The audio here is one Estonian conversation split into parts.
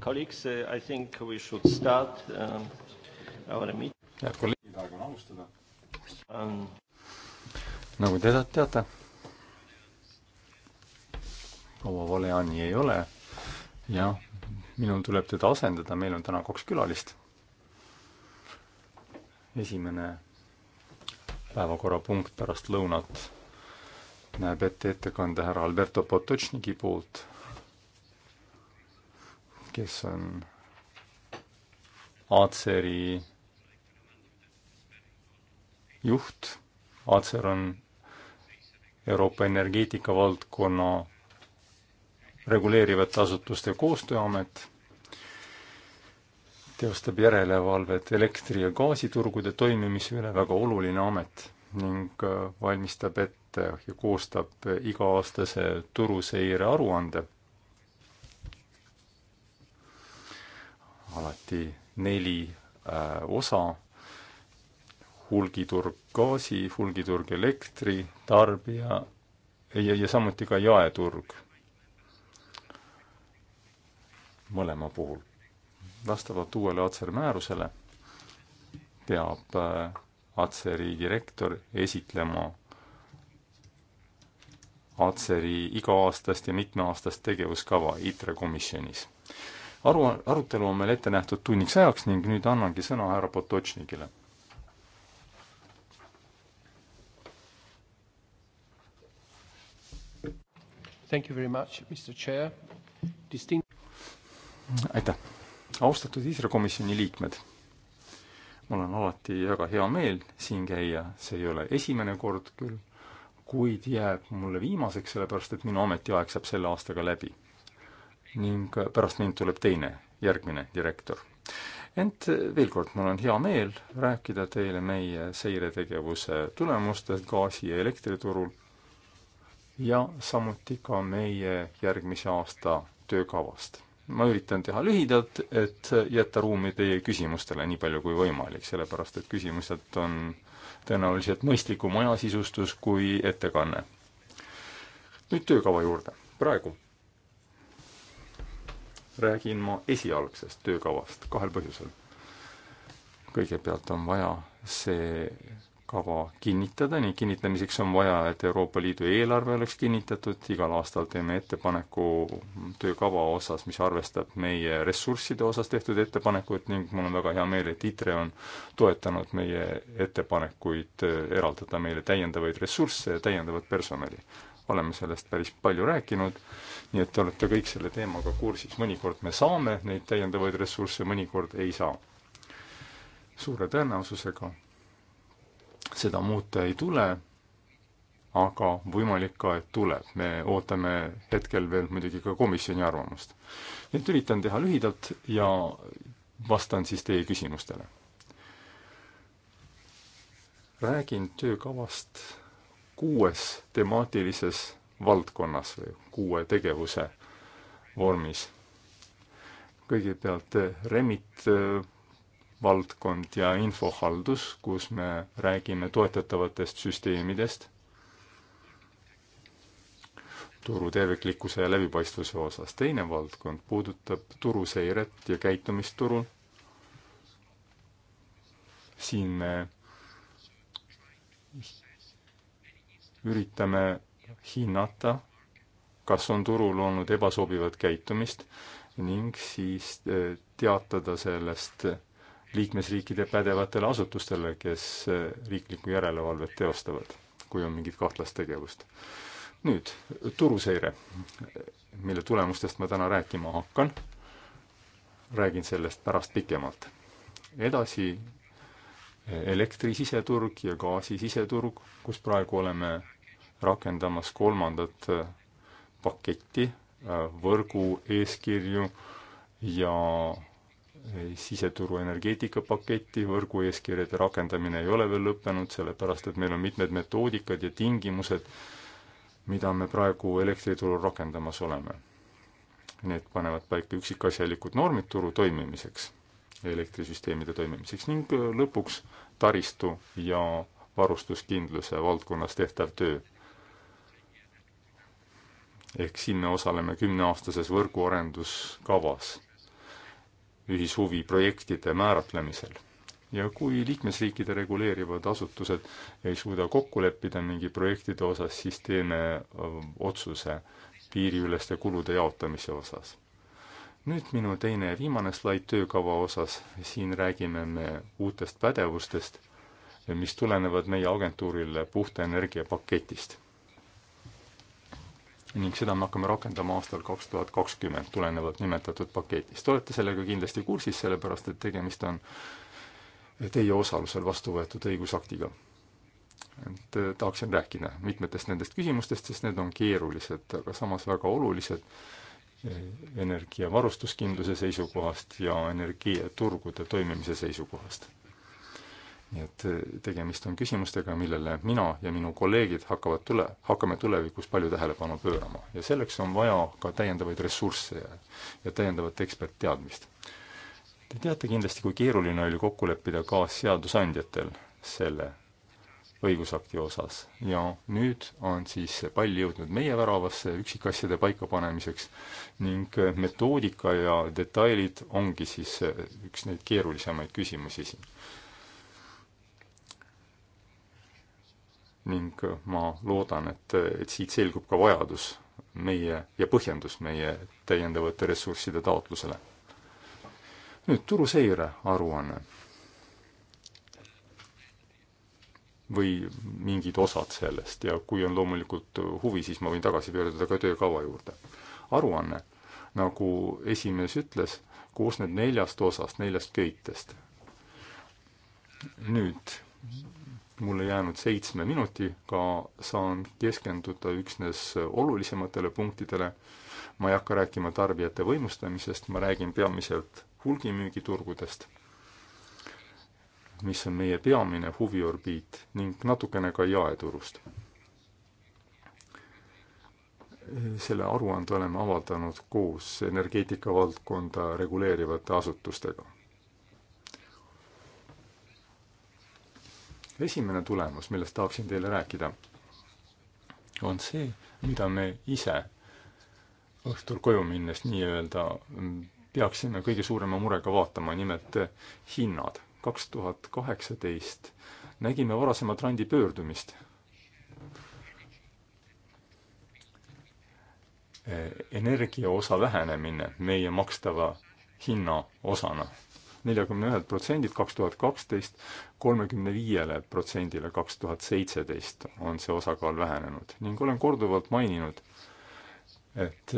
Colleagues, uh, I think we should start um, our meeting. head kolleegid, aeg on alustada um,. nagu te teate, proua Valeani ei ole ja minul tuleb teda asendada, meil on täna kaks külalist. esimene päevakorrapunkt pärast lõunat näeb ette ettekande härra Alberto Potočniki poolt kes on Atseri juht. Atser on Euroopa energeetikavaldkonna reguleerivate asutuste koostööamet, teostab järelevalvet elektri- ja gaasiturgude toimimise üle, väga oluline amet, ning äh, valmistab ette ja koostab iga-aastase turuseire aruande alati neli äh, osa, hulgiturg gaasi, hulgiturg elektri, tarbija ja, ja samuti ka jaeturg mõlema puhul. vastavalt uuele ACER määrusele peab äh, ACER-i direktor esitlema ACER-i iga-aastast ja mitmeaastast tegevuskava ITRE komisjonis aru, arutelu on meil ette nähtud tunniks ajaks ning nüüd annangi sõna härra Potočnikile. Thank you very much, Mr Chair Distinct.... aitäh, austatud Iisraeli komisjoni liikmed mul on alati väga hea meel siin käia, see ei ole esimene kord küll, kuid jääb mulle viimaseks, sellepärast et minu ametiaeg saab selle aastaga läbi ning pärast mind tuleb teine, järgmine direktor. ent veel kord, mul on hea meel rääkida teile meie seiretegevuse tulemustest gaasi- ja elektriturul ja samuti ka meie järgmise aasta töökavast. ma üritan teha lühidalt, et jätta ruumi teie küsimustele nii palju kui võimalik, sellepärast et küsimused on tõenäoliselt mõistlikum ajasisustus kui ettekanne. nüüd töökava juurde. praegu räägin ma esialgsest töökavast kahel põhjusel. kõigepealt on vaja see kava kinnitada, nii kinnitamiseks on vaja, et Euroopa Liidu eelarve oleks kinnitatud, igal aastal teeme ettepaneku töökava osas, mis arvestab meie ressursside osas tehtud ettepanekuid ning mul on väga hea meel, et ITRE on toetanud meie ettepanekuid äh, eraldada meile täiendavaid ressursse ja täiendavat personali. oleme sellest päris palju rääkinud nii et te olete kõik selle teemaga kursis, mõnikord me saame neid täiendavaid ressursse, mõnikord ei saa. suure tõenäosusega seda muuta ei tule, aga võimalik ka, et tuleb, me ootame hetkel veel muidugi ka komisjoni arvamust. nii et üritan teha lühidalt ja vastan siis teie küsimustele. räägin töökavast kuues temaatilises valdkonnas või kuue tegevuse vormis. kõigepealt eh, Remit eh, valdkond ja infohaldus, kus me räägime toetatavatest süsteemidest, turu terviklikkuse ja läbipaistvuse osas. teine valdkond puudutab turuseiret ja käitumist turul. siin me üritame hinnata, kas on turul olnud ebasobivat käitumist ning siis eh, teatada sellest liikmesriikide pädevatele asutustele, kes eh, riiklikku järelevalvet teostavad, kui on mingit kahtlast tegevust. nüüd turuseire, mille tulemustest ma täna rääkima hakkan. räägin sellest pärast pikemalt. edasi eh, elektri siseturg ja gaasi siseturg, kus praegu oleme rakendamas kolmandat äh, paketti äh, võrgu eeskirju ja äh, siseturu energeetikapaketti, võrgu eeskirjade rakendamine ei ole veel lõppenud, sellepärast et meil on mitmed metoodikad ja tingimused, mida me praegu elektriturul rakendamas oleme. Need panevad paika üksikasjalikud normid turu toimimiseks, elektrisüsteemide toimimiseks ning lõpuks taristu ja varustuskindluse valdkonnas tehtav töö ehk siin me osaleme kümneaastases võrguarenduskavas ühishuvi projektide määratlemisel. ja kui liikmesriikide reguleerivad asutused ei suuda kokku leppida mingi projektide osas, siis teeme äh, otsuse piiriüleste kulude jaotamise osas. nüüd minu teine ja viimane slaid töökava osas, siin räägime me uutest pädevustest, mis tulenevad meie agentuurile puhta energia paketist ning seda me hakkame rakendama aastal kaks tuhat kakskümmend tulenevalt nimetatud paketist. olete sellega kindlasti kursis, sellepärast et tegemist on teie osalusel vastu võetud õigusaktiga. et eh, tahaksin rääkida mitmetest nendest küsimustest, sest need on keerulised, aga samas väga olulised eh, energiavarustuskindluse seisukohast ja energiaturgude toimimise seisukohast nii et eh, tegemist on küsimustega, millele mina ja minu kolleegid hakkavad tule, hakkame tulevikus palju tähelepanu pöörama. ja selleks on vaja ka täiendavaid ressursse ja, ja täiendavat ekspertteadmist. Te teate kindlasti, kui keeruline oli kokku leppida kaasseadusandjatel selle õigusakti osas ja nüüd on siis see pall jõudnud meie väravasse üksikasjade paikapanemiseks ning eh, metoodika ja detailid ongi siis eh, üks neid keerulisemaid küsimusi siin ning äh, ma loodan, et, et siit selgub ka vajadus meie ja põhjendus meie täiendavate ressursside taotlusele. nüüd turuseire aruanne. või mingid osad sellest ja kui on loomulikult huvi, siis ma võin tagasi pöörduda ka töökava juurde. aruanne, nagu esimees ütles, koosneb neljast osast, neljast köitest. nüüd mulle jäänud seitsme minutiga saan keskenduda üksnes olulisematele punktidele. ma ei hakka rääkima tarbijate võimustamisest, ma räägin peamiselt hulgimüügiturgudest, mis on meie peamine huviorbiit ning natukene ka jaeturust. selle aruande oleme avaldanud koos energeetikavaldkonda reguleerivate asutustega esimene tulemus, millest tahaksin teile rääkida, on see, mida me ise õhtul koju minnes nii-öelda peaksime kõige suurema murega vaatama, nimelt hinnad. kaks tuhat kaheksateist nägime varasema trendi pöördumist. energia osa vähenemine meie makstava hinna osana neljakümne ühelt protsendilt kaks tuhat kaksteist kolmekümne viiele protsendile kaks tuhat seitseteist on see osakaal vähenenud ning olen korduvalt maininud, et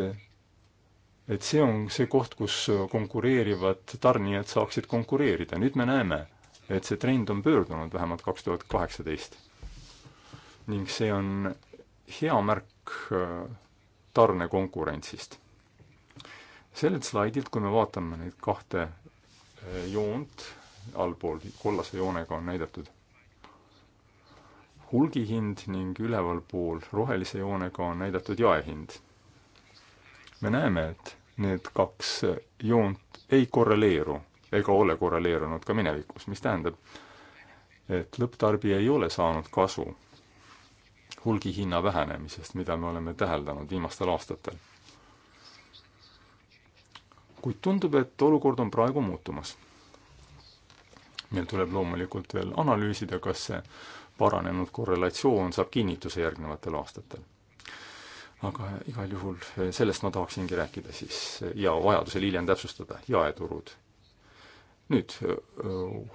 et see on see koht, kus konkureerivad tarnijad saaksid konkureerida. nüüd me näeme, et see trend on pöördunud vähemalt kaks tuhat kaheksateist. ning see on hea märk äh, tarnekonkurentsist. sellelt slaidilt, kui me vaatame neid kahte joont, allpool kollase joonega on näidatud hulgihind ning ülevalpool rohelise joonega on näidatud jaehind. me näeme, et need kaks joont ei korreleeru ega ole korreleerunud ka minevikus, mis tähendab, et lõpptarbija ei ole saanud kasu hulgihinna vähenemisest, mida me oleme täheldanud viimastel aastatel kuid tundub, et olukord on praegu muutumas. meil tuleb loomulikult veel analüüsida, kas see paranenud korrelatsioon saab kinnituse järgnevatel aastatel. aga igal juhul eh, sellest ma tahaksingi rääkida siis eh, ja vajadusel hiljem täpsustada, jaeturud. nüüd eh,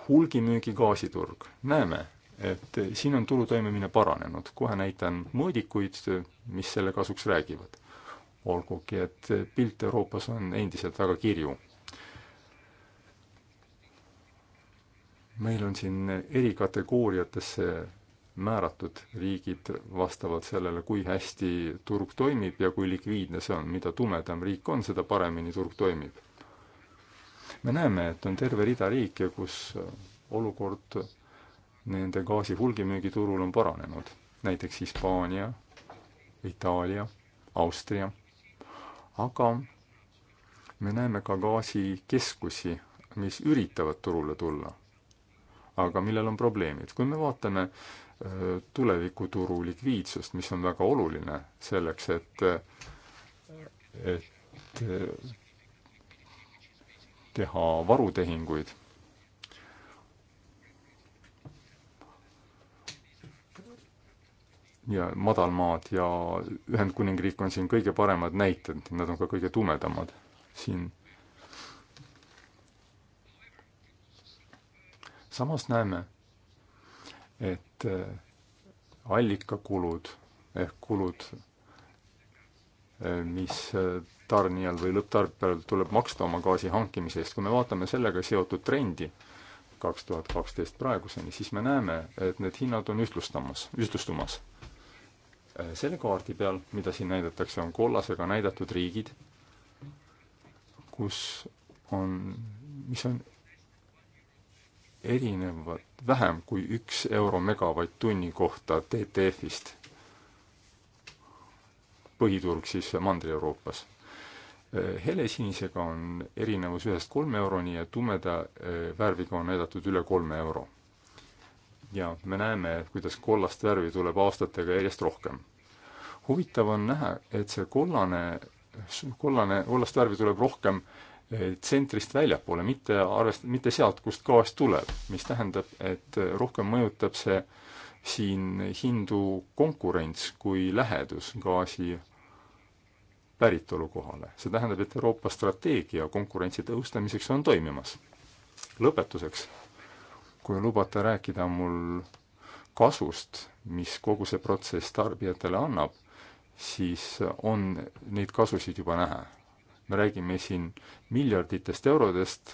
hulgimüügi gaasiturg, näeme, et siin on turu toimimine paranenud, kohe näitan mõõdikuid, mis selle kasuks räägivad olgugi et pilt Euroopas on endiselt väga kirju. meil on siin eri kategooriatesse määratud riigid vastavalt sellele, kui hästi turg toimib ja kui likviidne see on, mida tumedam riik on, seda paremini turg toimib. me näeme, et on terve rida riike, kus olukord nende gaasi hulgimüügiturul on paranenud, näiteks Hispaania, Itaalia, Austria aga me näeme ka gaasikeskusi, mis üritavad turule tulla, aga millel on probleemid. kui me vaatame äh, tulevikuturu likviidsust, mis on väga oluline selleks, et, et äh, teha varutehinguid ja madalmaad ja Ühendkuningriik on siin kõige paremad näited, nad on ka kõige tumedamad siin. samas näeme, et äh, allikakulud ehk kulud, äh, mis äh, tarnijal või lõpptarbijal tuleb maksta oma gaasi hankimise eest, kui me vaatame sellega seotud trendi, kaks tuhat kaksteist praeguseni, siis me näeme, et need hinnad on ühtlustamas, ühtlustumas Äh, selle kaardi peal, mida siin näidatakse, on kollasega näidatud riigid, kus on, mis on erinevad vähem kui üks euro megavatt-tunni kohta TTF-ist. põhiturg siis Mandri-Euroopas. Äh, helesinisega on erinevus ühest kolme euroni ja tumeda äh, värviga on näidatud üle kolme euro ja me näeme, kuidas kollast värvi tuleb aastatega järjest rohkem. huvitav on näha, et see kollane, kollane, kollast värvi tuleb rohkem eh, tsentrist väljapoole, mitte arvest-, mitte sealt, kust gaas tuleb, mis tähendab, et eh, rohkem mõjutab see siin hindu konkurents kui lähedus gaasi päritolukohale. see tähendab, et Euroopa strateegia konkurentsi tõhustamiseks on toimimas. lõpetuseks kui lubate rääkida mul kasust, mis kogu see protsess tarbijatele annab, siis on neid kasusid juba näha. me räägime siin miljarditest eurodest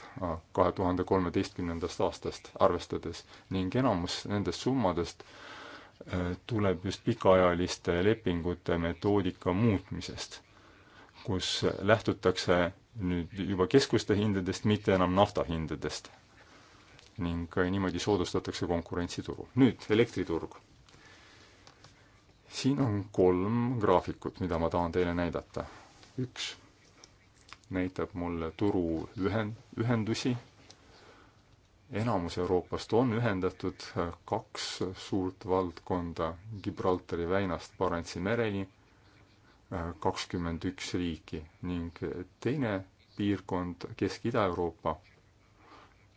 kahe tuhande kolmeteistkümnendast aastast arvestades ning enamus nendest summadest e, tuleb just pikaajaliste lepingute metoodika muutmisest, kus lähtutakse nüüd juba keskuste hindadest, mitte enam nafta hindadest ning äh, niimoodi soodustatakse konkurentsiturul. nüüd elektriturg. siin on kolm graafikut, mida ma tahan teile näidata. üks näitab mulle turu ühen-, ühendusi, enamus Euroopast on ühendatud, äh, kaks suurt valdkonda Gibraltari väinast Barentsi mereni, äh, kakskümmend üks riiki ning teine piirkond Kesk-Ida-Euroopa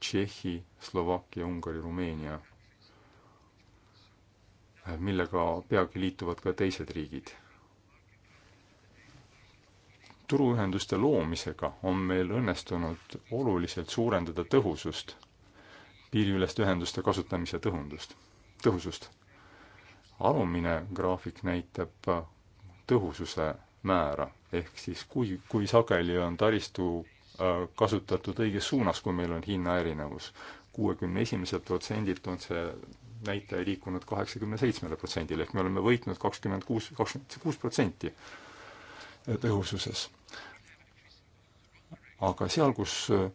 Tšehhi, Slovakkia, Ungari, Rumeenia, millega peagi liituvad ka teised riigid. turuühenduste loomisega on meil õnnestunud oluliselt suurendada tõhusust, piiriüleste ühenduste kasutamise tõhundust, tõhusust. alumine graafik näitab tõhususe määra, ehk siis kui, kui sageli on taristu Äh, kasutatud õiges suunas, kui meil on hinnaerinevus. kuuekümne esimeselt protsendilt on see näitaja liikunud kaheksakümne seitsmele protsendile, ehk me oleme võitnud kakskümmend kuus, kakskümmend kuus protsenti tõhususes. aga seal, kus äh,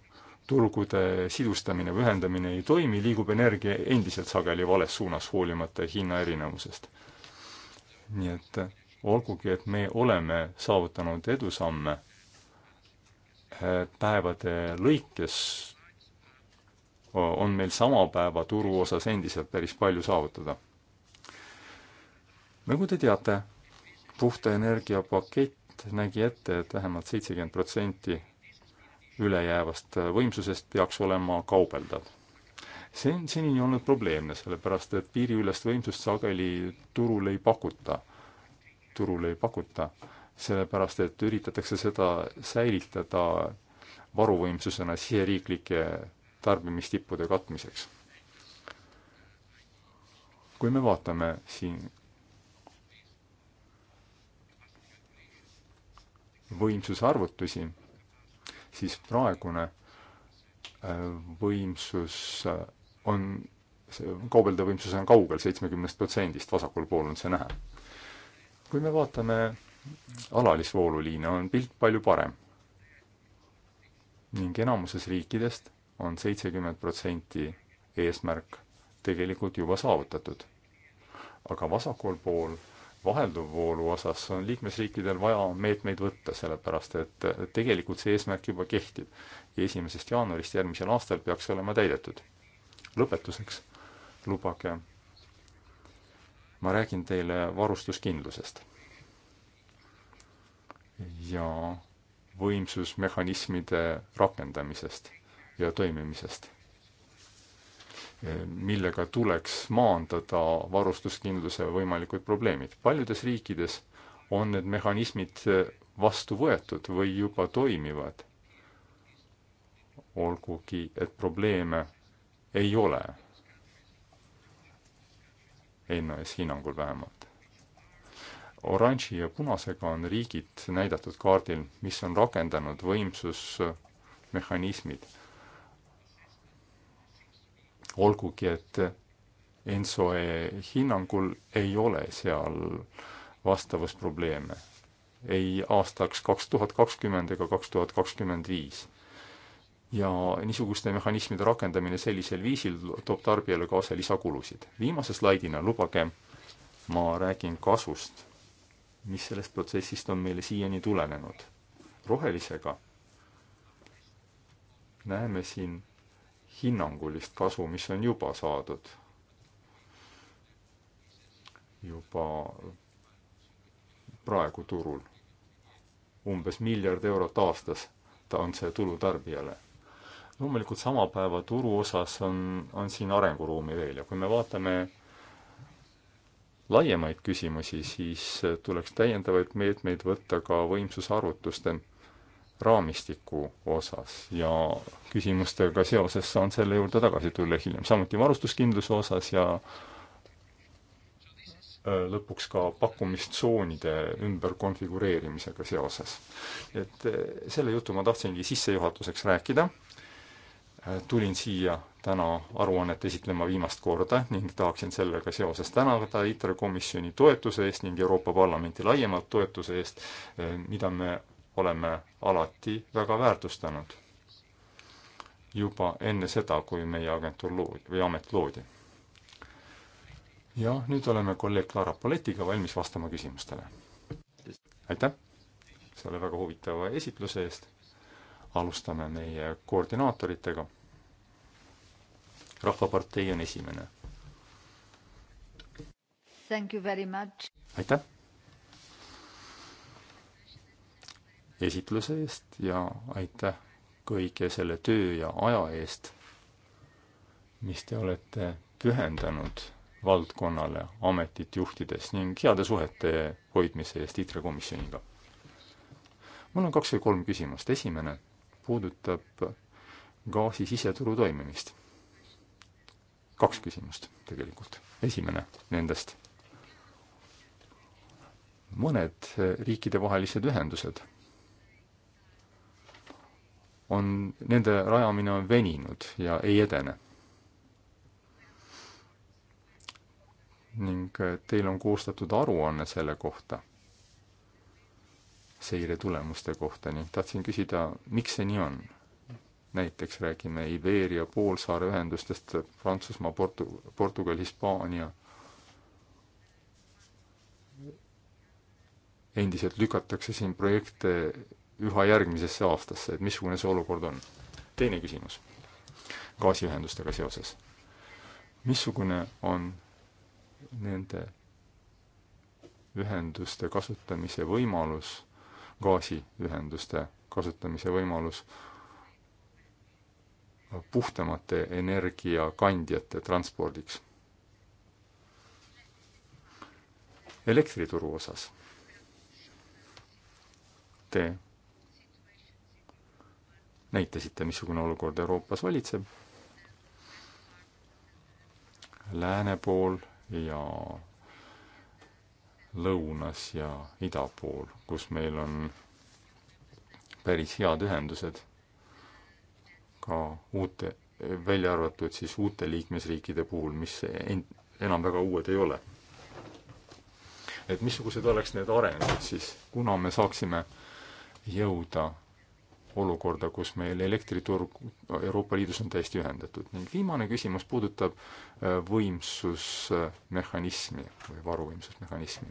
turgude sidustamine või ühendamine ei toimi, liigub energia endiselt sageli vales suunas, hoolimata hinnaerinevusest. nii et äh, olgugi, et me oleme saavutanud edusamme päevade lõikes on meil sama päeva turu osas endiselt päris palju saavutada. nagu te teate, puhta energia pakett nägi ette, et vähemalt seitsekümmend protsenti ülejäävast võimsusest peaks olema kaubeldav. see on senini olnud probleemne, sellepärast et piiriülest võimsust sageli turul ei pakuta, turul ei pakuta sellepärast et üritatakse seda säilitada varuvõimsusena siseriiklike tarbimistippude katmiseks. kui me vaatame siin võimsuse arvutusi, siis praegune äh, võimsus äh, on, see kaubeldav võimsus on kaugel seitsmekümnest protsendist, vasakul pool on see näha. kui me vaatame alalisvooluliine, on pilt palju parem. ning enamuses riikidest on seitsekümmend protsenti eesmärk tegelikult juba saavutatud. aga vasakul pool vahelduvvoolu osas on liikmesriikidel vaja meetmeid võtta, sellepärast et tegelikult see eesmärk juba kehtib. ja esimesest jaanuarist järgmisel aastal peaks see olema täidetud. lõpetuseks lubage, ma räägin teile varustuskindlusest ja võimsusmehhanismide rakendamisest ja toimimisest, millega tuleks maandada varustuskindluse võimalikud probleemid. paljudes riikides on need mehhanismid vastu võetud või juba toimivad, olgugi et probleeme ei ole, ENAS hinnangul vähemalt oranži ja punasega on riigid näidatud kaardil, mis on rakendanud võimsusmehhanismid. olgugi, et Ensoe hinnangul ei ole seal vastavusprobleeme ei aastaks kaks tuhat kakskümmend ega kaks tuhat kakskümmend viis. ja niisuguste mehhanismide rakendamine sellisel viisil toob tarbijale kaasa lisakulusid. viimase slaidina lubage, ma räägin kasust mis sellest protsessist on meile siiani tulenenud. rohelisega näeme siin hinnangulist kasu, mis on juba saadud. juba praegu turul. umbes miljard eurot aastas ta on see tulu tarbijale. loomulikult sama päeva turu osas on, on siin arenguruumi veel ja kui me vaatame laiemaid küsimusi, siis äh, tuleks täiendavaid meetmeid võtta ka võimsusarvutuste raamistiku osas ja küsimustega seoses saan selle juurde tagasi tulla hiljem, samuti varustuskindluse osas ja äh, lõpuks ka pakkumistsoonide ümberkonfigureerimisega seoses. et äh, selle jutu ma tahtsingi sissejuhatuseks rääkida Äh, tulin siia täna aruannet esitlema viimast korda ning tahaksin sellega seoses tänada ITRE komisjoni toetuse eest ning Euroopa Parlamenti laiemalt toetuse eest, äh, mida me oleme alati väga väärtustanud. juba enne seda, kui meie agentuur loodi või amet loodi. ja nüüd oleme kolleeg Clara Poletiga valmis vastama küsimustele. aitäh selle väga huvitava esitluse eest alustame meie koordinaatoritega. rahvapartei on esimene. aitäh esitluse eest ja aitäh kõige selle töö ja aja eest, mis te olete pühendanud valdkonnale ametit juhtides ning heade suhete hoidmise eest ITRE komisjoniga. mul on kaks või kolm küsimust, esimene puudutab gaasi siseturu toimimist. kaks küsimust tegelikult. esimene nendest. mõned riikidevahelised ühendused on, nende rajamine on veninud ja ei edene. ning teil on koostatud aruanne selle kohta seire tulemuste kohta ning tahtsin küsida, miks see nii on? näiteks räägime Iberia poolsaare ühendustest Prantsusmaa, Portu-, Portugal, Hispaania. endiselt lükatakse siin projekte üha järgmisesse aastasse, et missugune see olukord on? teine küsimus gaasiühendustega seoses. missugune on nende ühenduste kasutamise võimalus gaasiühenduste kasutamise võimalus puhtamate energiakandjate transpordiks. elektrituru osas te näitasite, missugune olukord Euroopas valitseb. lääne pool ja lõunas ja ida pool, kus meil on päris head ühendused ka uute, välja arvatud siis uute liikmesriikide puhul, mis en-, enam väga uued ei ole. et missugused oleks need arengud siis, kuna me saaksime jõuda olukorda, kus meil elektriturg Euroopa Liidus on täiesti ühendatud. ning viimane küsimus puudutab äh, võimsusmehhanismi või varuvõimsusmehhanismi.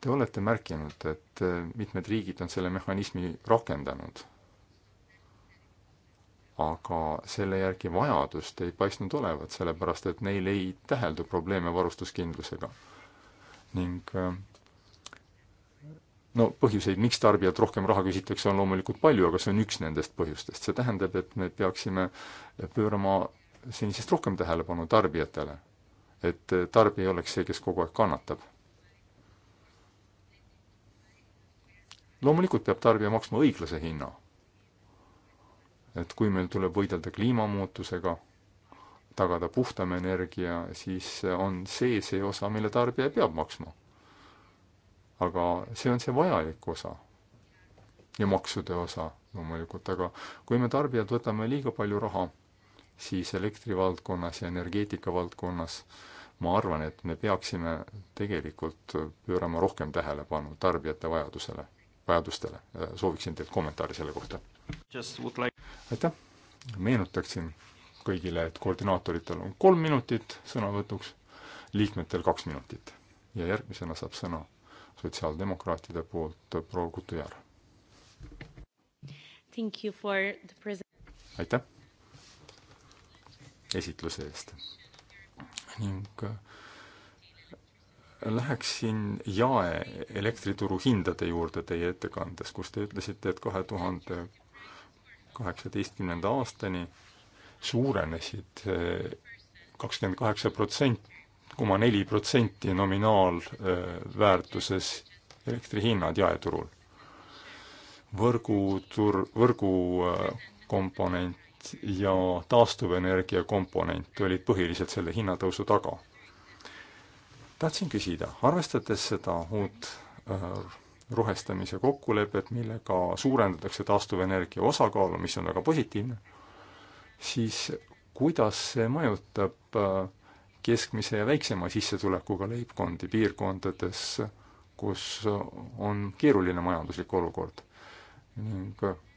Te olete märkinud, et äh, mitmed riigid on selle mehhanismi rakendanud, aga selle järgi vajadust ei paistnud olevat, sellepärast et neil ei täheldu probleeme varustuskindlusega. ning äh, no põhjuseid, miks tarbijalt rohkem raha küsitakse, on loomulikult palju, aga see on üks nendest põhjustest. see tähendab, et me peaksime pöörama senisest rohkem tähelepanu tarbijatele. et tarbija ei oleks see, kes kogu aeg kannatab. loomulikult peab tarbija maksma õiglase hinna. et kui meil tuleb võidelda kliimamuutusega, tagada puhtam energia, siis on see see osa, mille tarbija peab maksma aga see on see vajalik osa ja maksude osa loomulikult, aga kui me tarbijad võtame liiga palju raha, siis elektrivaldkonnas ja energeetika valdkonnas ma arvan, et me peaksime tegelikult pöörama rohkem tähelepanu tarbijate vajadusele, vajadustele. sooviksin teilt kommentaari selle kohta. Like... aitäh, meenutaksin kõigile, et koordinaatoritel on kolm minutit sõnavõtuks, liikmetel kaks minutit ja järgmisena saab sõna sotsiaaldemokraatide poolt proua Kutujar. aitäh esitluse eest ning äh, läheksin jae elektrituru hindade juurde teie ettekandes, kus te ütlesite, et kahe tuhande kaheksateistkümnenda aastani suurenesid äh, kakskümmend kaheksa protsenti koma neli protsenti nominaalväärtuses elektrihinnad jaeturul. võrgutur-, võrgukomponent äh, ja taastuvenergia komponent olid põhiliselt selle hinnatõusu taga. tahtsin küsida, arvestades seda uut äh, rohestamise kokkulepet, millega suurendatakse taastuvenergia osakaalu, mis on väga positiivne, siis kuidas see mõjutab äh, keskmise ja väiksema sissetulekuga leibkondi piirkondades, kus on keeruline majanduslik olukord ning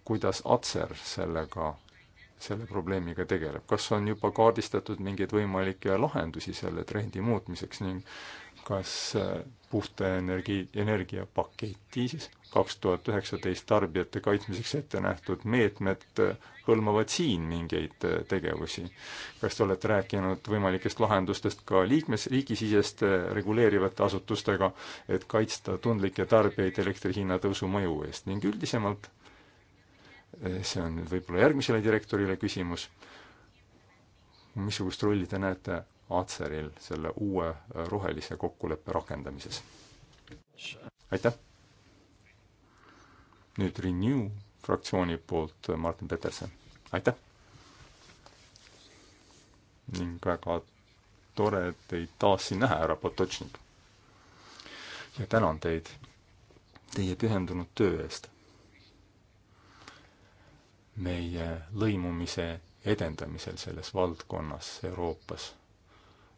kuidas Atser sellega, selle probleemiga tegeleb, kas on juba kaardistatud mingeid võimalikke lahendusi selle trendi muutmiseks ning kas äh, puhta energi-, energiapaketis kaks tuhat üheksateist tarbijate kaitsmiseks ette nähtud meetmed äh, hõlmavad siin mingeid äh, tegevusi? kas te olete rääkinud võimalikest lahendustest ka liikmes, riigisiseste reguleerivate asutustega, et kaitsta tundlikke tarbijaid elektri hinna tõusu mõju eest ning üldisemalt, see on nüüd võib-olla järgmisele direktorile küsimus, missugust rolli te näete Atseril selle uue äh, rohelise kokkuleppe rakendamises. aitäh! nüüd Renew fraktsiooni poolt äh, Martin Peterson, aitäh! ning väga tore teid taas siin näha, härra Potočnik. ja tänan teid teie pühendunud töö eest. meie lõimumise edendamisel selles valdkonnas Euroopas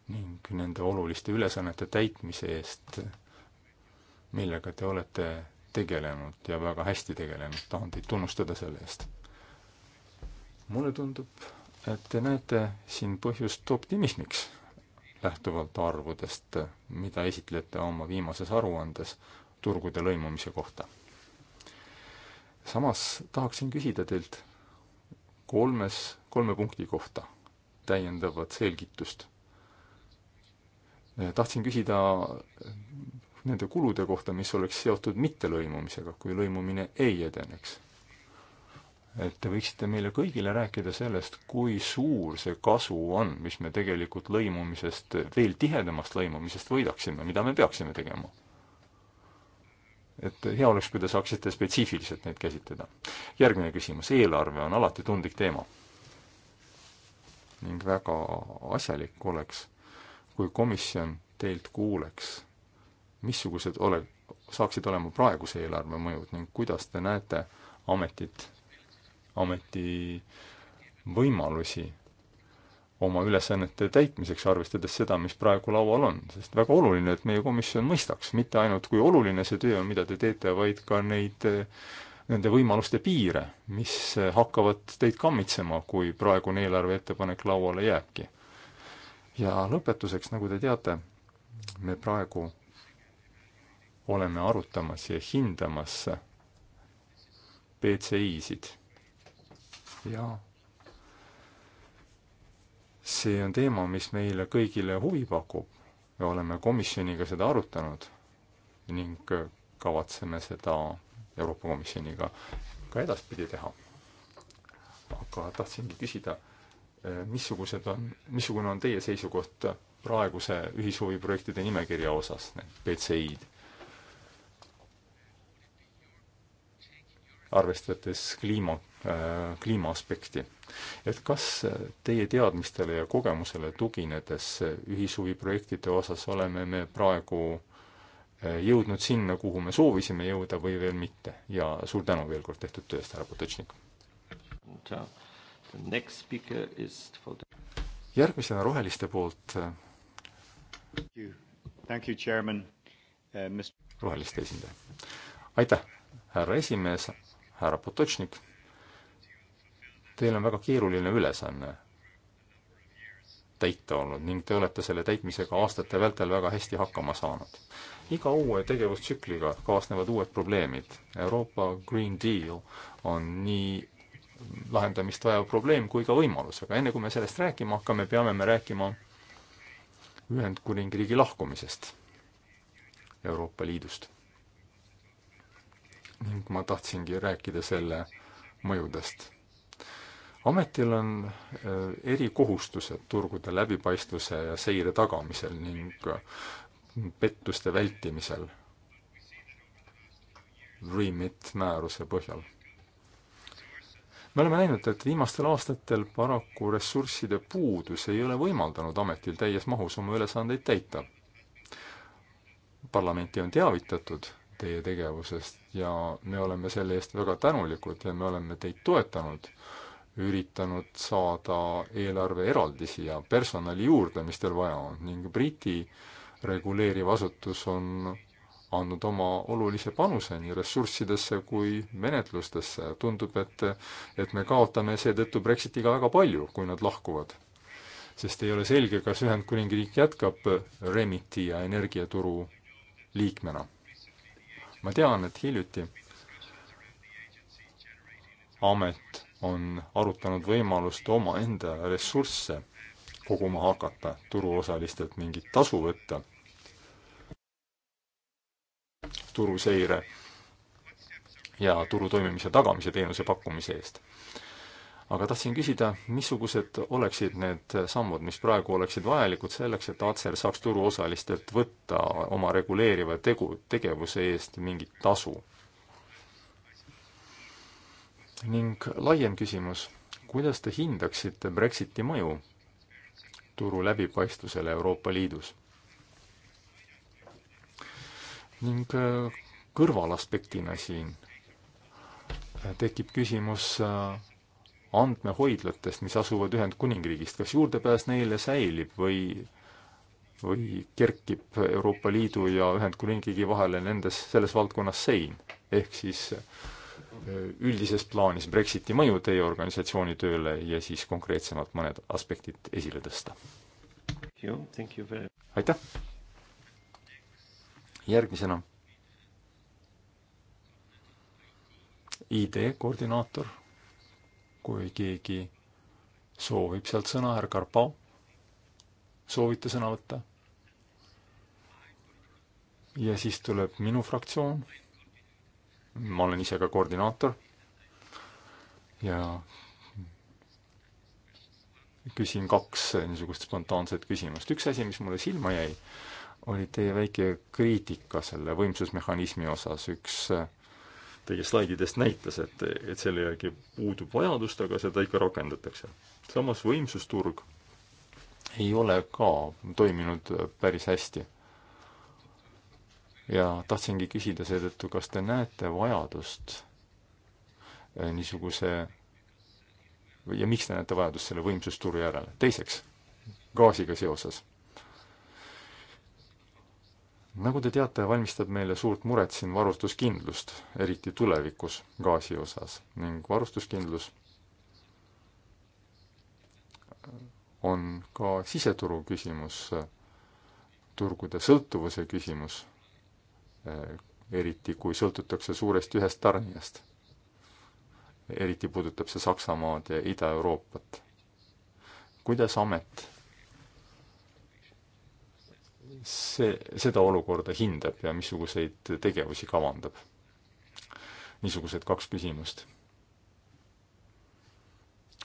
ning nende oluliste ülesannete täitmise eest, millega te olete tegelenud ja väga hästi tegelenud, tahan teid tunnustada selle eest. mulle tundub, et te näete siin põhjust optimismiks, lähtuvalt arvudest, mida esitlete oma viimases aruandes turgude lõimumise kohta. samas tahaksin küsida teilt kolmes, kolme punkti kohta täiendavat selgitust tahtsin küsida äh, nende kulude kohta, mis oleks seotud mittelõimumisega, kui lõimumine ei edeneks. et te võiksite meile kõigile rääkida sellest, kui suur see kasu on, mis me tegelikult lõimumisest, veel tihedamast lõimumisest võidaksime, mida me peaksime tegema. et hea oleks, kui te saaksite spetsiifiliselt neid käsitleda. järgmine küsimus, eelarve on alati tundlik teema. ning väga asjalik oleks kui komisjon teilt kuuleks, missugused ole, saaksid olema praeguse eelarve mõjud ning kuidas te näete ametit, ameti võimalusi oma ülesannete täitmiseks, arvestades seda, mis praegu laual on, sest väga oluline, et meie komisjon mõistaks mitte ainult, kui oluline see töö on, mida te teete, vaid ka neid, nende võimaluste piire, mis hakkavad teid kammitsema, kui praegune eelarve ettepanek lauale jääbki ja lõpetuseks, nagu te teate, me praegu oleme arutamas ja hindamas BCI-sid ja see on teema, mis meile kõigile huvi pakub. me oleme komisjoniga seda arutanud ning kavatseme seda Euroopa Komisjoniga ka edaspidi teha. aga tahtsingi küsida Äh, missugused on, missugune on teie seisukoht praeguse ühishuviprojektide nimekirja osas, need BCI-d? arvestades kliima, äh, kliima aspekti. et kas teie teadmistele ja kogemusele tuginedes ühishuviprojektide osas oleme me praegu äh, jõudnud sinna, kuhu me soovisime jõuda või veel mitte ja suur tänu veel kord tehtud töö eest, härra Potočnik! järgmisena Roheliste poolt. Äh, äh, roheliste esindaja. aitäh, härra esimees, härra Potočnik. Teil on väga keeruline ülesanne täita olnud ning te olete selle täitmisega aastate vältel väga hästi hakkama saanud. iga uue tegevustsükliga kaasnevad uued probleemid. Euroopa Green Deal on nii lahendamist vajav probleem kui ka võimalus, aga enne kui me sellest rääkima hakkame, peame me rääkima Ühendkuningriigi lahkumisest Euroopa Liidust. ning ma tahtsingi rääkida selle mõjudest. ametil on äh, erikohustused turgude läbipaistvuse ja seire tagamisel ning äh, pettuste vältimisel Remit määruse põhjal me oleme näinud, et viimastel aastatel paraku ressursside puudus ei ole võimaldanud ametil täies mahus oma ülesandeid täita. parlamenti on teavitatud teie tegevusest ja me oleme selle eest väga tänulikud ja me oleme teid toetanud, üritanud saada eelarveeraldisi ja personali juurde, mis teil vaja on ning Briti reguleeriv asutus on andnud oma olulise panuse nii ressurssidesse kui menetlustesse. tundub, et, et me kaotame seetõttu Brexitiga väga palju, kui nad lahkuvad. sest ei ole selge, kas Ühendkuningriik jätkab Remiti ja energiaturu liikmena. ma tean, et hiljuti amet on arutanud võimalust omaenda ressursse koguma hakata, turuosalistelt mingit tasu võtta turuseire ja turu toimimise tagamise teenuse pakkumise eest. aga tahtsin küsida, missugused oleksid need sammud, mis praegu oleksid vajalikud selleks, et Atser saaks turuosalistelt võtta oma reguleeriva tegu, tegevuse eest mingit tasu? ning laiem küsimus, kuidas te hindaksite Brexiti mõju turu läbipaistvusele Euroopa Liidus? ning äh, kõrvalaspektina siin tekib küsimus äh, andmehoidlatest, mis asuvad Ühendkuningriigist, kas juurdepääs neile säilib või või kerkib Euroopa Liidu ja Ühendkuningriigi vahele nendes, selles valdkonnas sein? ehk siis äh, üldises plaanis Brexiti mõju teie organisatsiooni tööle ja siis konkreetsemalt mõned aspektid esile tõsta. aitäh! järgmisena ID-koordinaator, kui keegi soovib sealt sõna, härra Karpo, soovite sõna võtta? ja siis tuleb minu fraktsioon, ma olen ise ka koordinaator ja küsin kaks niisugust spontaanset küsimust. üks asi, mis mulle silma jäi, oli teie väike kriitika selle võimsusmehhanismi osas, üks äh, teie slaididest näitas, et, et selle järgi puudub vajadus, aga seda ikka rakendatakse. samas võimsusturg ei ole ka toiminud äh, päris hästi. ja tahtsingi küsida seetõttu, kas te näete vajadust äh, niisuguse ja miks te näete vajadust selle võimsusturu järele? teiseks, gaasiga seoses nagu te teate, valmistab meile suurt muret siin varustuskindlust, eriti tulevikus gaasi osas ning varustuskindlus on ka siseturu küsimus, turgude sõltuvuse küsimus, eriti kui sõltutakse suuresti ühest tarnijast. eriti puudutab see Saksamaad ja Ida-Euroopat. kuidas amet see, seda olukorda hindab ja missuguseid tegevusi kavandab? niisugused kaks küsimust.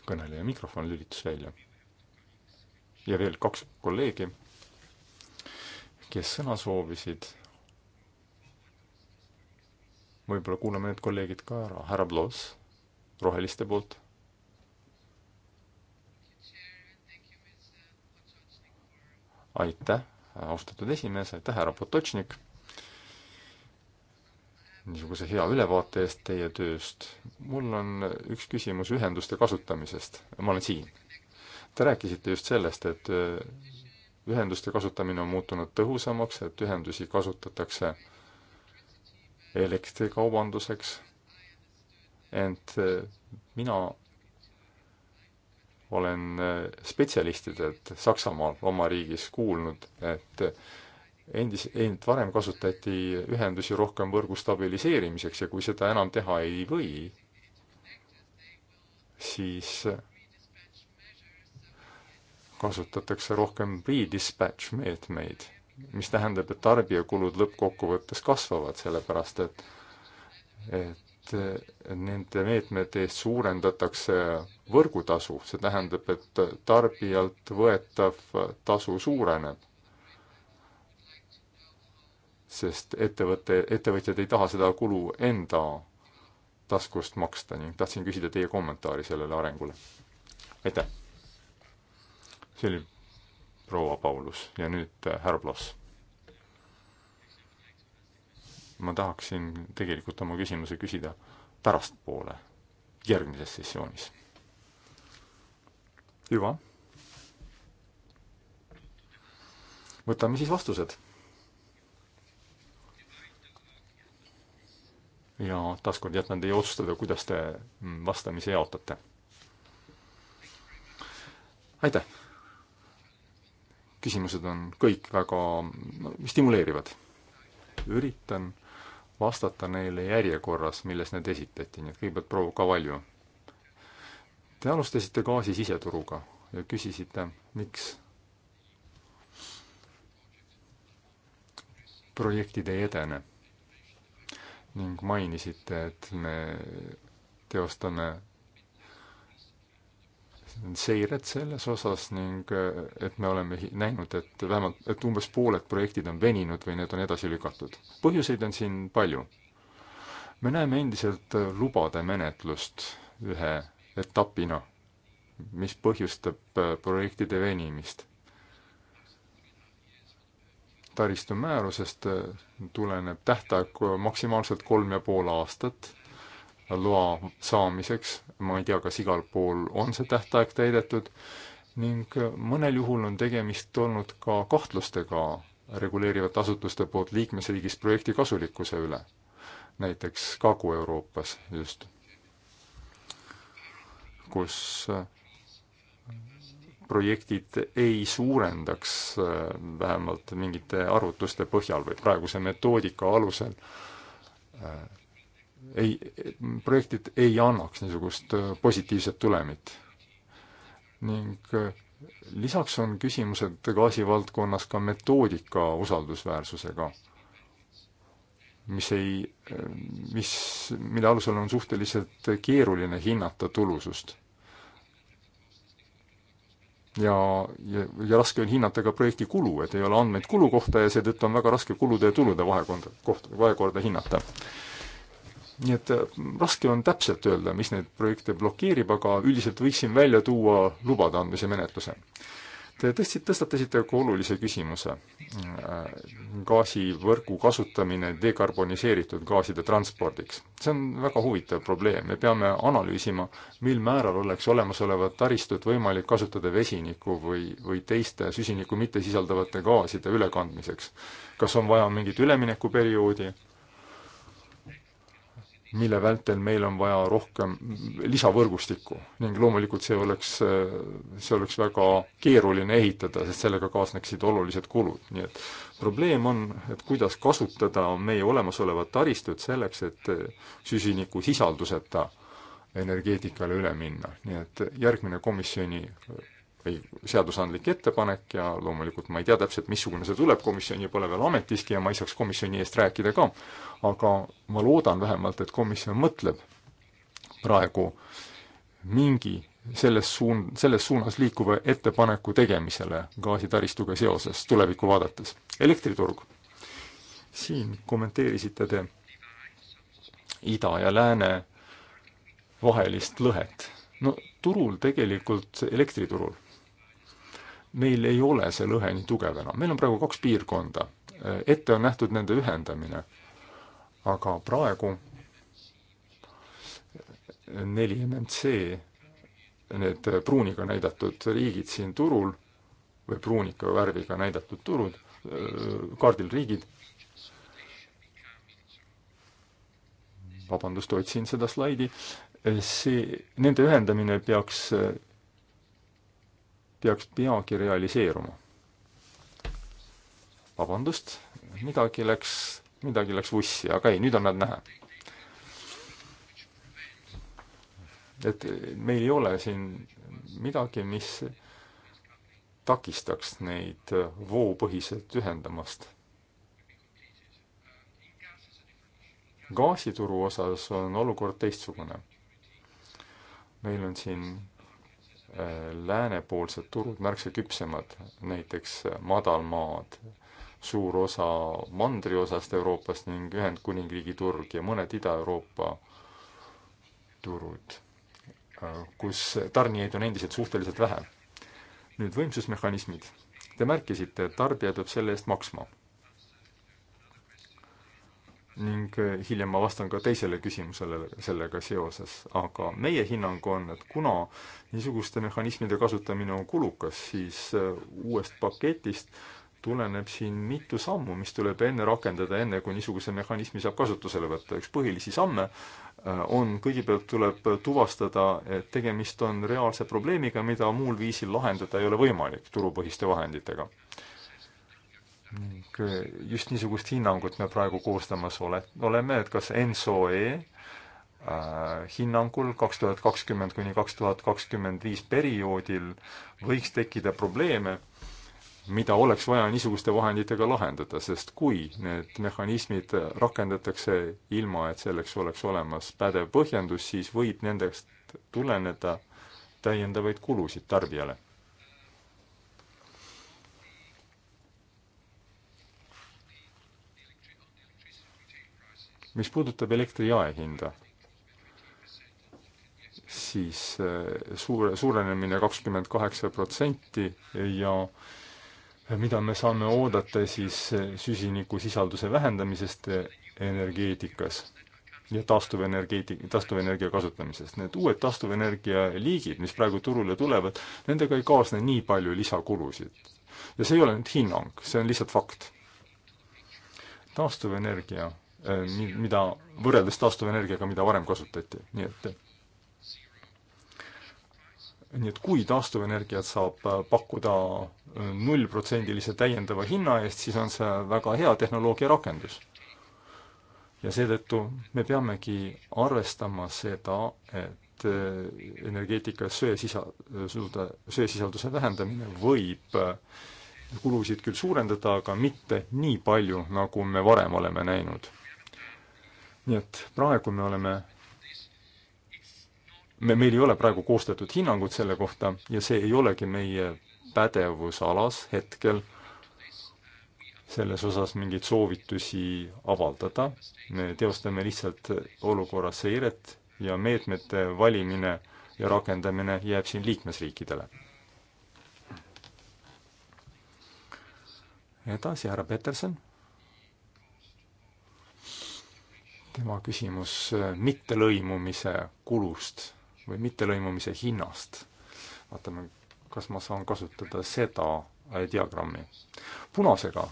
kõneleja mikrofon lülitus välja. ja veel kaks kolleegi, kes sõna soovisid. võib-olla kuulame need kolleegid ka ära, härra Bloss roheliste poolt aitäh austatud esimees, aitäh, härra Potočnik, niisuguse hea ülevaate eest teie tööst. mul on üks küsimus ühenduste kasutamisest, ma olen siin. Te rääkisite just sellest, et äh, ühenduste kasutamine on muutunud tõhusamaks, et ühendusi kasutatakse elektrikaubanduseks, ent äh, mina olen äh, spetsialistidelt Saksamaal oma riigis kuulnud, et endis, end varem kasutati ühendusi rohkem võrgu stabiliseerimiseks ja kui seda enam teha ei või, siis kasutatakse rohkem redispatch meetmeid, mis tähendab, et tarbijakulud lõppkokkuvõttes kasvavad, sellepärast et et nende meetmete eest suurendatakse võrgutasu, see tähendab, et tarbijalt võetav tasu suureneb. sest ettevõte, ettevõtjad ei taha seda kulu enda taskust maksta ning tahtsin küsida teie kommentaari sellele arengule. aitäh! see oli proua Paulus ja nüüd äh, härra Bloss ma tahaksin tegelikult oma küsimuse küsida pärastpoole, järgmises sessioonis. hüva. võtame siis vastused. ja taaskord jätan teie otsustada, kuidas te vastamise jaotate. aitäh! küsimused on kõik väga stimuleerivad. üritan vastata neile järjekorras, milles need esitati, nii et kõigepealt proua Kavalju. Te alustasite gaasi siseturuga ja küsisite, miks projektid ei edene ning mainisite, et me teostame seiret selles osas ning eh, et me oleme näinud, et vähemalt, et umbes pooled projektid on veninud või need on edasi lükatud. põhjuseid on siin palju. me näeme endiselt eh, lubade menetlust ühe etapina, mis põhjustab eh, projektide venimist. taristu määrusest tuleneb tähtaeg maksimaalselt kolm ja pool aastat loa saamiseks ma ei tea, kas igal pool on see tähtaeg täidetud, ning mõnel juhul on tegemist olnud ka kahtlustega reguleerivate asutuste poolt liikmesriigis projekti kasulikkuse üle, näiteks Kagu-Euroopas just, kus projektid ei suurendaks äh, vähemalt mingite arvutuste põhjal või praeguse metoodika alusel äh, ei, projektid ei annaks niisugust äh, positiivset tulemit. ning äh, lisaks on küsimused gaasivaldkonnas ka metoodika usaldusväärsusega, mis ei, äh, mis, mille alusel on suhteliselt keeruline hinnata tulusust ja, ja, ja raske on hinnata ka projekti kulu, et ei ole andmeid kulu kohta ja seetõttu on väga raske kulude ja tulude vahekonda, kohta, vahekorda hinnata nii et äh, raske on täpselt öelda, mis neid projekte blokeerib, aga üldiselt võiksin välja tuua lubade andmise menetluse. Te tõstsid, tõstatasite ka olulise küsimuse. Äh, gaasivõrgu kasutamine dekarboniseeritud gaaside transpordiks. see on väga huvitav probleem, me peame analüüsima, mil määral oleks olemasolevat taristut võimalik kasutada vesiniku või, või teiste süsinikku mittesisaldavate gaaside ülekandmiseks. kas on vaja mingit üleminekuperioodi mille vältel meil on vaja rohkem lisavõrgustikku ning loomulikult see oleks, see oleks väga keeruline ehitada, sest sellega kaasneksid olulised kulud, nii et probleem on, et kuidas kasutada meie olemasolevat taristut selleks, et süsinikusisalduseta energeetikale üle minna, nii et järgmine komisjoni või seadusandlik ettepanek ja loomulikult ma ei tea täpselt, missugune see tuleb, komisjon ju pole veel ametiski ja ma ei saaks komisjoni eest rääkida ka, aga ma loodan vähemalt, et komisjon mõtleb praegu mingi selles suun-, selles suunas liikuva ettepaneku tegemisele gaasitaristuga seoses tulevikku vaadates. elektriturg. siin kommenteerisite te ida ja lääne vahelist lõhet. no turul tegelikult, elektriturul meil ei ole see lõhe nii tugev enam, meil on praegu kaks piirkonda, ette on nähtud nende ühendamine, aga praegu neli MNC, need pruuniga näidatud riigid siin turul või pruunika värviga näidatud turud, kaardil riigid, vabandust, otsin seda slaidi, see, nende ühendamine peaks peaks peagi realiseeruma. vabandust, midagi läks, midagi läks vussi, aga ei, nüüd on nad näha. et meil ei ole siin midagi, mis takistaks neid voopõhiselt ühendamast. gaasituru osas on olukord teistsugune. meil on siin läänepoolsed turud märksa küpsemad, näiteks madalmaad, suur osa mandriosast Euroopast ning Ühendkuningriigi turg ja mõned Ida-Euroopa turud, kus tarnijaid on endiselt suhteliselt vähe. nüüd võimsusmehhanismid. Te märkisite, et tarbija peab selle eest maksma ning eh, hiljem ma vastan ka teisele küsimusele sellega seoses, aga meie hinnang on, et kuna niisuguste mehhanismide kasutamine on kulukas, siis eh, uuest paketist tuleneb siin mitu sammu, mis tuleb enne rakendada, enne kui niisuguse mehhanismi saab kasutusele võtta. üks põhilisi samme eh, on, kõigepealt tuleb tuvastada, et tegemist on reaalse probleemiga, mida muul viisil lahendada ei ole võimalik turupõhiste vahenditega ning eh, just niisugust hinnangut me praegu koostamas ole, oleme, et kas NSOE äh, hinnangul kaks tuhat kakskümmend kuni kaks tuhat kakskümmend viis perioodil võiks tekkida probleeme, mida oleks vaja niisuguste vahenditega lahendada, sest kui need mehhanismid rakendatakse ilma, et selleks oleks olemas pädev põhjendus, siis võib nendest tuleneda täiendavaid kulusid tarbijale. mis puudutab elektri jaehinda, siis eh, suure, suurenemine kakskümmend kaheksa protsenti ja mida me saame oodata siis eh, süsinikusisalduse vähendamisest eh, energeetikas ja taastuvenergeeti-, taastuvenergia kasutamisest. Need uued taastuvenergia liigid, mis praegu turule tulevad, nendega ei kaasne nii palju lisakulusid. ja see ei ole nüüd hinnang, see on lihtsalt fakt. taastuvenergia Äh, mida, võrreldes taastuvenergiaga, mida varem kasutati, nii et nii et kui taastuvenergiat saab äh, pakkuda äh, nullprotsendilise täiendava hinna eest, siis on see väga hea tehnoloogia rakendus. ja seetõttu me peamegi arvestama seda, et energeetikas söesisa-, söesisalduse vähendamine võib kulusid küll suurendada, aga mitte nii palju, nagu me varem oleme näinud nii et praegu me oleme, me, meil ei ole praegu koostatud hinnangut selle kohta ja see ei olegi meie pädevusalas hetkel selles osas mingeid soovitusi avaldada. me teostame lihtsalt olukorra seiret ja meetmete valimine ja rakendamine jääb siin liikmesriikidele. edasi, härra Peterson tema küsimus äh, mittelõimumise kulust või mittelõimumise hinnast. vaatame, kas ma saan kasutada seda äh, diagrammi. punasega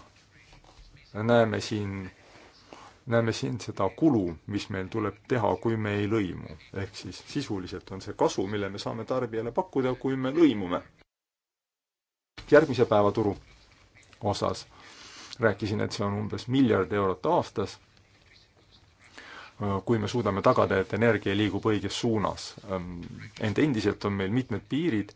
näeme siin, näeme siin seda kulu, mis meil tuleb teha, kui me ei lõimu. ehk siis sisuliselt on see kasu, mille me saame tarbijale pakkuda, kui me lõimume. järgmise päeva turu osas rääkisin, et see on umbes miljard eurot aastas kui me suudame tagada, et energia liigub õiges suunas. Ehm, ent endiselt on meil mitmed piirid,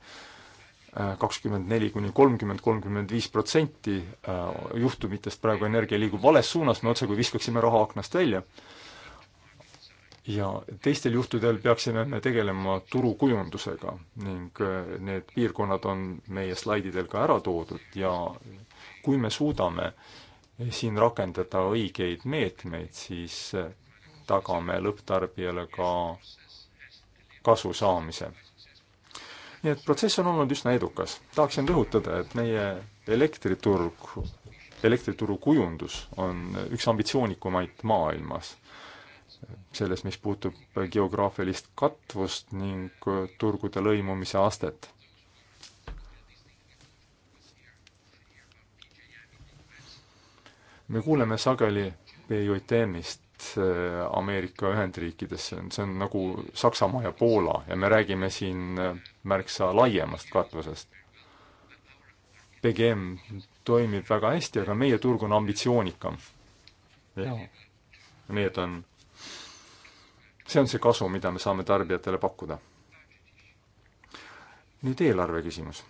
ehm, kakskümmend neli kuni kolmkümmend, kolmkümmend viis protsenti ehm, juhtumitest praegu energia liigub vales suunas, me otsekui viskaksime raha aknast välja. ja teistel juhtudel peaksime me tegelema turukujundusega ning need piirkonnad on meie slaididel ka ära toodud ja kui me suudame siin rakendada õigeid meetmeid, siis tagame lõpptarbijale ka kasu saamise. nii et protsess on olnud üsna edukas. tahaksin rõhutada, et meie elektriturg, elektrituru kujundus on üks ambitsioonikumaid maailmas selles, mis puutub geograafilist katvust ning turgude lõimumise astet. me kuuleme sageli PJTM-ist Äh, Ameerika Ühendriikidesse, see on nagu Saksamaa ja Poola ja me räägime siin äh, märksa laiemast katvusest. PGM toimib väga hästi, aga meie turg on ambitsioonikam. jah, need on, see on see kasu, mida me saame tarbijatele pakkuda. nüüd eelarve küsimus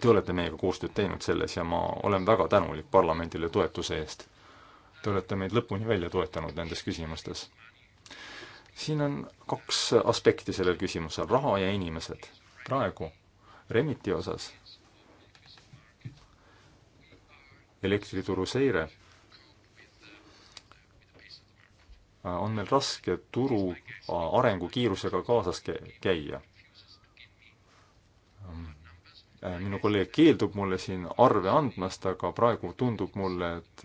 te olete meiega koostööd teinud selles ja ma olen väga tänulik parlamendile toetuse eest. Te olete meid lõpuni välja toetanud nendes küsimustes. siin on kaks aspekti sellel küsimusel, raha ja inimesed. praegu Remiti osas elektrituru seire äh, on meil raske turu äh, arengukiirusega kaasas käia. Ähm, Äh, minu kolleeg keeldub mulle siin arve andmast, aga praegu tundub mulle, et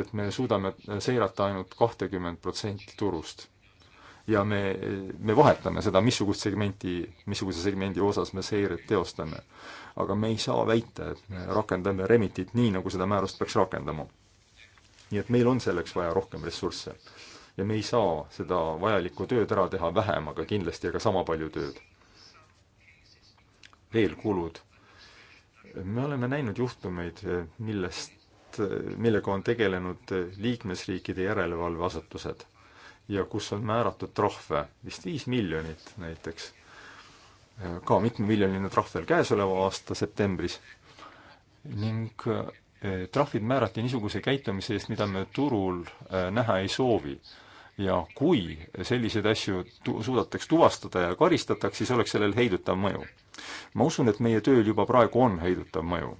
et me suudame seirata ainult kahtekümmend protsenti turust. ja me, me vahetame seda, missugust segmenti, missuguse segmendi osas me seiret teostame. aga me ei saa väita, et me rakendame Remitit nii, nagu seda määrust peaks rakendama. nii et meil on selleks vaja rohkem ressursse. ja me ei saa seda vajalikku tööd ära teha vähem, aga kindlasti ka sama palju tööd. veel kulud me oleme näinud juhtumeid, millest, millega on tegelenud liikmesriikide järelevalveasutused ja kus on määratud trahve, vist viis miljonit näiteks, ka mitmemiljoniline trahv veel käesoleva aasta septembris, ning eh, trahvid määrati niisuguse käitumise eest, mida me turul eh, näha ei soovi. ja kui selliseid asju tu-, suudetaks tuvastada ja karistataks, siis oleks sellel heidutav mõju ma usun, et meie tööl juba praegu on heidutav mõju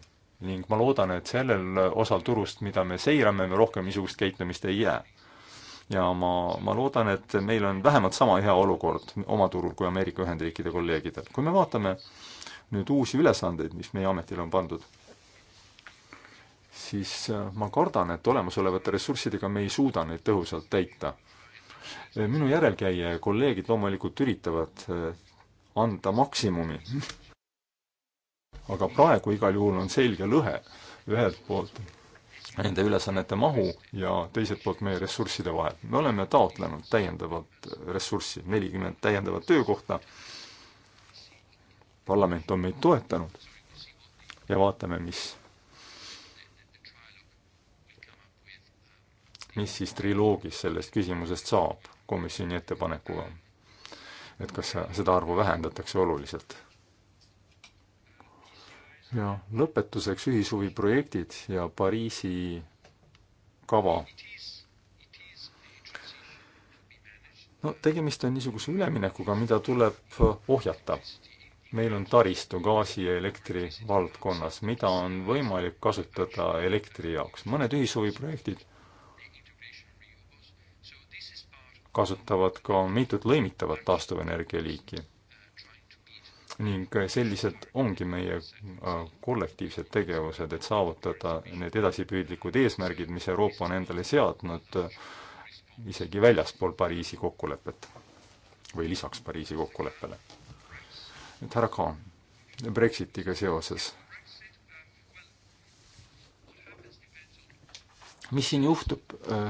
ning ma loodan, et sellel osal turust, mida me seirame, me rohkem niisugust käitumist ei jää. ja ma, ma loodan, et meil on vähemalt sama hea olukord oma turul kui Ameerika Ühendriikide kolleegidel. kui me vaatame nüüd uusi ülesandeid, mis meie ametile on pandud, siis äh, ma kardan, et olemasolevate ressurssidega me ei suuda neid tõhusalt täita. Äh, minu järelkäija ja kolleegid loomulikult üritavad äh, anda maksimumi aga praegu igal juhul on selge lõhe ühelt poolt nende ülesannete mahu ja teiselt poolt meie ressursside vahel. me oleme taotlenud täiendavat ressurssi, nelikümmend täiendavat töökohta, parlament on meid toetanud ja vaatame, mis, mis siis triloogis sellest küsimusest saab komisjoni ettepanekuga et kas seda arvu vähendatakse oluliselt. ja lõpetuseks ühishuvi projektid ja Pariisi kava. no tegemist on niisuguse üleminekuga, mida tuleb ohjata. meil on taristu gaasi ja elektri valdkonnas, mida on võimalik kasutada elektri jaoks. mõned ühishuvi projektid kasutavad ka mitut lõimitavat taastuvenergia liiki. ning sellised ongi meie äh, kollektiivsed tegevused, et saavutada need edasipüüdlikud eesmärgid, mis Euroopa on endale seadnud äh, isegi väljaspool Pariisi kokkulepet või lisaks Pariisi kokkuleppele. et härra Kaan, Brexitiga seoses mis siin juhtub,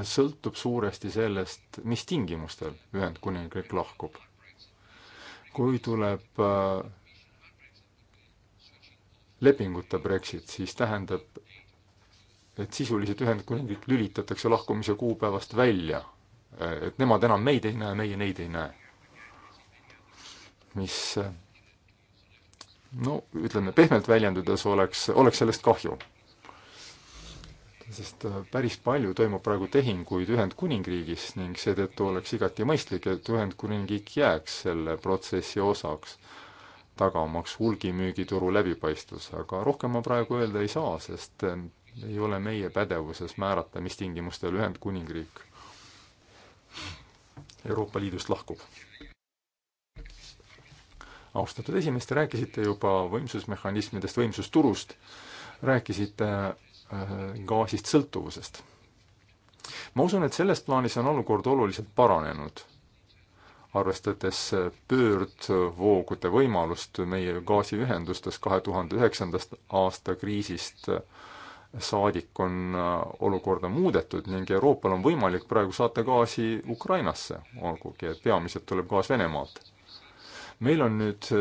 sõltub suuresti sellest, mis tingimustel Ühendkuningriik lahkub. kui tuleb äh, lepinguta Brexit, siis tähendab, et sisuliselt Ühendkuningriik lülitatakse lahkumise kuupäevast välja. et nemad enam meid ei näe, meie neid ei näe. mis äh, no ütleme, pehmelt väljendudes oleks, oleks sellest kahju sest äh, päris palju toimub praegu tehinguid Ühendkuningriigis ning seetõttu oleks igati mõistlik, et Ühendkuningriik jääks selle protsessi osaks, tagamaks hulgimüügituru läbipaistvus, aga rohkem ma praegu öelda ei saa, sest äh, ei ole meie pädevuses määrata, mis tingimustel Ühendkuningriik Euroopa Liidust lahkub. austatud esimees, te rääkisite juba võimsusmehhanismidest, võimsusturust, rääkisite Äh, gaasist sõltuvusest. ma usun, et selles plaanis on olukord oluliselt paranenud, arvestades äh, pöördvoogude võimalust meie gaasiühendustes kahe tuhande üheksandast aasta kriisist äh, saadik on olukorda muudetud ning Euroopal on võimalik praegu saata gaasi Ukrainasse, olgugi et peamiselt tuleb gaas Venemaalt. meil on nüüd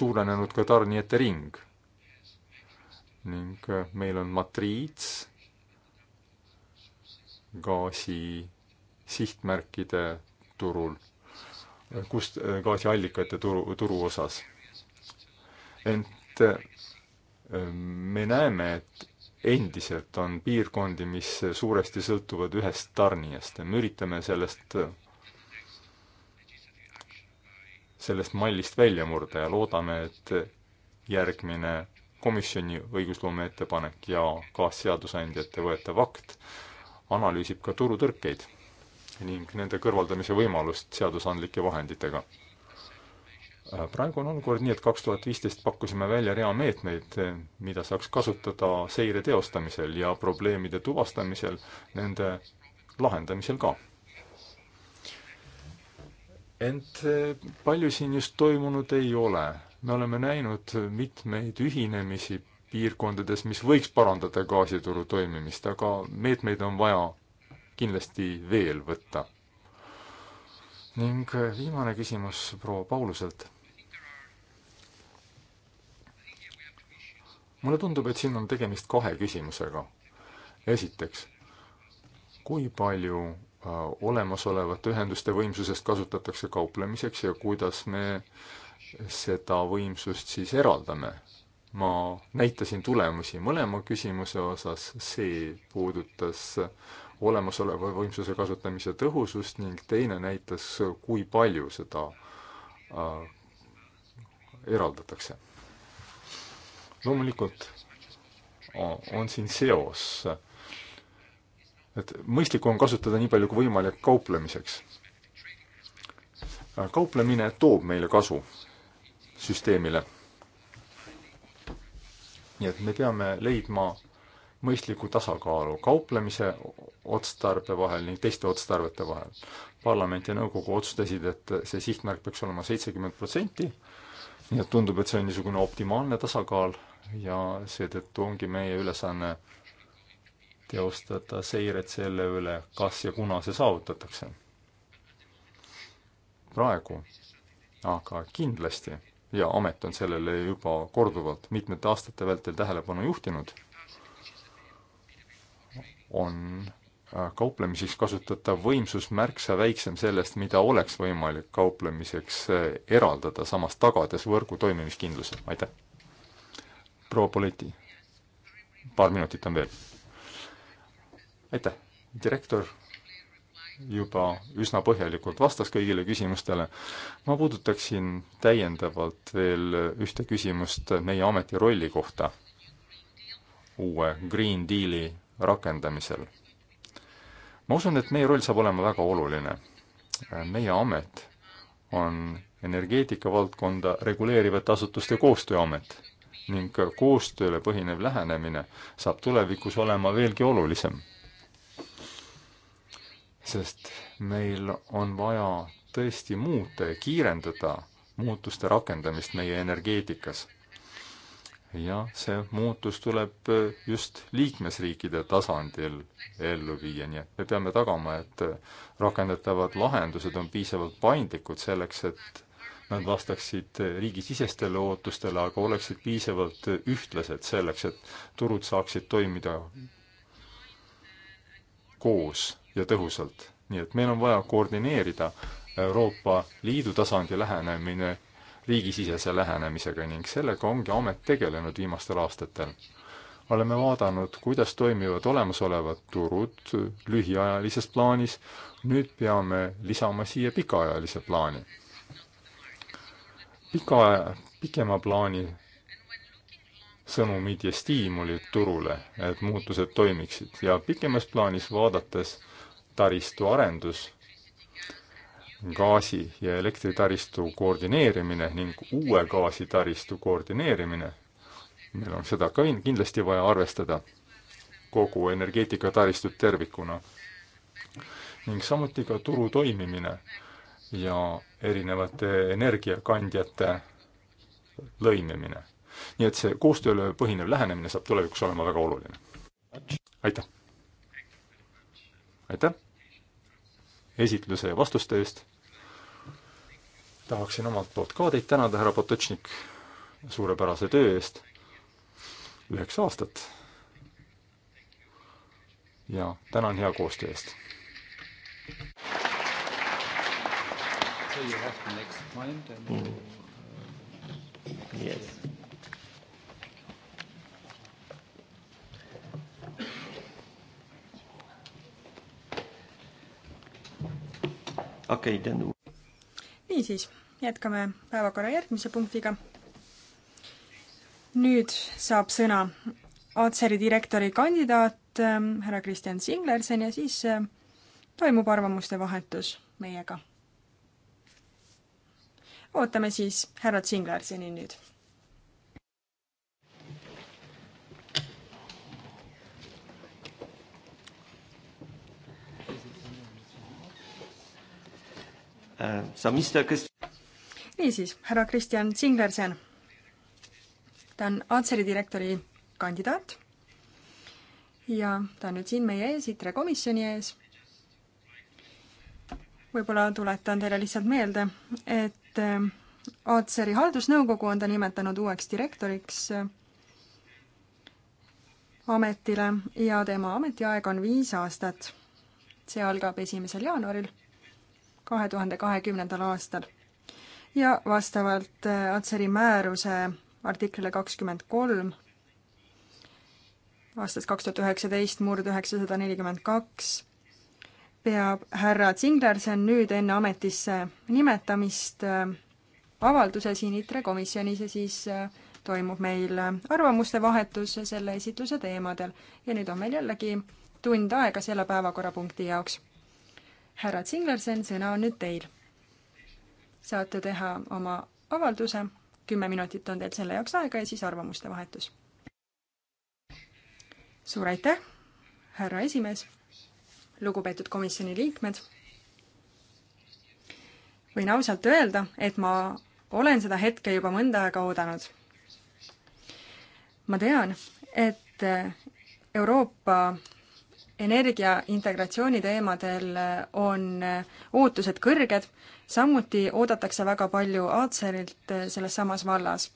suurenenud ka tarnijate ring ning äh, meil on matriits gaasi sihtmärkide turul, äh, kust äh, gaasiallikate turu, turu osas. ent me näeme, et endiselt on piirkondi, mis suuresti sõltuvad ühest tarnijast ja me üritame sellest, sellest mallist välja murda ja loodame, et järgmine komisjoni õigusloome ettepanek ja kaasseadusandjate võetav akt analüüsib ka turutõrkeid ning nende kõrvaldamise võimalust seadusandlike vahenditega. Äh, praegu on olukord nii, et kaks tuhat viisteist pakkusime välja rea meetmeid, mida saaks kasutada seire teostamisel ja probleemide tuvastamisel, nende lahendamisel ka ent äh, palju siin just toimunud ei ole me oleme näinud mitmeid ühinemisi piirkondades, mis võiks parandada gaasituru toimimist, aga meetmeid on vaja kindlasti veel võtta. ning viimane küsimus proua Pauluselt. mulle tundub, et siin on tegemist kahe küsimusega. esiteks, kui palju äh, olemasolevate ühenduste võimsusest kasutatakse kauplemiseks ja kuidas me äh, seda võimsust siis eraldame. ma näitasin tulemusi mõlema küsimuse osas, see puudutas olemasoleva võimsuse kasutamise tõhusust ning teine näitas, kui palju seda äh, eraldatakse. loomulikult on, on siin seos, et mõistlik on kasutada nii palju kui võimalik kauplemiseks kauplemine toob meile kasu süsteemile. nii et me peame leidma mõistliku tasakaalu kauplemise otstarbe vahel ning teiste otstarvete vahel. parlament ja nõukogu otsustasid, et see sihtmärk peaks olema seitsekümmend protsenti, nii et tundub, et see on niisugune optimaalne tasakaal ja seetõttu ongi meie ülesanne teostada seiret selle üle, kas ja kuna see saavutatakse. praegu, aga kindlasti ja amet on sellele juba korduvalt mitmete aastate vältel tähelepanu juhtinud, on äh, kauplemiseks kasutatav võimsus märksa väiksem sellest, mida oleks võimalik kauplemiseks äh, eraldada, samas tagades võrgu toimimiskindluse. aitäh! proua Politi, paar minutit on veel. aitäh! direktor juba üsna põhjalikult vastas kõigile küsimustele. ma puudutaksin täiendavalt veel ühte küsimust meie ameti rolli kohta uue Green Deali rakendamisel. ma usun, et meie roll saab olema väga oluline. meie amet on energeetikavaldkonda reguleerivate asutuste koostööamet ning koostööle põhinev lähenemine saab tulevikus olema veelgi olulisem sest meil on vaja tõesti muuta ja kiirendada muutuste rakendamist meie energeetikas. ja see muutus tuleb äh, just liikmesriikide tasandil ellu viia, nii et me peame tagama, et äh, rakendatavad lahendused on piisavalt paindlikud selleks, et nad vastaksid äh, riigisisestele ootustele, aga oleksid piisavalt ühtlased selleks, et turud saaksid toimida koos ja tõhusalt. nii et meil on vaja koordineerida Euroopa Liidu tasandi lähenemine riigisisese lähenemisega ning sellega ongi amet tegelenud viimastel aastatel. oleme vaadanud, kuidas toimivad olemasolevad turud lühiajalises plaanis, nüüd peame lisama siia pikaajalise plaani. pika, pikema plaani sõnumid ja stiimulid turule, et muutused toimiksid ja pikemas plaanis vaadates taristu arendus, gaasi- ja elektritaristu koordineerimine ning uue gaasitaristu koordineerimine, meil on seda ka kindlasti vaja arvestada, kogu energeetikataristut tervikuna, ning samuti ka turu toimimine ja erinevate energiakandjate lõimimine. nii et see koostööle põhinev lähenemine saab tulevikus olema väga oluline. aitäh! aitäh! esitluse ja vastuste eest. tahaksin omalt poolt ka teid tänada, härra Potočnik, suurepärase töö eest. üheksa aastat. ja tänan hea koostöö eest. So you have the next point and mm. yes. okei okay,, teen. niisiis, jätkame päevakorra järgmise punktiga. nüüd saab sõna Atseri direktori kandidaat ähm, härra Kristjan Singlersen ja siis äh, toimub arvamuste vahetus meiega. ootame siis härra Singlerseni nüüd Äh, niisiis, härra Kristjan Singlersen. ta on Atseri direktori kandidaat ja ta on nüüd siin meie ees, ITRE komisjoni ees. võib-olla tuletan teile lihtsalt meelde, et äh, Atseri haldusnõukogu on ta nimetanud uueks direktoriks äh, ametile ja tema ametiaeg on viis aastat. see algab esimesel jaanuaril kahe tuhande kahekümnendal aastal. ja vastavalt äh, Atseri määruse artiklile kakskümmend kolm aastast kaks tuhat üheksateist murd üheksasada nelikümmend kaks peab härra Zinglersen nüüd enne ametisse nimetamist äh, avalduse siin ITRE komisjonis ja siis äh, toimub meil arvamuste vahetus selle esitluse teemadel. ja nüüd on meil jällegi tund aega selle päevakorrapunkti jaoks härra Zinglersen, sõna on nüüd teil. saate teha oma avalduse, kümme minutit on teil selle jaoks aega ja siis arvamuste vahetus. suur aitäh, härra esimees, lugupeetud komisjoni liikmed. võin ausalt öelda, et ma olen seda hetke juba mõnda aega oodanud. ma tean, et Euroopa energia integratsiooni teemadel eh, on eh, ootused kõrged, samuti oodatakse väga palju Aatserilt eh, selles samas vallas.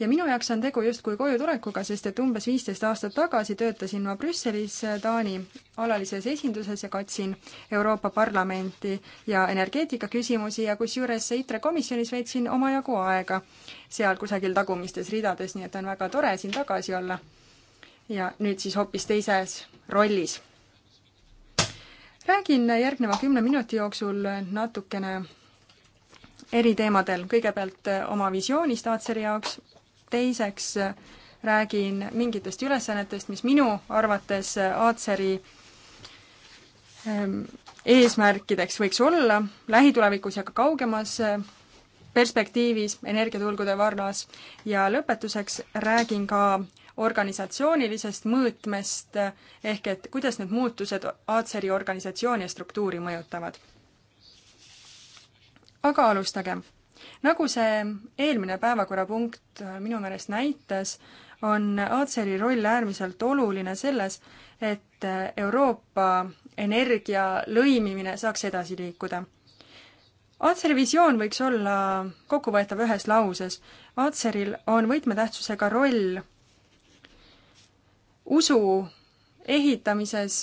ja minu jaoks on tegu justkui kojutulekuga, sest et umbes viisteist aastat tagasi töötasin ma Brüsselis Taani alalises esinduses ja katsin Euroopa Parlamenti ja energeetikaküsimusi ja kusjuures ITRE komisjonis veetsin omajagu aega seal kusagil tagumistes ridades, nii et on väga tore siin tagasi olla. ja nüüd siis hoopis teises rollis räägin järgneva kümne minuti jooksul natukene eri teemadel, kõigepealt eh, oma visioonist Aatseri jaoks, teiseks eh, räägin mingitest ülesannetest, mis minu arvates eh, Aatseri ehm, eesmärkideks võiks olla lähitulevikus ja ka kaugemas perspektiivis energiaturgude varnas ja lõpetuseks räägin ka organisatsioonilisest mõõtmest, ehk et kuidas need muutused Aatseri organisatsiooni ja struktuuri mõjutavad. aga alustagem. nagu see eelmine päevakorrapunkt minu meelest näitas, on Aatseri roll äärmiselt oluline selles, et Euroopa energia lõimimine saaks edasi liikuda Atseri visioon võiks olla kokkuvõetav ühes lauses. Atseril on võtmetähtsusega roll usu ehitamises,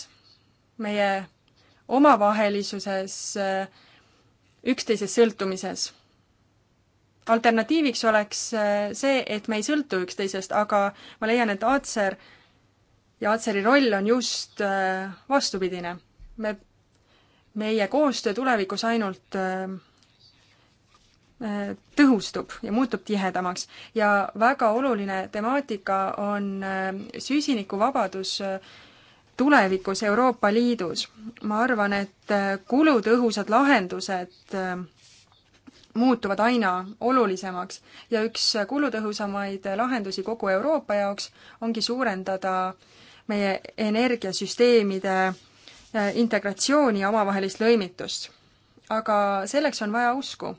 meie omavahelisuses, äh, üksteisest sõltumises. alternatiiviks oleks äh, see, et me ei sõltu üksteisest, aga ma leian, et Aatser ja Aatseri roll on just äh, vastupidine. me, meie koostöö tulevikus ainult tõhustub ja muutub tihedamaks. ja väga oluline temaatika on äh, süsinikuvabadus äh, tulevikus Euroopa Liidus. ma arvan, et äh, kulutõhusad lahendused muutuvad aina olulisemaks ja üks kulutõhusamaid lahendusi kogu Euroopa jaoks ongi suurendada meie energiasüsteemide integratsiooni ja omavahelist lõimitust. aga selleks on vaja usku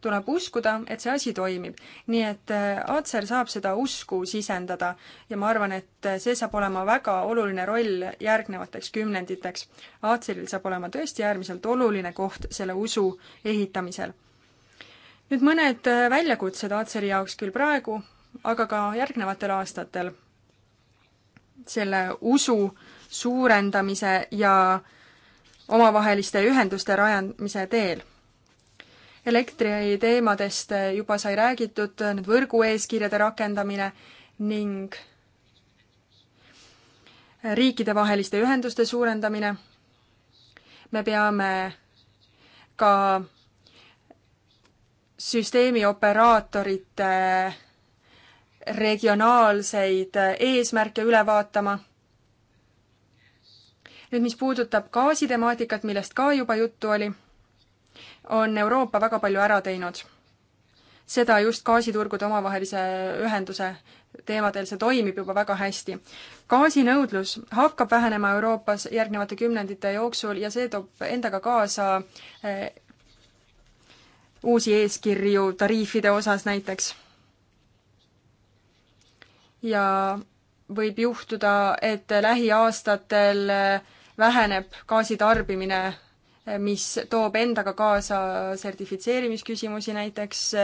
tuleb uskuda, et see asi toimib. nii et äh, Atser saab seda usku sisendada ja ma arvan, et äh, see saab olema väga oluline roll järgnevateks kümnenditeks. Atseril saab olema tõesti äärmiselt oluline koht selle usu ehitamisel. nüüd mõned äh, väljakutsed Atseri jaoks küll praegu, aga ka järgnevatel aastatel. selle usu suurendamise ja omavaheliste ühenduste rajamise teel elektri teemadest juba sai räägitud, need võrgueeskirjade rakendamine ning riikidevaheliste ühenduste suurendamine. me peame ka süsteemi operaatorite regionaalseid eesmärke üle vaatama. nüüd, mis puudutab gaasitemaatikat, millest ka juba juttu oli on Euroopa väga palju ära teinud. seda just gaasiturgude omavahelise ühenduse teemadel, see toimib juba väga hästi. gaasinõudlus hakkab vähenema Euroopas järgnevate kümnendite jooksul ja see toob endaga kaasa eh, uusi eeskirju tariifide osas näiteks. ja võib juhtuda, et lähiaastatel eh, väheneb gaasi tarbimine mis toob endaga kaasa sertifitseerimisküsimusi näiteks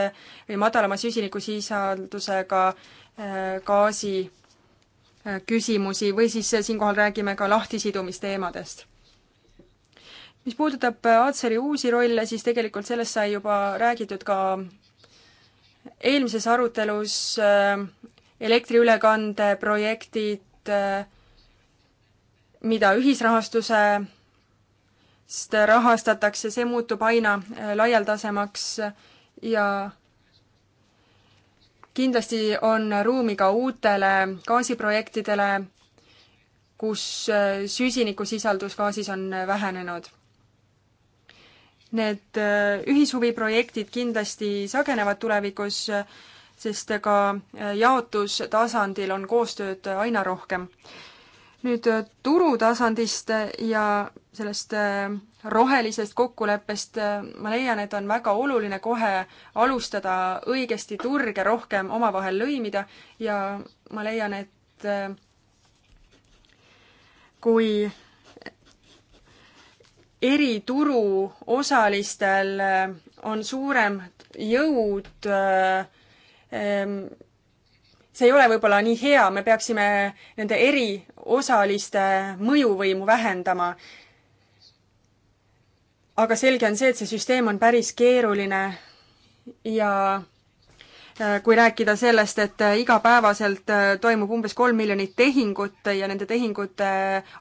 või madalama süsinikusisaldusega äh, gaasi äh, küsimusi või siis äh, siinkohal räägime ka lahtisidumisteemadest. mis puudutab Aatseri uusi rolle, siis tegelikult sellest sai juba räägitud ka eelmises arutelus elektriülekandeprojektid, mida ühisrahastuse sest rahastatakse, see muutub aina äh, laialdasemaks äh, ja kindlasti on ruumi ka uutele gaasiprojektidele, kus äh, süsinikusisaldus gaasis on vähenenud. Need ühishuviprojektid kindlasti sagenevad tulevikus, sest ka jaotustasandil on koostööd aina rohkem nüüd äh, turutasandist äh, ja sellest äh, rohelisest kokkuleppest ma leian, et on väga oluline kohe alustada õigesti turge rohkem omavahel lõimida ja ma leian, et kui eri turuosalistel on suurem jõud ähm, see ei ole võib-olla nii hea, me peaksime nende eri osaliste mõjuvõimu vähendama. aga selge on see, et see süsteem on päris keeruline ja äh, kui rääkida sellest, et äh, igapäevaselt äh, toimub umbes kolm miljonit tehingut ja nende tehingute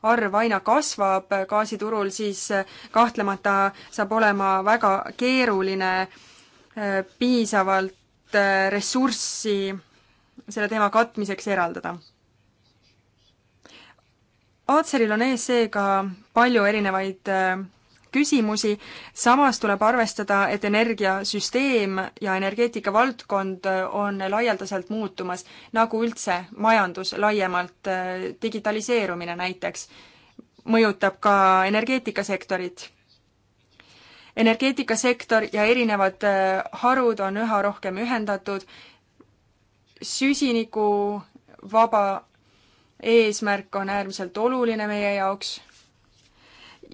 arv aina kasvab gaasiturul, siis kahtlemata saab olema väga keeruline piisavalt ressurssi selle teema katmiseks eraldada Aatseril on ees seega palju erinevaid äh, küsimusi, samas tuleb arvestada, et energiasüsteem ja energeetika valdkond äh, on laialdaselt muutumas, nagu üldse majandus laiemalt, äh, digitaliseerumine näiteks, mõjutab ka energeetikasektorit. energeetikasektor ja erinevad harud on üha rohkem ühendatud, süsinikuvaba eesmärk on äärmiselt oluline meie jaoks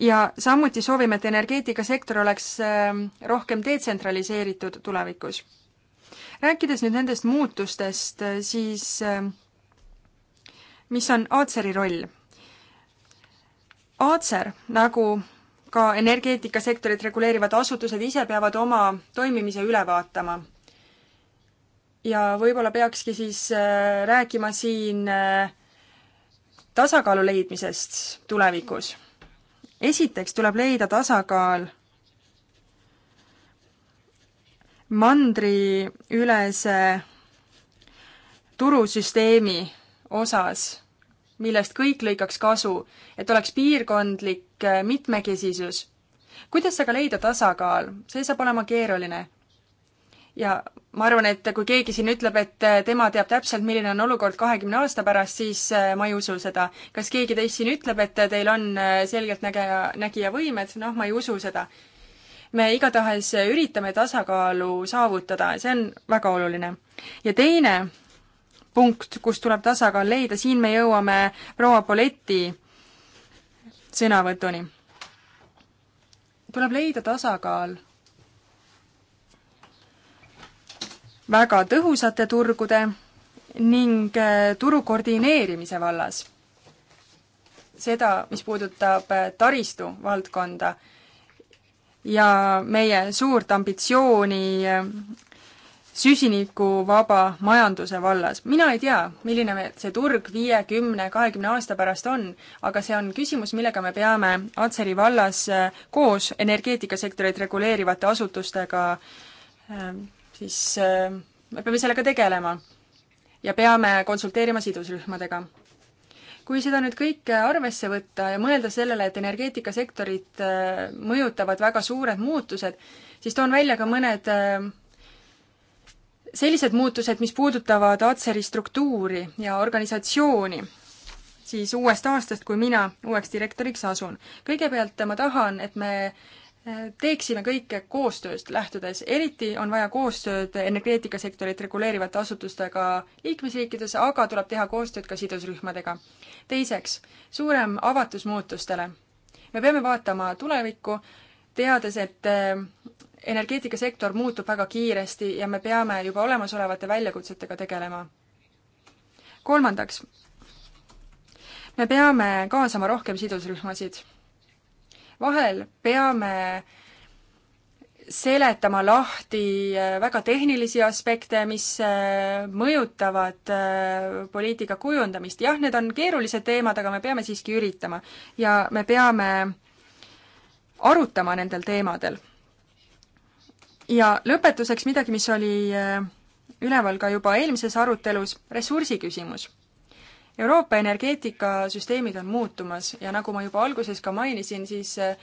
ja samuti soovime, et energeetikasektor oleks ähm, rohkem detsentraliseeritud tulevikus. rääkides nüüd nendest muutustest, äh, siis ähm, mis on Aatseri roll? Aatser, nagu ka energeetikasektorit reguleerivad asutused ise peavad oma toimimise üle vaatama. ja võib-olla peakski siis äh, rääkima siin äh, tasakaalu leidmisest tulevikus. esiteks tuleb leida tasakaal mandriülese turusüsteemi osas, millest kõik lõikaks kasu, et oleks piirkondlik äh, mitmekesisus. kuidas aga leida tasakaal, see saab olema keeruline ja ma arvan, et kui keegi siin ütleb, et äh, tema teab täpselt, milline on olukord kahekümne aasta pärast, siis äh, ma ei usu seda. kas keegi teist siin ütleb, et äh, teil on selgeltnägeja, nägijavõimed, noh, ma ei usu seda. me igatahes üritame tasakaalu saavutada, see on väga oluline. ja teine punkt, kus tuleb tasakaal leida, siin me jõuame proua Poleti sõnavõtuni. tuleb leida tasakaal väga tõhusate turgude ning äh, turu koordineerimise vallas. seda, mis puudutab äh, taristu valdkonda ja meie suurt ambitsiooni äh, süsinikuvaba majanduse vallas. mina ei tea, milline see turg viie, kümne, kahekümne aasta pärast on, aga see on küsimus, millega me peame Atseri vallas koos energeetikasektorit reguleerivate asutustega siis äh, me peame sellega tegelema ja peame konsulteerima sidusrühmadega. kui seda nüüd kõike arvesse võtta ja mõelda sellele, et energeetikasektorit äh, mõjutavad väga suured muutused, siis toon välja ka mõned äh, sellised muutused, mis puudutavad Atseri struktuuri ja organisatsiooni, siis uuest aastast, kui mina uueks direktoriks asun. kõigepealt ma tahan, et me teeksime kõike koostööst lähtudes, eriti on vaja koostööd energeetikasektorit reguleerivate asutustega liikmesriikides, aga tuleb teha koostööd ka sidusrühmadega. teiseks, suurem avatus muutustele. me peame vaatama tulevikku, teades, et eh, energeetikasektor muutub väga kiiresti ja me peame juba olemasolevate väljakutsetega tegelema. kolmandaks, me peame kaasama rohkem sidusrühmasid vahel peame seletama lahti äh, väga tehnilisi aspekte, mis äh, mõjutavad äh, poliitika kujundamist. jah, need on keerulised teemad, aga me peame siiski üritama ja me peame arutama nendel teemadel. ja lõpetuseks midagi, mis oli üleval ka juba eelmises arutelus, ressursi küsimus Euroopa energeetikasüsteemid on muutumas ja nagu ma juba alguses ka mainisin, siis äh,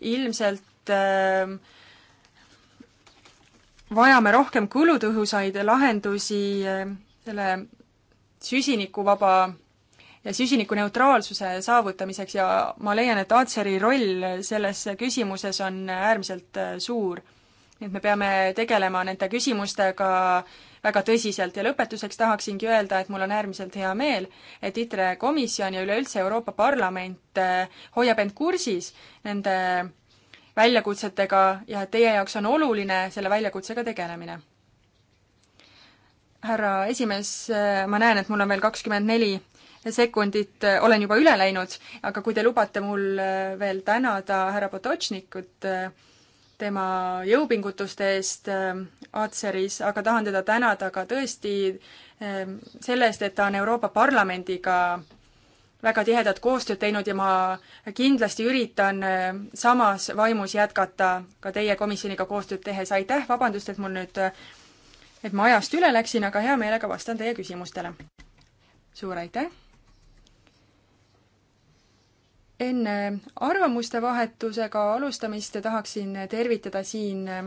ilmselt äh, vajame rohkem kulutõhusaid lahendusi äh, selle süsinikuvaba ja süsinikuneutraalsuse saavutamiseks ja ma leian, et Atseri roll selles küsimuses on äärmiselt suur nii et me peame tegelema nende küsimustega väga tõsiselt ja lõpetuseks tahaksingi öelda, et mul on äärmiselt hea meel, et ITRE komisjon ja üleüldse Euroopa Parlament eh, hoiab end kursis nende väljakutsetega ja teie jaoks on oluline selle väljakutsega tegelemine. härra esimees, eh, ma näen, et mul on veel kakskümmend neli sekundit eh, olen juba üle läinud, aga kui te lubate mul veel tänada härra Potočnikut äh, tema jõupingutuste eest ähm, Atseris, aga tahan teda tänada ka tõesti ähm, selle eest, et ta on Euroopa Parlamendiga väga tihedat koostööd teinud ja ma kindlasti üritan ähm, samas vaimus jätkata ka teie komisjoniga koostööd tehes. aitäh, vabandust, et mul nüüd, et ma ajast üle läksin, aga hea meelega vastan teie küsimustele. suur aitäh! enne arvamuste vahetusega alustamist tahaksin tervitada siin äh,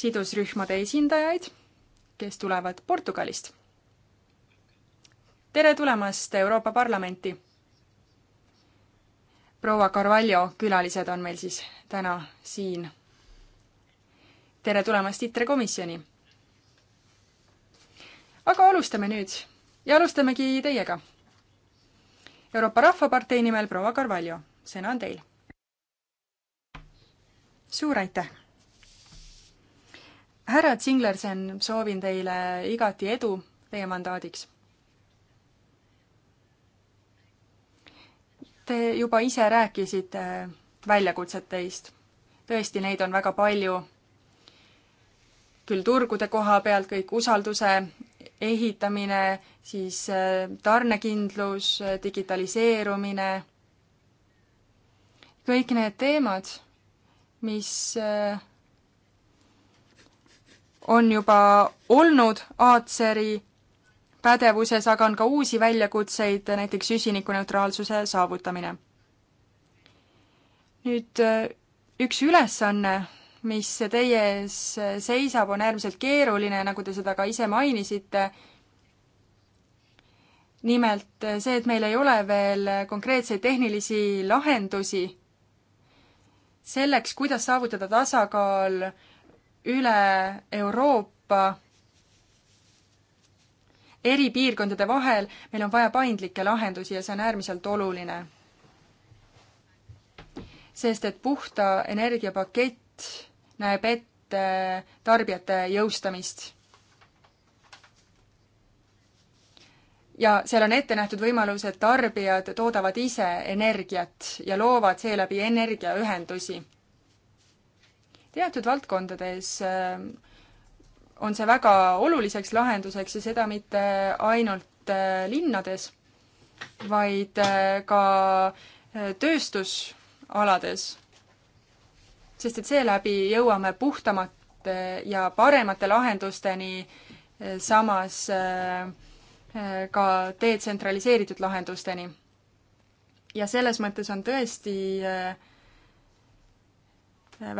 sidusrühmade esindajaid, kes tulevad Portugalist. tere tulemast Euroopa Parlamenti! proua Carvalho külalised on meil siis täna siin. tere tulemast ITRE komisjoni! aga alustame nüüd ja alustamegi teiega Euroopa Rahvapartei nimel proua Carvalho, sõna on teil. suur aitäh! härra Zinglersen, soovin teile igati edu teie mandaadiks. Te juba ise rääkisite väljakutseteist. tõesti, neid on väga palju küll turgude koha pealt, kõik usalduse ehitamine, siis äh, tarnekindlus, äh, digitaliseerumine, kõik need teemad, mis äh, on juba olnud Aatseri pädevuses, aga on ka uusi väljakutseid, näiteks süsinikuneutraalsuse saavutamine. nüüd üks ülesanne, mis teie ees seisab, on äärmiselt keeruline, nagu te seda ka ise mainisite. nimelt see, et meil ei ole veel konkreetseid tehnilisi lahendusi selleks, kuidas saavutada tasakaal üle Euroopa eri piirkondade vahel, meil on vaja paindlikke lahendusi ja see on äärmiselt oluline. sest et puhta energiapakett pakett näeb ette tarbijate jõustamist. ja seal on ette nähtud võimalus, et tarbijad toodavad ise energiat ja loovad seeläbi energiaühendusi. teatud valdkondades äh, on see väga oluliseks lahenduseks ja seda mitte ainult äh, linnades, vaid äh, ka tööstusalades sest et seeläbi jõuame puhtamate ja paremate lahendusteni, eh, samas eh, eh, ka detsentraliseeritud lahendusteni. ja selles mõttes on tõesti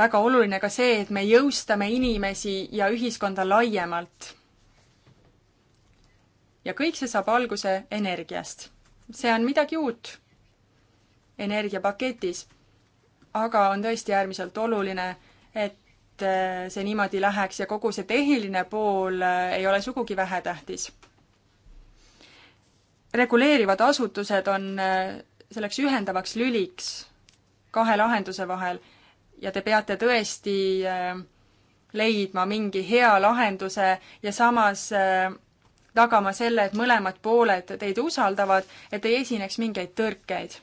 väga oluline ka see, et me jõustame inimesi ja ühiskonda laiemalt. ja kõik see saab alguse energiast. see on midagi uut energiapaketis aga on tõesti äärmiselt oluline, et äh, see niimoodi läheks ja kogu see tehniline pool äh, ei ole sugugi vähetähtis. reguleerivad asutused on äh, selleks ühendavaks lüliks kahe lahenduse vahel ja te peate tõesti leidma mingi hea lahenduse ja samas tagama selle, et mõlemad pooled teid usaldavad, et ei esineks mingeid tõrkeid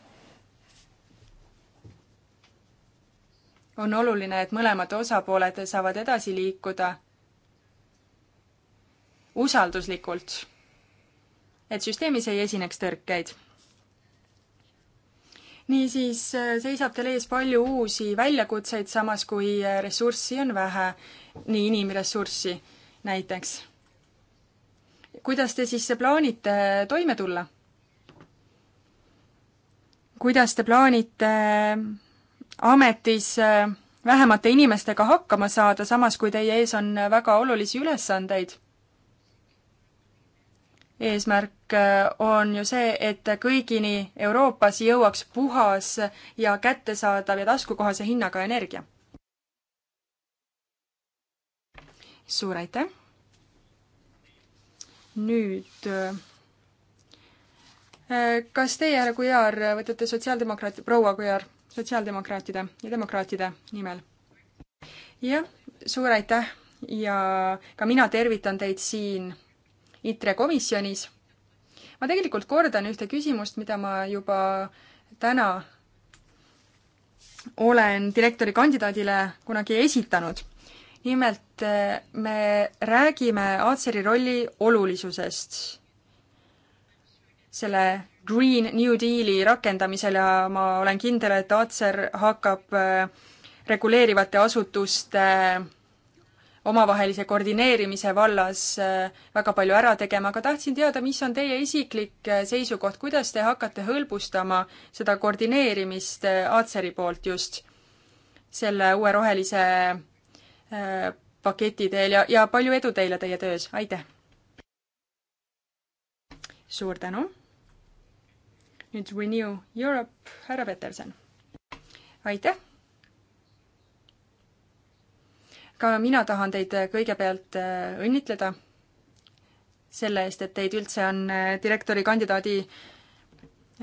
on oluline, et mõlemad osapooled saavad edasi liikuda usalduslikult, et süsteemis ei esineks tõrkeid. niisiis äh, seisab teil ees palju uusi väljakutseid, samas kui äh, ressurssi on vähe, nii inimressurssi näiteks. kuidas te siis plaanite äh, toime tulla? kuidas te plaanite ametis äh, vähemate inimestega hakkama saada, samas kui teie ees on äh, väga olulisi ülesandeid. eesmärk äh, on ju see, et kõigini Euroopas jõuaks puhas ja kättesaadav ja taskukohase hinnaga energia. suur aitäh! nüüd kas teie, härra Kujar, võtate sotsiaaldemokraati, proua Kujar? sotsiaaldemokraatide ja demokraatide nimel. jah, suur aitäh ja ka mina tervitan teid siin ITRE komisjonis. ma tegelikult kordan ühte küsimust, mida ma juba täna olen direktori kandidaadile kunagi esitanud. nimelt eh, me räägime Aatseri rolli olulisusest, selle Green New Deali rakendamisel ja ma olen kindel, et Atser hakkab äh, reguleerivate asutuste äh, omavahelise koordineerimise vallas äh, väga palju ära tegema, aga tahtsin teada, mis on teie isiklik seisukoht, kuidas te hakkate hõlbustama seda koordineerimist Atseri poolt just selle uue rohelise paketi teel ja, ja palju edu teile teie töös, aitäh! suur tänu! nüüd Renew Europe, härra Peterson. aitäh! ka mina tahan teid äh, kõigepealt äh, õnnitleda selle eest, et teid üldse on äh, direktori kandidaadi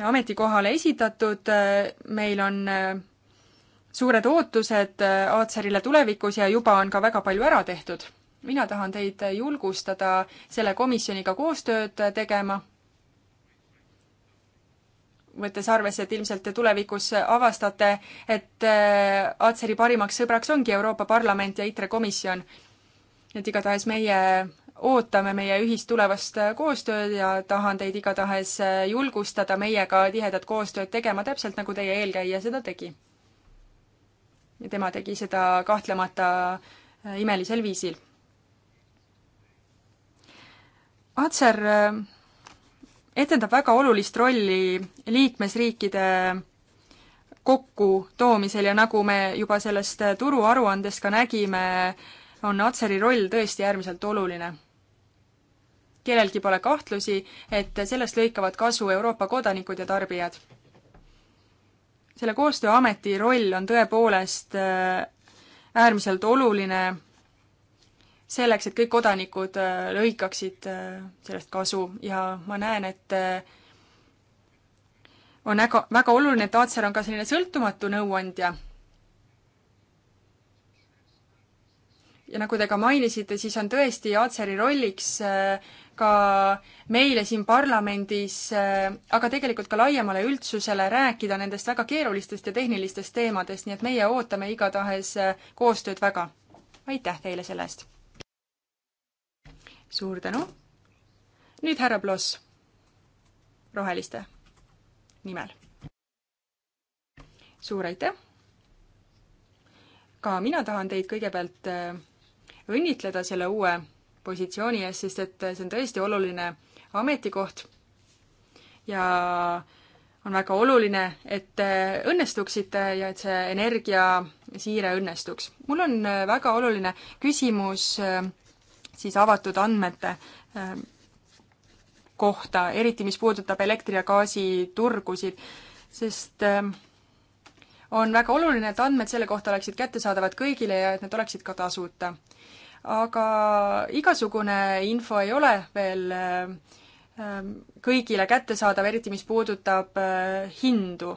ametikohale esitatud. meil on suured ootused Aatserile tulevikus ja juba on ka väga palju ära tehtud. mina tahan teid julgustada selle komisjoniga koostööd tegema võttes arvesse, et ilmselt te tulevikus avastate, et äh, Atseri parimaks sõbraks ongi Euroopa Parlament ja ITRE komisjon. et igatahes meie ootame meie ühist tulevast äh, koostööd ja tahan teid igatahes äh, julgustada meiega tihedat koostööd tegema, täpselt nagu teie eelkäija seda tegi. ja tema tegi seda kahtlemata imelisel viisil. Atser etendab väga olulist rolli liikmesriikide kokkutoomisel ja nagu me juba sellest turuaruandest ka nägime, on Atseri roll tõesti äärmiselt oluline. kellelgi pole kahtlusi, et sellest lõikavad kasu Euroopa kodanikud ja tarbijad. selle koostööameti roll on tõepoolest äh, äärmiselt oluline selleks, et kõik kodanikud äh, lõikaksid äh, sellest kasu ja ma näen, et äh, on väga, väga oluline, et Aatser on ka selline sõltumatu nõuandja. ja nagu te ka mainisite, siis on tõesti Aatseri rolliks ka meile siin parlamendis, aga tegelikult ka laiemale üldsusele rääkida nendest väga keerulistest ja tehnilistest teemadest, nii et meie ootame igatahes koostööd väga. aitäh teile selle eest! suur tänu. nüüd härra Bloss roheliste nimel. suur aitäh. ka mina tahan teid kõigepealt äh, õnnitleda selle uue positsiooni eest, sest et äh, see on tõesti oluline ametikoht. ja on väga oluline, et te äh, õnnestuksite ja et see energiasiire õnnestuks. mul on väga oluline küsimus siis avatud andmete ähm, kohta, eriti mis puudutab elektri- ja gaasiturgusid, sest ähm, on väga oluline, et andmed selle kohta oleksid kättesaadavad kõigile ja et need oleksid ka tasuta. aga igasugune info ei ole veel ähm, kõigile kättesaadav, eriti mis puudutab äh, hindu.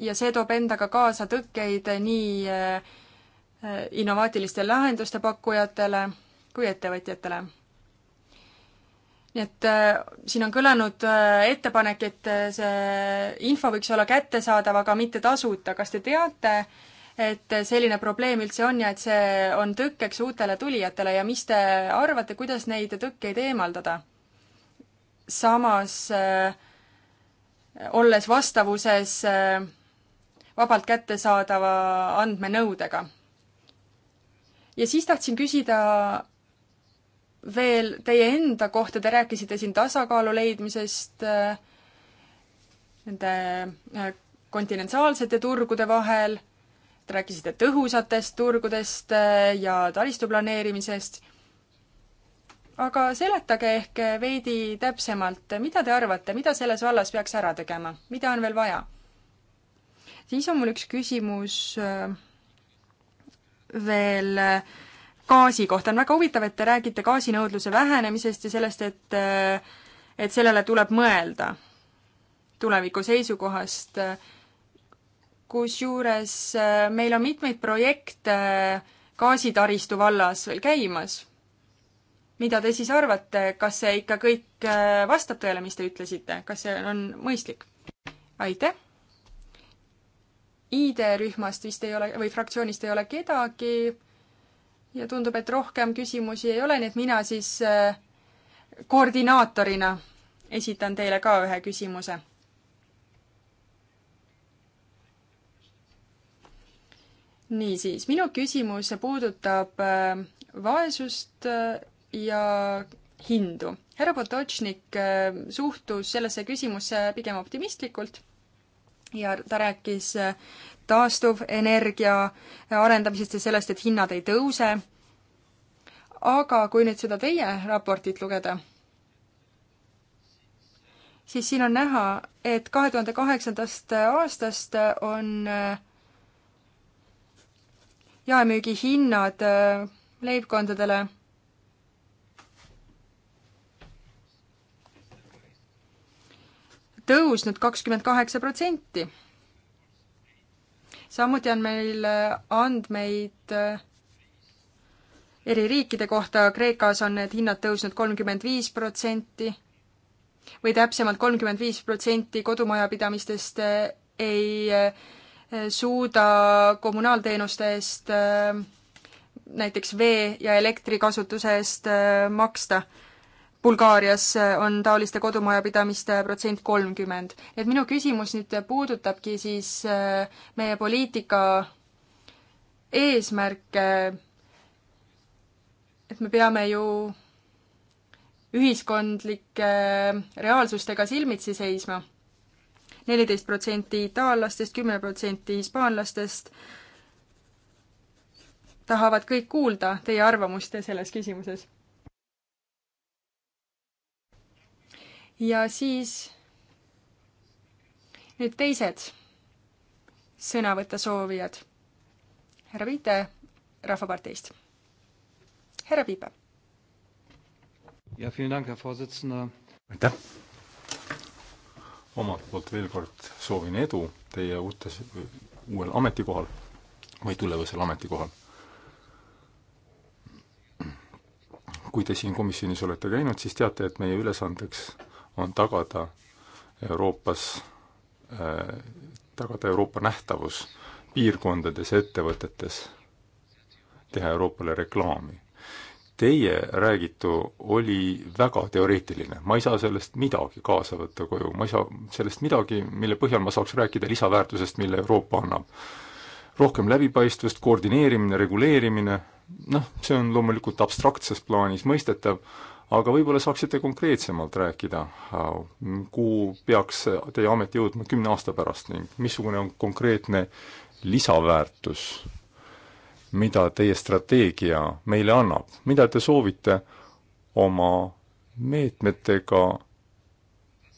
ja see toob endaga kaasa tõkkeid nii äh, äh, innovaatiliste lahenduste pakkujatele kui ettevõtjatele. nii et äh, siin on kõlanud äh, ettepanek, et äh, see info võiks olla kättesaadav, aga mitte tasuta. kas te teate, et selline probleem üldse on ja et see on tõkkeks uutele tulijatele ja mis te arvate, kuidas neid tõkkeid eemaldada? samas äh, olles vastavuses äh, vabalt kättesaadava andmenõudega. ja siis tahtsin küsida veel teie enda kohta, te rääkisite siin tasakaalu leidmisest äh, nende äh, kontinentaalsete turgude vahel, te rääkisite tõhusatest turgudest äh, ja taristu planeerimisest, aga seletage ehk veidi täpsemalt, mida te arvate, mida selles vallas peaks ära tegema, mida on veel vaja? siis on mul üks küsimus veel äh, gaasi kohta on väga huvitav, et te räägite gaasinõudluse vähenemisest ja sellest, et äh, et sellele tuleb mõelda tuleviku seisukohast. kusjuures äh, meil on mitmeid projekte äh, gaasitaristu vallas veel käimas. mida te siis arvate, kas see ikka kõik vastab tõele, mis te ütlesite, kas see on mõistlik? aitäh! ID-rühmast vist ei ole või fraktsioonist ei ole kedagi ja tundub, et rohkem küsimusi ei ole, nii et mina siis äh, koordinaatorina esitan teile ka ühe küsimuse. niisiis, minu küsimus puudutab äh, vaesust äh, ja hindu. härra Potočnik suhtus sellesse küsimusse pigem optimistlikult ja ta rääkis taastuvenergia arendamisest ja sellest, et hinnad ei tõuse. aga kui nüüd seda teie raportit lugeda, siis siin on näha, et kahe tuhande kaheksandast aastast on äh, jaemüügi hinnad äh, leibkondadele tõusnud kakskümmend kaheksa protsenti samuti on meil äh, andmeid äh, eri riikide kohta, Kreekas on need hinnad tõusnud kolmkümmend viis protsenti või täpsemalt kolmkümmend viis protsenti kodumajapidamistest äh, ei suuda kommunaalteenuste eest näiteks vee ja elektri kasutuse eest maksta Bulgaarias on taoliste kodumajapidamiste protsent kolmkümmend. et minu küsimus nüüd puudutabki siis äh, meie poliitika eesmärke, et me peame ju ühiskondlike reaalsustega silmitsi seisma. neliteist protsenti itaallastest, kümme protsenti hispaanlastest tahavad kõik kuulda teie arvamust selles küsimuses ja siis nüüd teised sõnavõtte soovijad. härra Viite Rahvaparteist. härra Piipe. aitäh! omalt poolt veel kord soovin edu teie uutes, uuel ametikohal või tulevasel ametikohal. kui te siin komisjonis olete käinud, siis teate, et meie ülesandeks on tagada Euroopas, äh, tagada Euroopa nähtavus piirkondades ja ettevõtetes, teha Euroopale reklaami. Teie räägitu oli väga teoreetiline, ma ei saa sellest midagi kaasa võtta koju, ma ei saa sellest midagi, mille põhjal ma saaks rääkida lisaväärtusest, mille Euroopa annab. rohkem läbipaistvust, koordineerimine, reguleerimine, noh, see on loomulikult abstraktses plaanis mõistetav, aga võib-olla saaksite konkreetsemalt rääkida, äh, kuhu peaks teie amet jõudma kümne aasta pärast ning missugune on konkreetne lisaväärtus, mida teie strateegia meile annab, mida te soovite oma meetmetega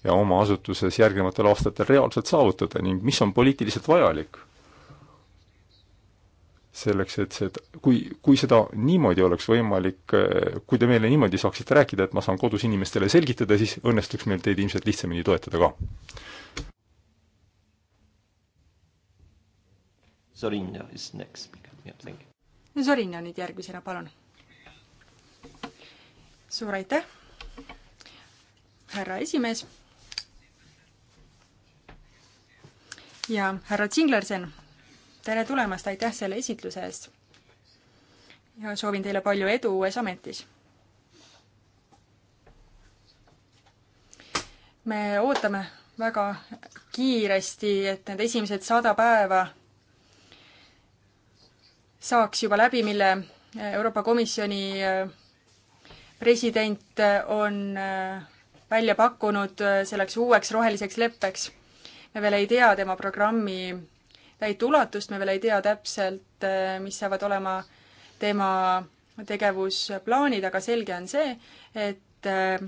ja oma asutuses järgnevatel aastatel reaalselt saavutada ning mis on poliitiliselt vajalik selleks, et see, kui, kui seda niimoodi oleks võimalik, kui te meile niimoodi saaksite rääkida, et ma saan kodus inimestele selgitada, siis õnnestuks meil teid ilmselt lihtsamini toetada ka. Zorinja is next, jah, thank you. Zorinja nüüd järgmisena, palun. suur aitäh, härra esimees. ja härra Zinglersen tere tulemast, aitäh selle esitluse eest! ja soovin teile palju edu uues ametis! me ootame väga kiiresti, et need esimesed sada päeva saaks juba läbi, mille Euroopa Komisjoni äh, president äh, on äh, välja pakkunud selleks uueks roheliseks leppeks. me veel ei tea tema programmi täit ulatust, me veel ei tea täpselt, eh, mis saavad olema tema tegevusplaanid, aga selge on see, et eh,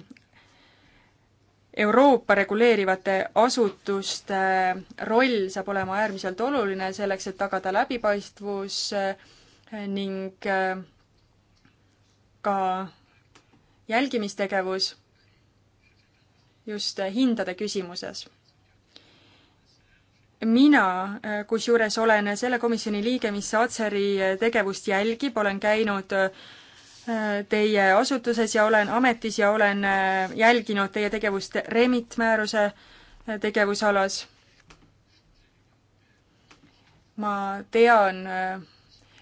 Euroopa reguleerivate asutuste eh, roll saab olema äärmiselt oluline selleks, et tagada läbipaistvus ning ka jälgimistegevus just hindade küsimuses mina äh, kusjuures olen selle komisjoni liige, mis Atseri äh, tegevust jälgib, olen käinud äh, teie asutuses ja olen ametis ja olen jälginud teie tegevust REMIT määruse tegevusalas. ma tean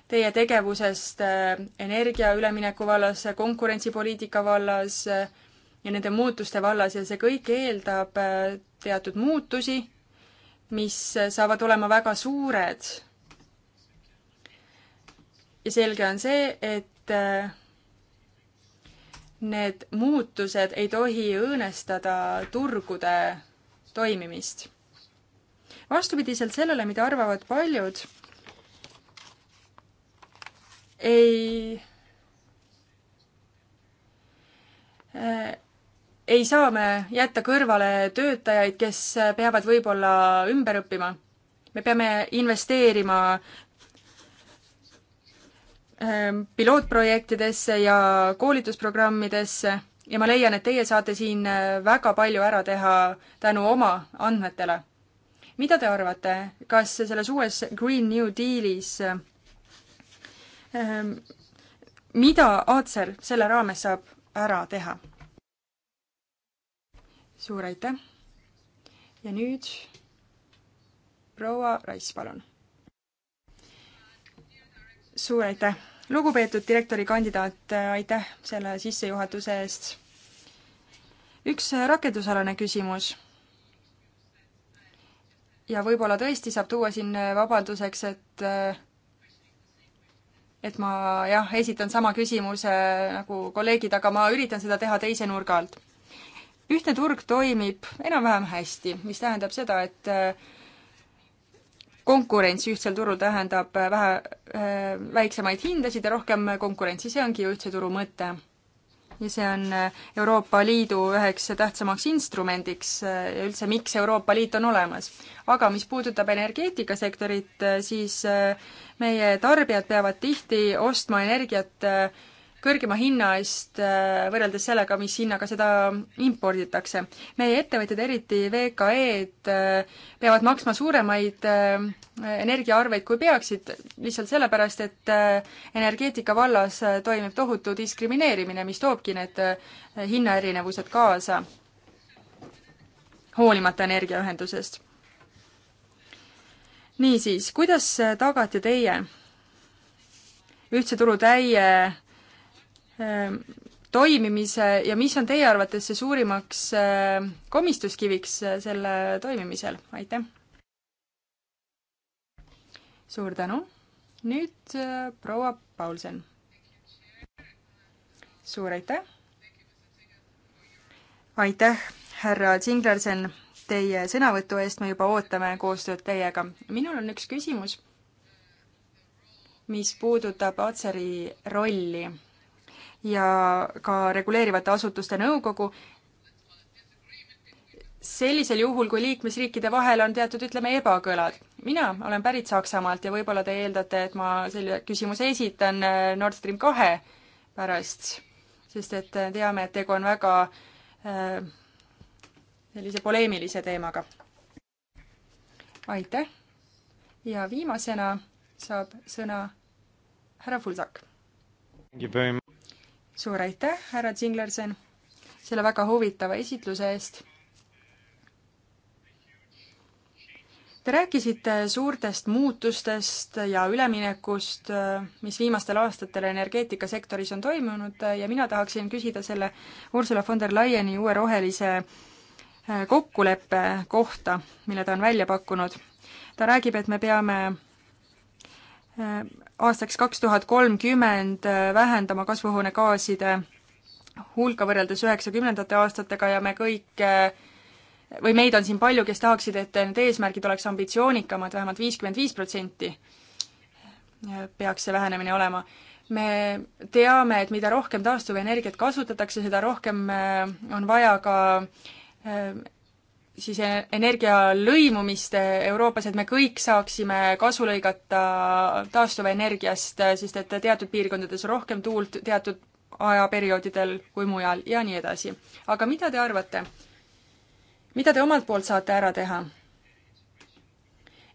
teie tegevusest energia ülemineku vallas, konkurentsipoliitika vallas ja nende muutuste vallas ja see kõik eeldab teatud muutusi mis saavad olema väga suured. ja selge on see, et äh, need muutused ei tohi õõnestada turgude toimimist. vastupidiselt sellele, mida arvavad paljud, ei äh, ei saa me jätta kõrvale töötajaid, kes peavad võib-olla ümber õppima. me peame investeerima ähm, pilootprojektidesse ja koolitusprogrammidesse ja ma leian, et teie saate siin äh, väga palju ära teha tänu oma andmetele. mida te arvate, kas selles uues Green New Dealis ähm, mida Acer selle raames saab ära teha? suur aitäh! ja nüüd proua Rais, palun. suur aitäh! lugupeetud direktorikandidaat, aitäh selle sissejuhatuse eest. üks rakendusalane küsimus. ja võib-olla tõesti saab tuua siin vabanduseks, et et ma jah, esitan sama küsimuse nagu kolleegid, aga ma üritan seda teha teise nurga alt ühtne turg toimib enam-vähem hästi, mis tähendab seda, et äh, konkurents ühtsel turul tähendab äh, vähe, äh, väiksemaid hindasid ja rohkem konkurentsi, see ongi ju ühtse turu mõte. ja see on Euroopa Liidu üheks tähtsamaks instrumendiks ja üldse, miks Euroopa Liit on olemas. aga mis puudutab energeetikasektorit, siis meie tarbijad peavad tihti ostma energiat kõrgema hinna eest äh, võrreldes sellega, mis hinnaga seda imporditakse. meie ettevõtjad, eriti VKE-d, äh, peavad maksma suuremaid äh, energiaarveid, kui peaksid, lihtsalt sellepärast, et energeetika vallas toimib tohutu diskrimineerimine, mis toobki need hinnaerinevused kaasa, hoolimata energiaühendusest niisiis, kuidas tagate teie ühtse turu täie Ähm, toimimise ja mis on teie arvates see suurimaks ähm, komistuskiviks äh, selle toimimisel, aitäh! suur tänu! nüüd äh, proua Paulsen. suur aitäh! aitäh, härra Zinglersen, teie sõnavõtu eest, me juba ootame koostööd teiega. minul on üks küsimus, mis puudutab Atseri rolli ja ka reguleerivate asutuste nõukogu, sellisel juhul, kui liikmesriikide vahel on teatud, ütleme, ebakõlad. mina olen pärit Saksamaalt ja võib-olla te eeldate, et ma selle küsimuse esitan äh, Nord Stream kahe pärast, sest et äh, teame, et tegu on väga äh, sellise poleemilise teemaga. aitäh! ja viimasena saab sõna härra Fulsak suur aitäh, härra Zinglersen, selle väga huvitava esitluse eest. Te rääkisite suurtest muutustest ja üleminekust, mis viimastel aastatel energeetikasektoris on toimunud ja mina tahaksin küsida selle Ursula von der Leyeni uue rohelise eh, kokkuleppe kohta, mille ta on välja pakkunud. ta räägib, et me peame aastaks kaks tuhat kolmkümmend äh, vähendama kasvuhoonegaaside hulka võrreldes üheksakümnendate aastatega ja me kõik äh, või meid on siin palju, kes tahaksid, et need eesmärgid oleks ambitsioonikamad vähemalt, vähemalt viiskümmend viis protsenti äh, peaks see vähenemine olema. me teame, et mida rohkem taastuvenergiat kasutatakse, seda rohkem on vaja ka siis energia lõimumist Euroopas, et me kõik saaksime kasu lõigata taastuvenergiast, sest et teatud piirkondades rohkem tuult teatud ajaperioodidel kui mujal ja nii edasi. aga mida te arvate? mida te omalt poolt saate ära teha?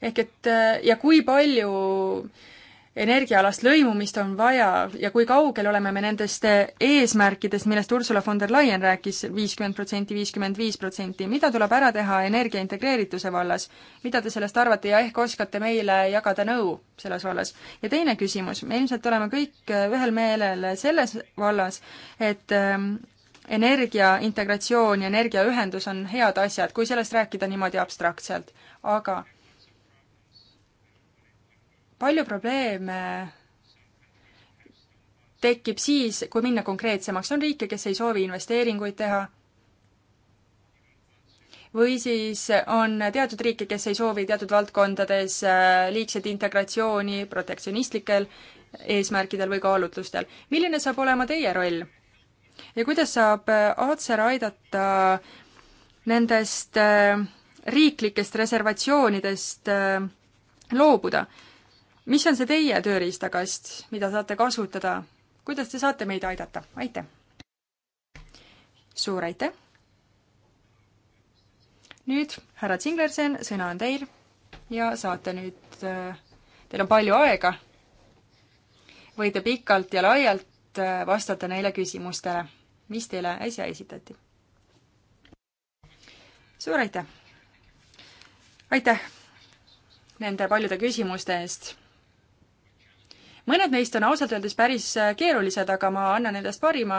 ehk et ja kui palju äh, energiaalast lõimumist on vaja ja kui kaugel oleme me nendest eesmärkidest, millest Ursula von der Leyen rääkis, viiskümmend protsenti, viiskümmend viis protsenti, mida tuleb ära teha energia integreerituse vallas? mida te sellest arvate ja ehk oskate meile jagada nõu selles vallas? ja teine küsimus, me ilmselt oleme kõik ühel meelel selles vallas, et ähm, energia integratsioon ja energiaühendus on head asjad, kui sellest rääkida niimoodi abstraktselt, aga palju probleeme tekib siis, kui minna konkreetsemaks, on riike, kes ei soovi investeeringuid teha, või siis on teatud riike, kes ei soovi teatud valdkondades äh, liigset integratsiooni protektsionistlikel eesmärkidel või kaalutlustel. milline saab olema teie roll? ja kuidas saab äh, Aatser aidata nendest äh, riiklikest reservatsioonidest loobuda? mis on see teie tööriistakast, mida saate kasutada? kuidas te saate meid aidata? aitäh! suur aitäh! nüüd, härra Zinglersen, sõna on teil ja saate nüüd, äh, teil on palju aega, võite pikalt ja laialt äh, vastata neile küsimustele, mis teile äsja esitati. suur aitäh! aitäh nende paljude küsimuste eest mõned neist on ausalt öeldes päris äh, keerulised, aga ma annan endast parima,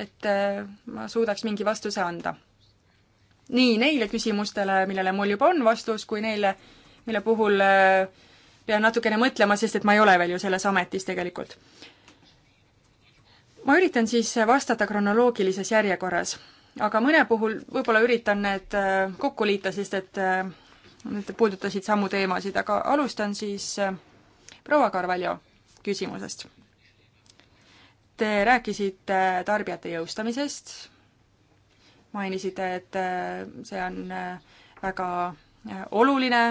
et äh, ma suudaks mingi vastuse anda. nii neile küsimustele, millele mul juba on vastus, kui neile, mille puhul äh, pean natukene mõtlema, sest et ma ei ole veel ju selles ametis tegelikult. ma üritan siis vastata kronoloogilises järjekorras, aga mõne puhul võib-olla üritan need kokku liita, sest et need puudutasid samu teemasid, aga alustan siis äh, proua Carvalho küsimusest. Te rääkisite tarbijate jõustamisest, mainisite, et äh, see on äh, väga äh, oluline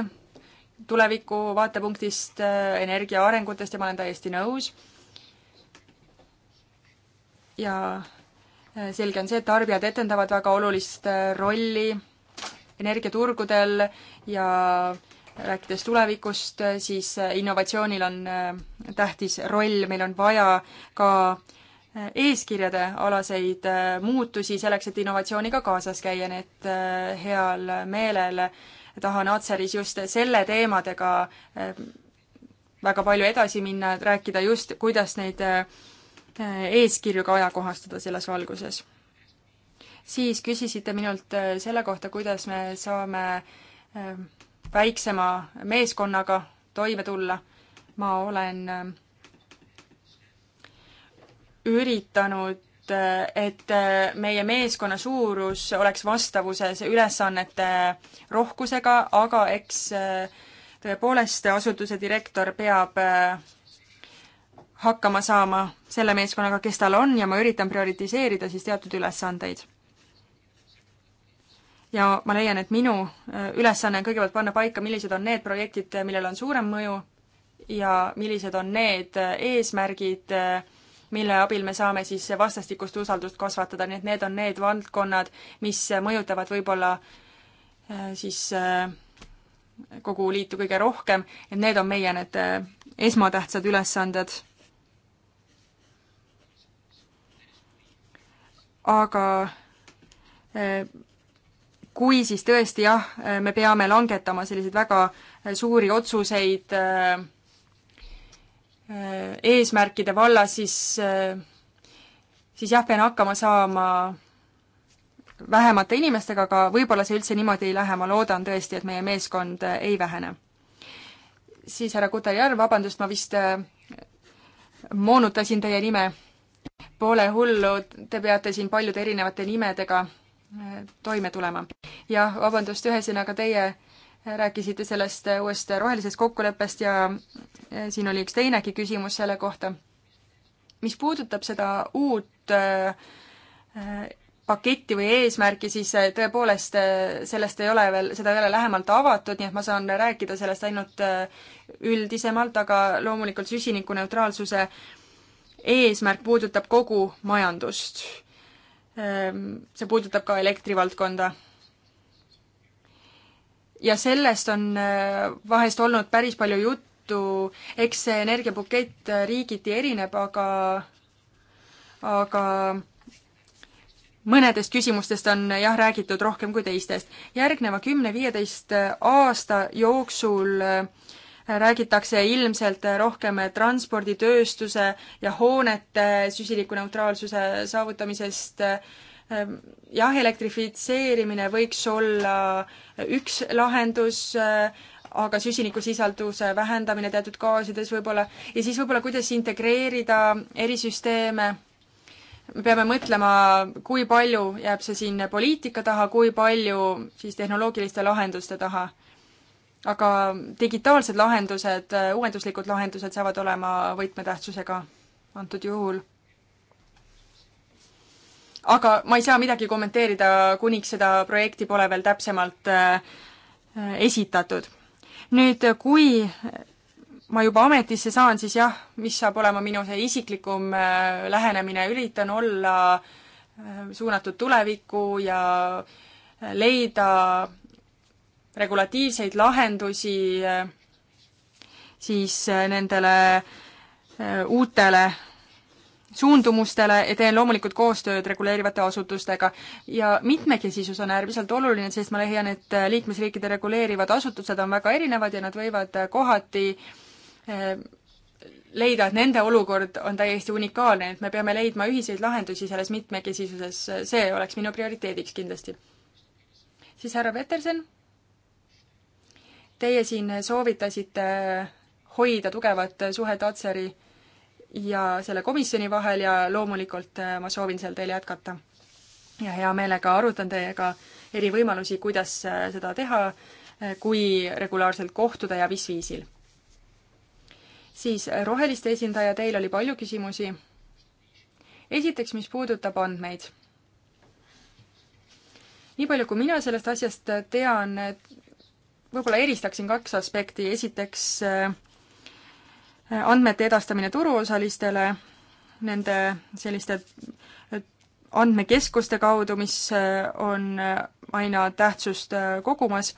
tuleviku vaatepunktist, energia arengutest ja ma olen täiesti nõus. ja selge on see, et tarbijad etendavad väga olulist rolli energiaturgudel ja äh, rääkides tulevikust, siis äh, innovatsioonil on äh, tähtis roll, meil on vaja ka äh, eeskirjade alaseid muutusi selleks, et innovatsiooniga kaasas käia, nii et heal meelel tahan Atseris just selle teemadega väga palju edasi minna, et rääkida just, kuidas neid eeskirju ka ajakohastada selles valguses. siis küsisite minult selle kohta, kuidas me saame väiksema meeskonnaga toime tulla. ma olen äh, üritanud, äh, et äh, meie meeskonna suurus oleks vastavuses ülesannete rohkusega, aga eks tõepoolest asutuse direktor peab hakkama saama selle meeskonnaga, kes tal on ja ma üritan prioritiseerida siis teatud ülesandeid ja ma leian, et minu äh, ülesanne on kõigepealt panna paika, millised on need projektid, äh, millel on suurem mõju ja millised on need äh, eesmärgid, mille abil me saame siis vastastikust usaldust kasvatada, nii et need on need valdkonnad, mis mõjutavad võib-olla siis kogu liitu kõige rohkem, et need on meie need esmatähtsad ülesanded. aga kui, siis tõesti jah, me peame langetama selliseid väga äh, suuri otsuseid äh, äh, eesmärkide vallas, siis, siis jah, pean hakkama saama vähemate inimestega, aga võib-olla see üldse niimoodi ei lähe, ma loodan tõesti, et meie meeskond ei vähene. siis härra Kuterjärv, vabandust, ma vist moonutasin teie nime. Pole hullu, te peate siin paljude erinevate nimedega toime tulema. jah, vabandust, ühesõnaga teie rääkisite sellest uuest rohelisest kokkuleppest ja eh, siin oli üks teinegi küsimus selle kohta. mis puudutab seda uut eh, paketti või eesmärki, siis eh, tõepoolest sellest ei ole veel, seda ei ole lähemalt avatud, nii et ma saan rääkida sellest ainult üldisemalt, aga loomulikult süsinikuneutraalsuse eesmärk puudutab kogu majandust Ehm, see puudutab ka elektrivaldkonda. ja sellest on eh, vahest olnud päris palju juttu, eks see energiapakett eh, riigiti erineb, aga, aga mõnedest küsimustest on eh, jah, räägitud rohkem kui teistest. järgneva kümne-viieteist aasta jooksul äh, räägitakse ilmselt rohkem transporditööstuse ja hoonete süsinikuneutraalsuse saavutamisest. jah, elektrifitseerimine võiks olla üks lahendus, aga süsinikusisalduse vähendamine teatud gaasides võib-olla ja siis võib-olla, kuidas integreerida erisüsteeme me peame mõtlema, kui palju jääb see siin poliitika taha, kui palju siis tehnoloogiliste lahenduste taha aga digitaalsed lahendused, äh, uuenduslikud lahendused saavad olema võtmetähtsusega antud juhul. aga ma ei saa midagi kommenteerida, kuniks seda projekti pole veel täpsemalt äh, äh, esitatud. nüüd, kui ma juba ametisse saan, siis jah, mis saab olema minu see isiklikum lähenemine, üritan olla suunatud tulevikku ja leida regulatiivseid lahendusi eh, siis eh, nendele eh, uutele suundumustele ja teen loomulikult koostööd reguleerivate asutustega. ja mitmekesisus on äärmiselt oluline, sest ma leian, et liikmesriikide reguleerivad asutused on väga erinevad ja nad võivad kohati leida, et nende olukord on täiesti unikaalne, et me peame leidma ühiseid lahendusi selles mitmekesisuses, see oleks minu prioriteediks kindlasti. siis härra Peterson Teie siin soovitasite hoida tugevat suhet Atseri ja selle komisjoni vahel ja loomulikult eh, ma soovin seal teil jätkata. ja hea meelega arutan teiega eri võimalusi, kuidas eh, seda teha, eh, kui regulaarselt kohtuda ja mis viisil. siis roheliste esindaja, teil oli palju küsimusi. esiteks, mis puudutab andmeid. nii palju, kui mina sellest asjast tean, võib-olla eristaksin kaks aspekti, esiteks äh, andmete edastamine turuosalistele, nende selliste äh, andmekeskuste kaudu, mis äh, on aina tähtsust kogumas.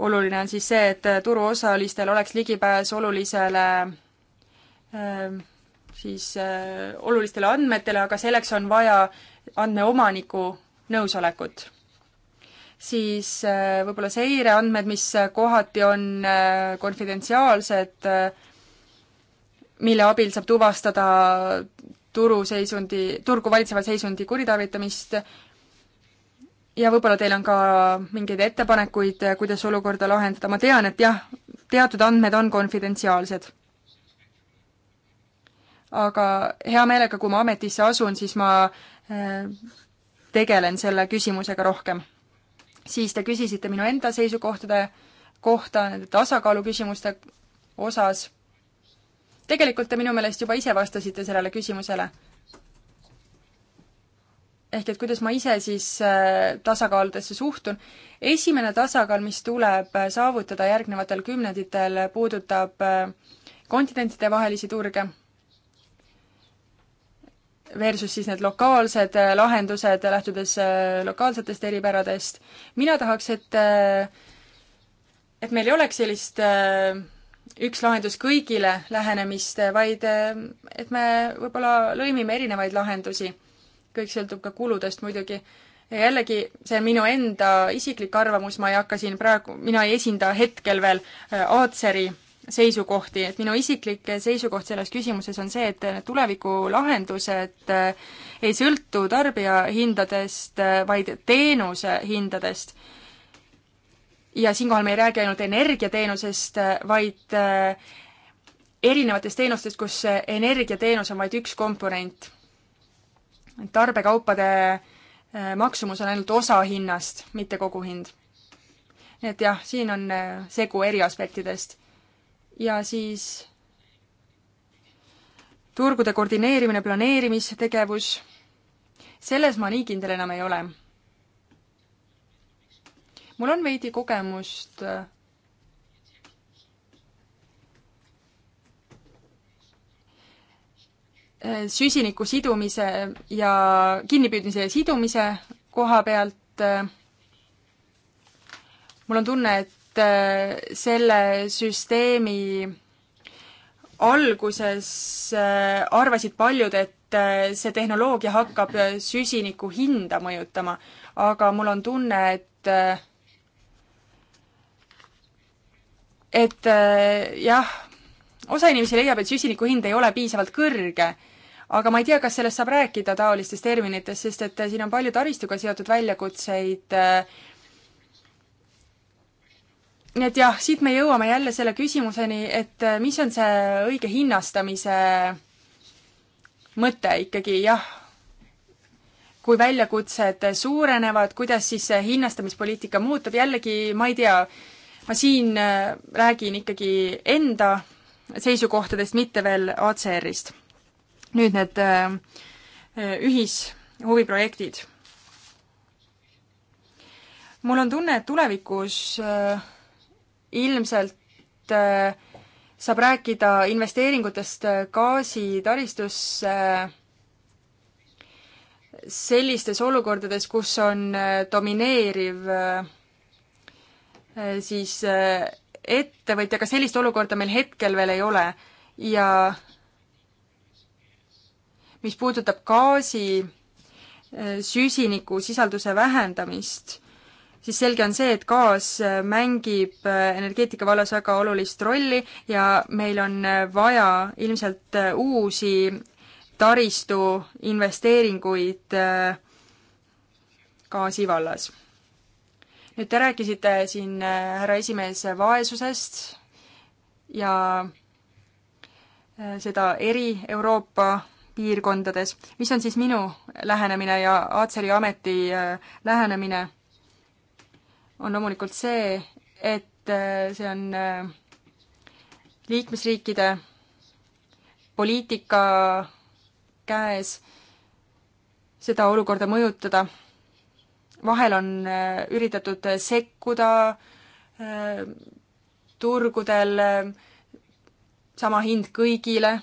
oluline on siis see, et turuosalistel oleks ligipääs olulisele siis olulistele andmetele, aga selleks on vaja andmeomaniku nõusolekut siis äh, võib-olla seireandmed, mis kohati on äh, konfidentsiaalsed, äh, mille abil saab tuvastada turuseisundi, turgu valitseva seisundi kuritarvitamist ja võib-olla teil on ka mingeid ettepanekuid, kuidas olukorda lahendada, ma tean, et jah, teatud andmed on konfidentsiaalsed. aga hea meelega, kui ma ametisse asun, siis ma tegelen selle küsimusega rohkem siis te küsisite minu enda seisukohtade kohta, nende tasakaalu küsimuste osas. tegelikult te minu meelest juba ise vastasite sellele küsimusele. ehk et kuidas ma ise siis äh, tasakaaludesse suhtun. esimene tasakaal, mis tuleb äh, saavutada järgnevatel kümnenditel, puudutab äh, kontinentidevahelisi turge versus siis need lokaalsed äh, lahendused, lähtudes äh, lokaalsetest eripäradest. mina tahaks, et, äh, et meil ei oleks sellist üks lahendus kõigile lähenemist, vaid et me võib-olla lõimime erinevaid lahendusi. kõik sõltub ka kuludest muidugi. ja jällegi, see on minu enda isiklik arvamus, ma ei hakka siin praegu, mina ei esinda hetkel veel Aatseri äh, seisukohti, et minu isiklik seisukoht selles küsimuses on see, et tulevikulahendused äh, ei sõltu tarbijahindadest, äh, vaid teenuse hindadest. ja siinkohal me ei räägi ainult energiateenusest, äh, vaid erinevatest teenustest, kus energiateenus on vaid üks komponent. tarbekaupade maksumus on ainult osa hinnast, mitte koguhind. nii et jah, siin on segu eri aspektidest ja siis turgude koordineerimine, planeerimistegevus, selles ma nii kindel enam ei ole. mul on veidi kogemust äh, süsiniku sidumise ja kinnipüüdmise ja sidumise koha pealt mul on tunne, et Äh, selle süsteemi alguses äh, arvasid paljud, et äh, see tehnoloogia hakkab süsiniku hinda mõjutama, aga mul on tunne, et et jah, osa inimesi leiab, et süsiniku hind ei ole piisavalt kõrge, aga ma ei tea, kas sellest saab rääkida taolistes terminites, sest et siin on palju taristuga seotud väljakutseid äh,, nii et jah, siit me jõuame jälle selle küsimuseni, et äh, mis on see õige hinnastamise mõte ikkagi, jah. kui väljakutsed suurenevad, kuidas siis see hinnastamispoliitika muutub, jällegi ma ei tea, ma siin äh, räägin ikkagi enda seisukohtadest, mitte veel ACR-ist. nüüd need äh, ühishuviprojektid. mul on tunne, et tulevikus äh, ilmselt äh, saab rääkida investeeringutest äh, gaasitaristusse sellistes olukordades, kus on äh, domineeriv siis ettevõtja, aga sellist olukorda meil hetkel veel ei ole ja mis puudutab gaasi süsinikusisalduse vähendamist siis selge on see, et gaas mängib äh, energeetika vallas väga olulist rolli ja meil on äh, vaja ilmselt äh, uusi taristu investeeringuid gaasi vallas. nüüd te rääkisite siin, härra esimees, vaesusest ja seda eri Euroopa piirkondades. mis on siis minu lähenemine ja Aatseri ameti lähenemine on loomulikult see, et äh, see on äh, liikmesriikide poliitika käes seda olukorda mõjutada. vahel on äh, üritatud sekkuda turgudel sama hind kõigile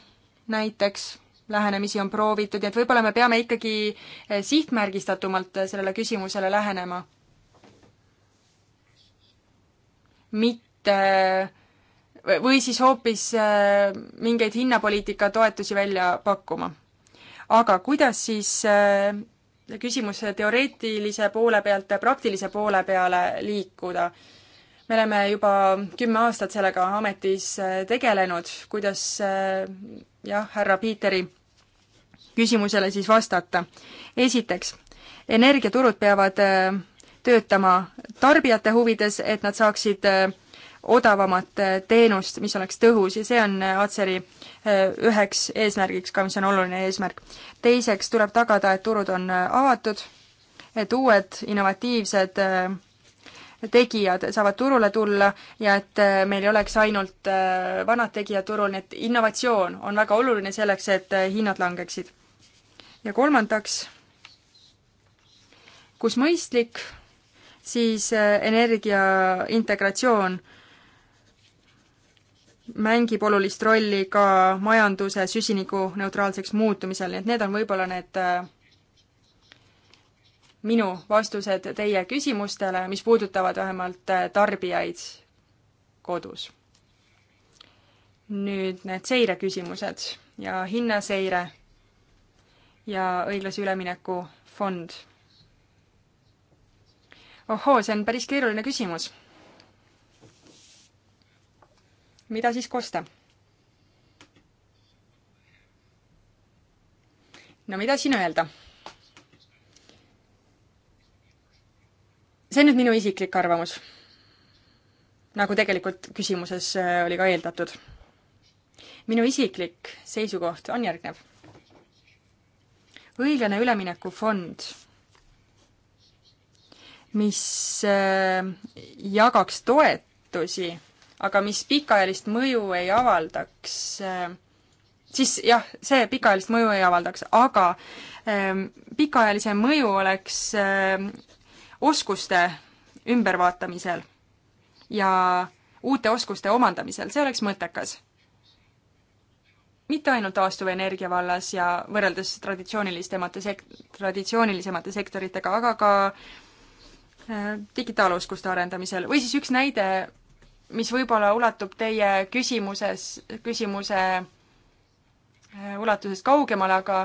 näiteks, lähenemisi on proovitud, nii et võib-olla me peame ikkagi sihtmärgistatumalt sellele küsimusele lähenema mitte või siis hoopis äh, mingeid hinnapoliitika toetusi välja pakkuma. aga kuidas siis äh, küsimus teoreetilise poole pealt praktilise poole peale liikuda? me oleme juba kümme aastat sellega ametis äh, tegelenud, kuidas jah, härra Piiteri küsimusele siis vastata. esiteks, energiaturud peavad töötama tarbijate huvides, et nad saaksid äh, odavamat äh, teenust, mis oleks tõhus ja see on äh, Atseri üheks eesmärgiks ka, mis on oluline eesmärk. teiseks tuleb tagada, et turud on avatud, et uued innovatiivsed tegijad saavad turule tulla ja et meil ei oleks ainult vanad tegijad turul, nii et innovatsioon on väga oluline selleks, et hinnad langeksid. ja kolmandaks, kus mõistlik, siis äh, energia integratsioon mängib olulist rolli ka majanduse süsinikuneutraalseks muutumisel, nii et need on võib-olla need äh, minu vastused teie küsimustele, mis puudutavad vähemalt äh, tarbijaid kodus. nüüd need seireküsimused ja hinnaseire ja õiglase ülemineku fond ohoo, see on päris keeruline küsimus. mida siis kosta? no mida siin öelda? see on nüüd minu isiklik arvamus. nagu tegelikult küsimuses äh, oli ka eeldatud. minu isiklik seisukoht on järgnev. õiglane üleminekufond mis äh, jagaks toetusi, aga mis pikaajalist mõju ei avaldaks, äh, siis jah, see pikaajalist mõju ei avaldaks, aga ähm, pikaajalise mõju oleks ähm, oskuste ümbervaatamisel ja uute oskuste omandamisel, see oleks mõttekas. mitte ainult taastuvenergia vallas ja võrreldes traditsioonilisemate sek-, traditsioonilisemate sektoritega, aga ka äh, Äh, digitaaloskuste arendamisel või siis üks näide, mis võib-olla ulatub teie küsimuses, küsimuse äh, ulatusest kaugemale, aga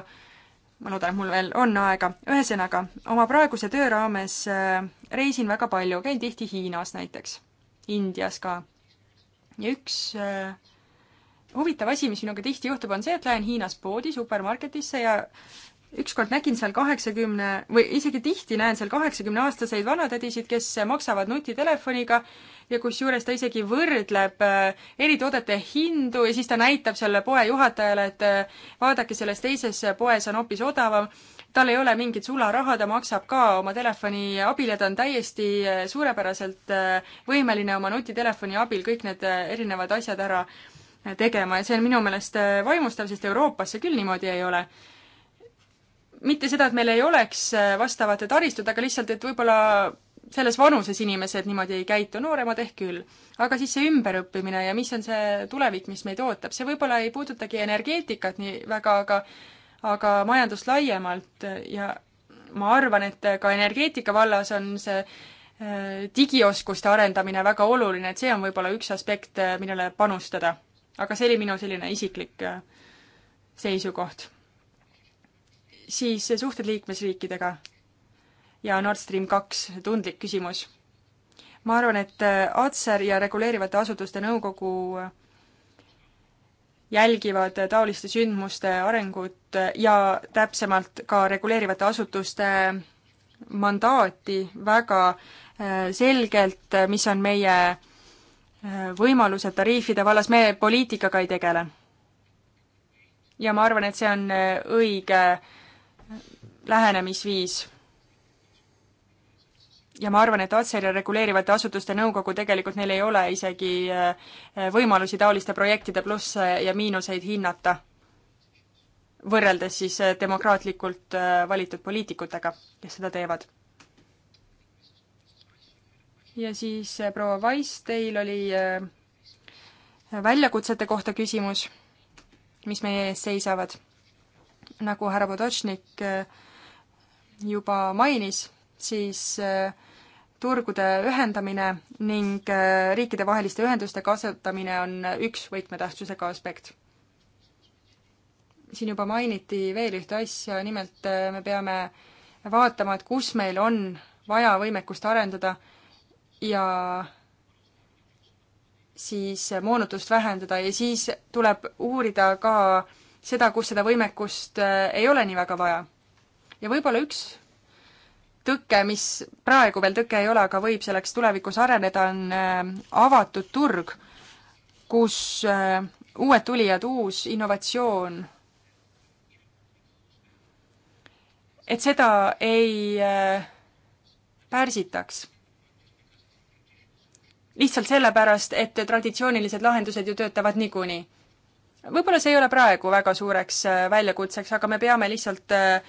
ma loodan, et mul veel on aega. ühesõnaga, oma praeguse töö raames äh, reisin väga palju, käin tihti Hiinas näiteks, Indias ka. ja üks huvitav asi, mis minuga tihti juhtub, on see, et lähen Hiinas poodi, supermarketisse ja ükskord nägin seal kaheksakümne või isegi tihti näen seal kaheksakümneaastaseid vanatädisid, kes maksavad nutitelefoniga ja kusjuures ta isegi võrdleb äh, eritoodete hindu ja siis ta näitab selle poe juhatajale, et äh, vaadake, selles teises poes on hoopis odavam. tal ei ole mingit sularaha, ta maksab ka oma telefoni abil ja ta on täiesti äh, suurepäraselt võimeline oma nutitelefoni abil kõik need erinevad asjad ära tegema ja see on minu meelest vaimustav, sest Euroopas see küll niimoodi ei ole mitte seda, et meil ei oleks äh, vastavat taristut, aga lihtsalt, et võib-olla selles vanuses inimesed niimoodi ei käitu, nooremad ehk küll. aga siis see ümberõppimine ja mis on see tulevik, mis meid ootab, see võib-olla ei puudutagi energeetikat nii väga, aga aga majandust laiemalt ja ma arvan, et ka energeetika vallas on see äh, digioskuste arendamine väga oluline, et see on võib-olla üks aspekt, äh, millele panustada. aga see oli minu selline isiklik seisukoht siis suhted liikmesriikidega ja Nord Stream kaks, tundlik küsimus. ma arvan, et äh, Atser ja reguleerivate asutuste nõukogu äh, jälgivad äh, taoliste sündmuste arengut ja täpsemalt ka reguleerivate asutuste mandaati väga selgelt, mis on meie võimalused tariifide vallas, me poliitikaga ei tegele. ja ma arvan, et see on õige lähenemisviis. ja ma arvan, et Atseri reguleerivate asutuste nõukogu tegelikult neil ei ole isegi äh, võimalusi taoliste projektide plusse ja miinuseid hinnata, võrreldes siis äh, demokraatlikult äh, valitud poliitikutega, kes seda teevad ja siis proua Wise, teil oli väljakutsete kohta küsimus, mis meie ees seisavad. nagu härra Podočnik juba mainis, siis äh, turgude ühendamine ning äh, riikidevaheliste ühenduste kasutamine on üks võtmetähtsusega aspekt. siin juba mainiti veel ühte asja, nimelt äh, me peame vaatama, et kus meil on vaja võimekust arendada ja siis moonutust vähendada ja siis tuleb uurida ka seda, kus seda võimekust ei ole nii väga vaja ja võib-olla üks tõke, mis praegu veel tõke ei ole, aga võib selleks tulevikus areneda, on äh, avatud turg, kus äh, uued tulijad, uus innovatsioon, et seda ei äh, pärsitaks. lihtsalt sellepärast, et traditsioonilised lahendused ju töötavad niikuinii. võib-olla see ei ole praegu väga suureks väljakutseks, aga me peame lihtsalt äh,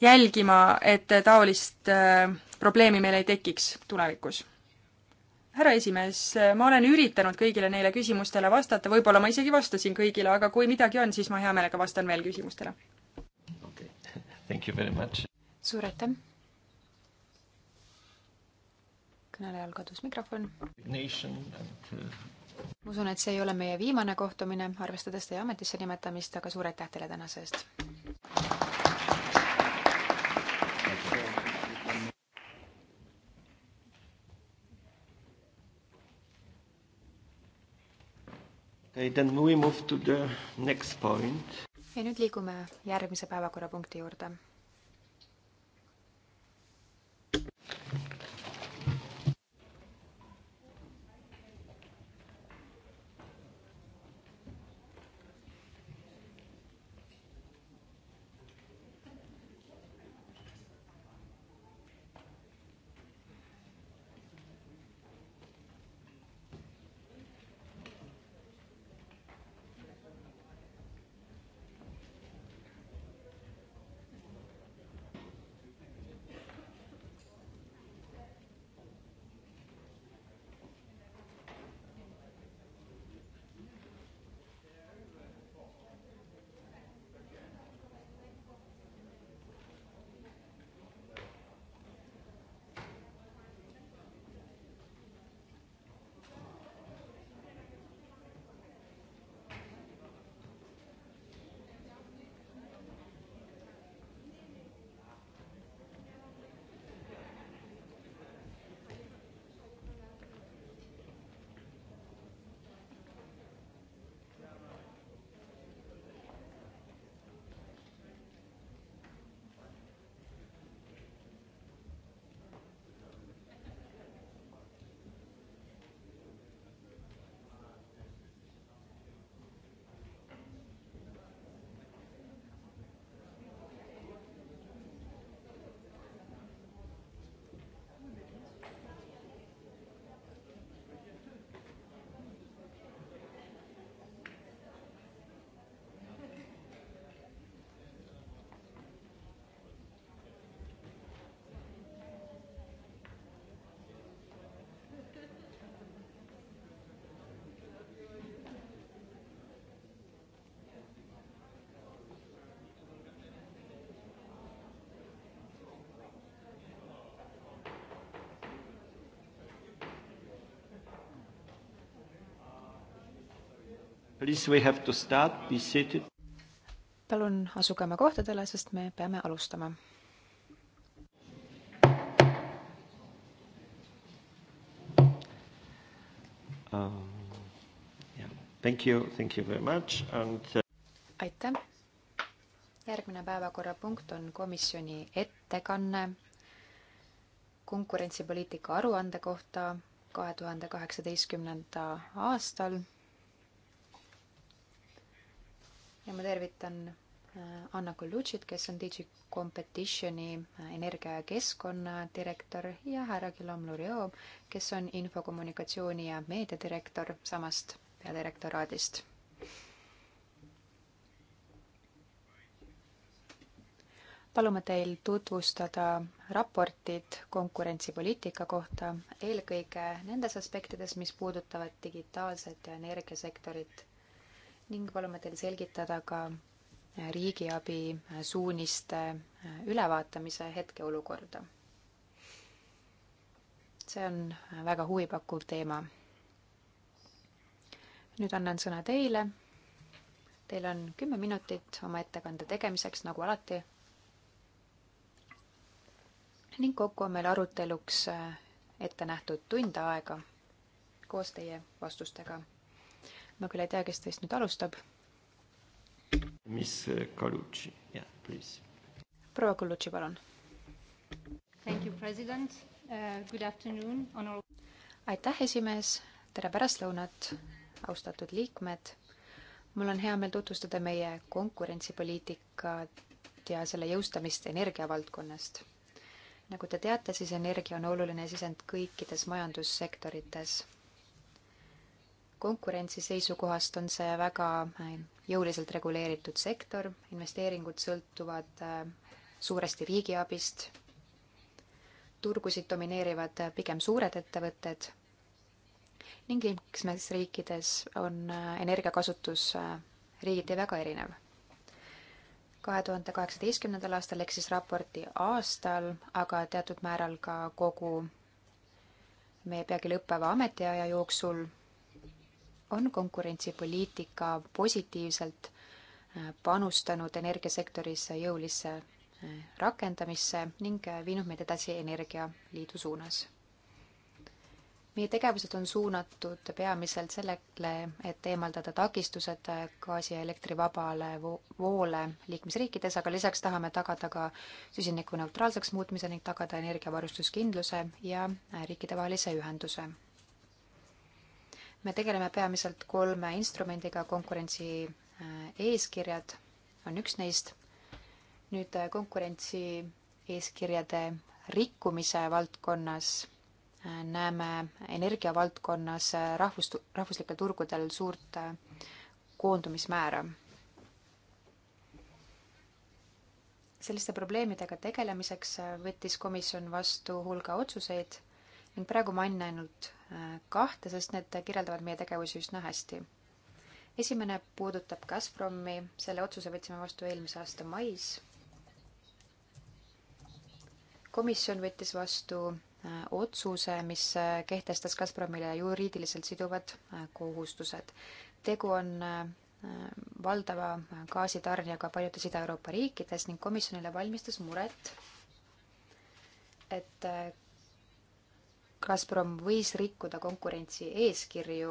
jälgima, et taolist äh, probleemi meil ei tekiks tulevikus. härra esimees, äh, ma olen üritanud kõigile neile küsimustele vastata, võib-olla ma isegi vastasin kõigile, aga kui midagi on, siis ma hea meelega vastan veel küsimustele. okei okay., thank you very much. suur aitäh. kõnelejal kadus mikrofon. Uh, ma usun, et see ei ole meie viimane kohtumine, arvestades teie ametisse nimetamist, aga suur aitäh teile tänase eest! okay,. Then we move to the next point. ja nüüd liigume järgmise päevakorrapunkti juurde Please, we have to start, be seated. palun asuge oma kohtadele, sest me peame alustama. Um, yeah. Thank you, thank you very much and uh... aitäh. järgmine päevakorrapunkt on komisjoni ettekanne konkurentsipoliitika aruande kohta kahe tuhande kaheksateistkümnenda aastal ja ma tervitan äh, Anna Kolutšit, kes on DG Competitioni äh, energia ja keskkonna direktor ja härra Guillaume Lurio, kes on infokommunikatsiooni ja meediadirektor samast peadirektoraadist palume teil tutvustada raportid konkurentsipoliitika kohta, eelkõige nendes aspektides, mis puudutavad digitaalset ja energiasektorit ning palume teil selgitada ka äh, riigiabi äh, suuniste äh, ülevaatamise hetkeolukorda. see on väga huvipakkuv teema. nüüd annan sõna teile. Teil on kümme minutit oma ettekande tegemiseks, nagu alati. ning kokku on meil aruteluks ette nähtud tund aega koos teie vastustega ma küll ei tea, kes teist nüüd alustab. Miss Colucci, jah yeah,, please. proua Colucci, palun. Thank you, president uh,. Good afternoon honor.... aitäh, esimees. tere pärastlõunat, austatud liikmed. mul on hea meel tutvustada meie konkurentsipoliitikat ja selle jõustamist energiavaldkonnast nagu te teate, siis energia on oluline sisend kõikides majandussektorites konkurentsi seisukohast on see väga äh, jõuliselt reguleeritud sektor, investeeringud sõltuvad äh, suuresti riigiabist, turgusid domineerivad äh, pigem suured ettevõtted ning liikmesriikides on energiakasutus riigiti väga erinev. kahe tuhande kaheksateistkümnendal aastal ehk siis raporti aastal, aga teatud määral ka kogu meie peagi lõppeva ametiaja jooksul on konkurentsipoliitika positiivselt äh, panustanud energiasektoris jõulisse äh, rakendamisse ning äh, viinud meid edasi Energialiidu suunas. meie tegevused on suunatud peamiselt sellele, et eemaldada takistused gaasi ja elektri vabale voole liikmesriikides, aga lisaks tahame tagada ka süsinikuneutraalseks muutmise ning tagada energiavarustuskindluse ja riikidevahelise ühenduse me tegeleme peamiselt kolme instrumendiga, konkurentsi äh, eeskirjad on üks neist. nüüd äh, konkurentsi eeskirjade rikkumise valdkonnas äh, näeme energia valdkonnas rahvus, rahvuslikel turgudel suurt koondumismäära. selliste probleemidega tegelemiseks võttis komisjon vastu hulga otsuseid ning praegu mainin ainult äh, kahte, sest need kirjeldavad meie tegevusi üsna hästi. esimene puudutab Gazpromi, selle otsuse võtsime vastu eelmise aasta mais. komisjon võttis vastu äh, otsuse, mis äh, kehtestas Gazpromile juriidiliselt siduvad kohustused. tegu on valdava gaasitarnijaga paljudes Ida-Euroopa riikides ning komisjonile valmistas muret, et Gazprom võis rikkuda konkurentsi eeskirju,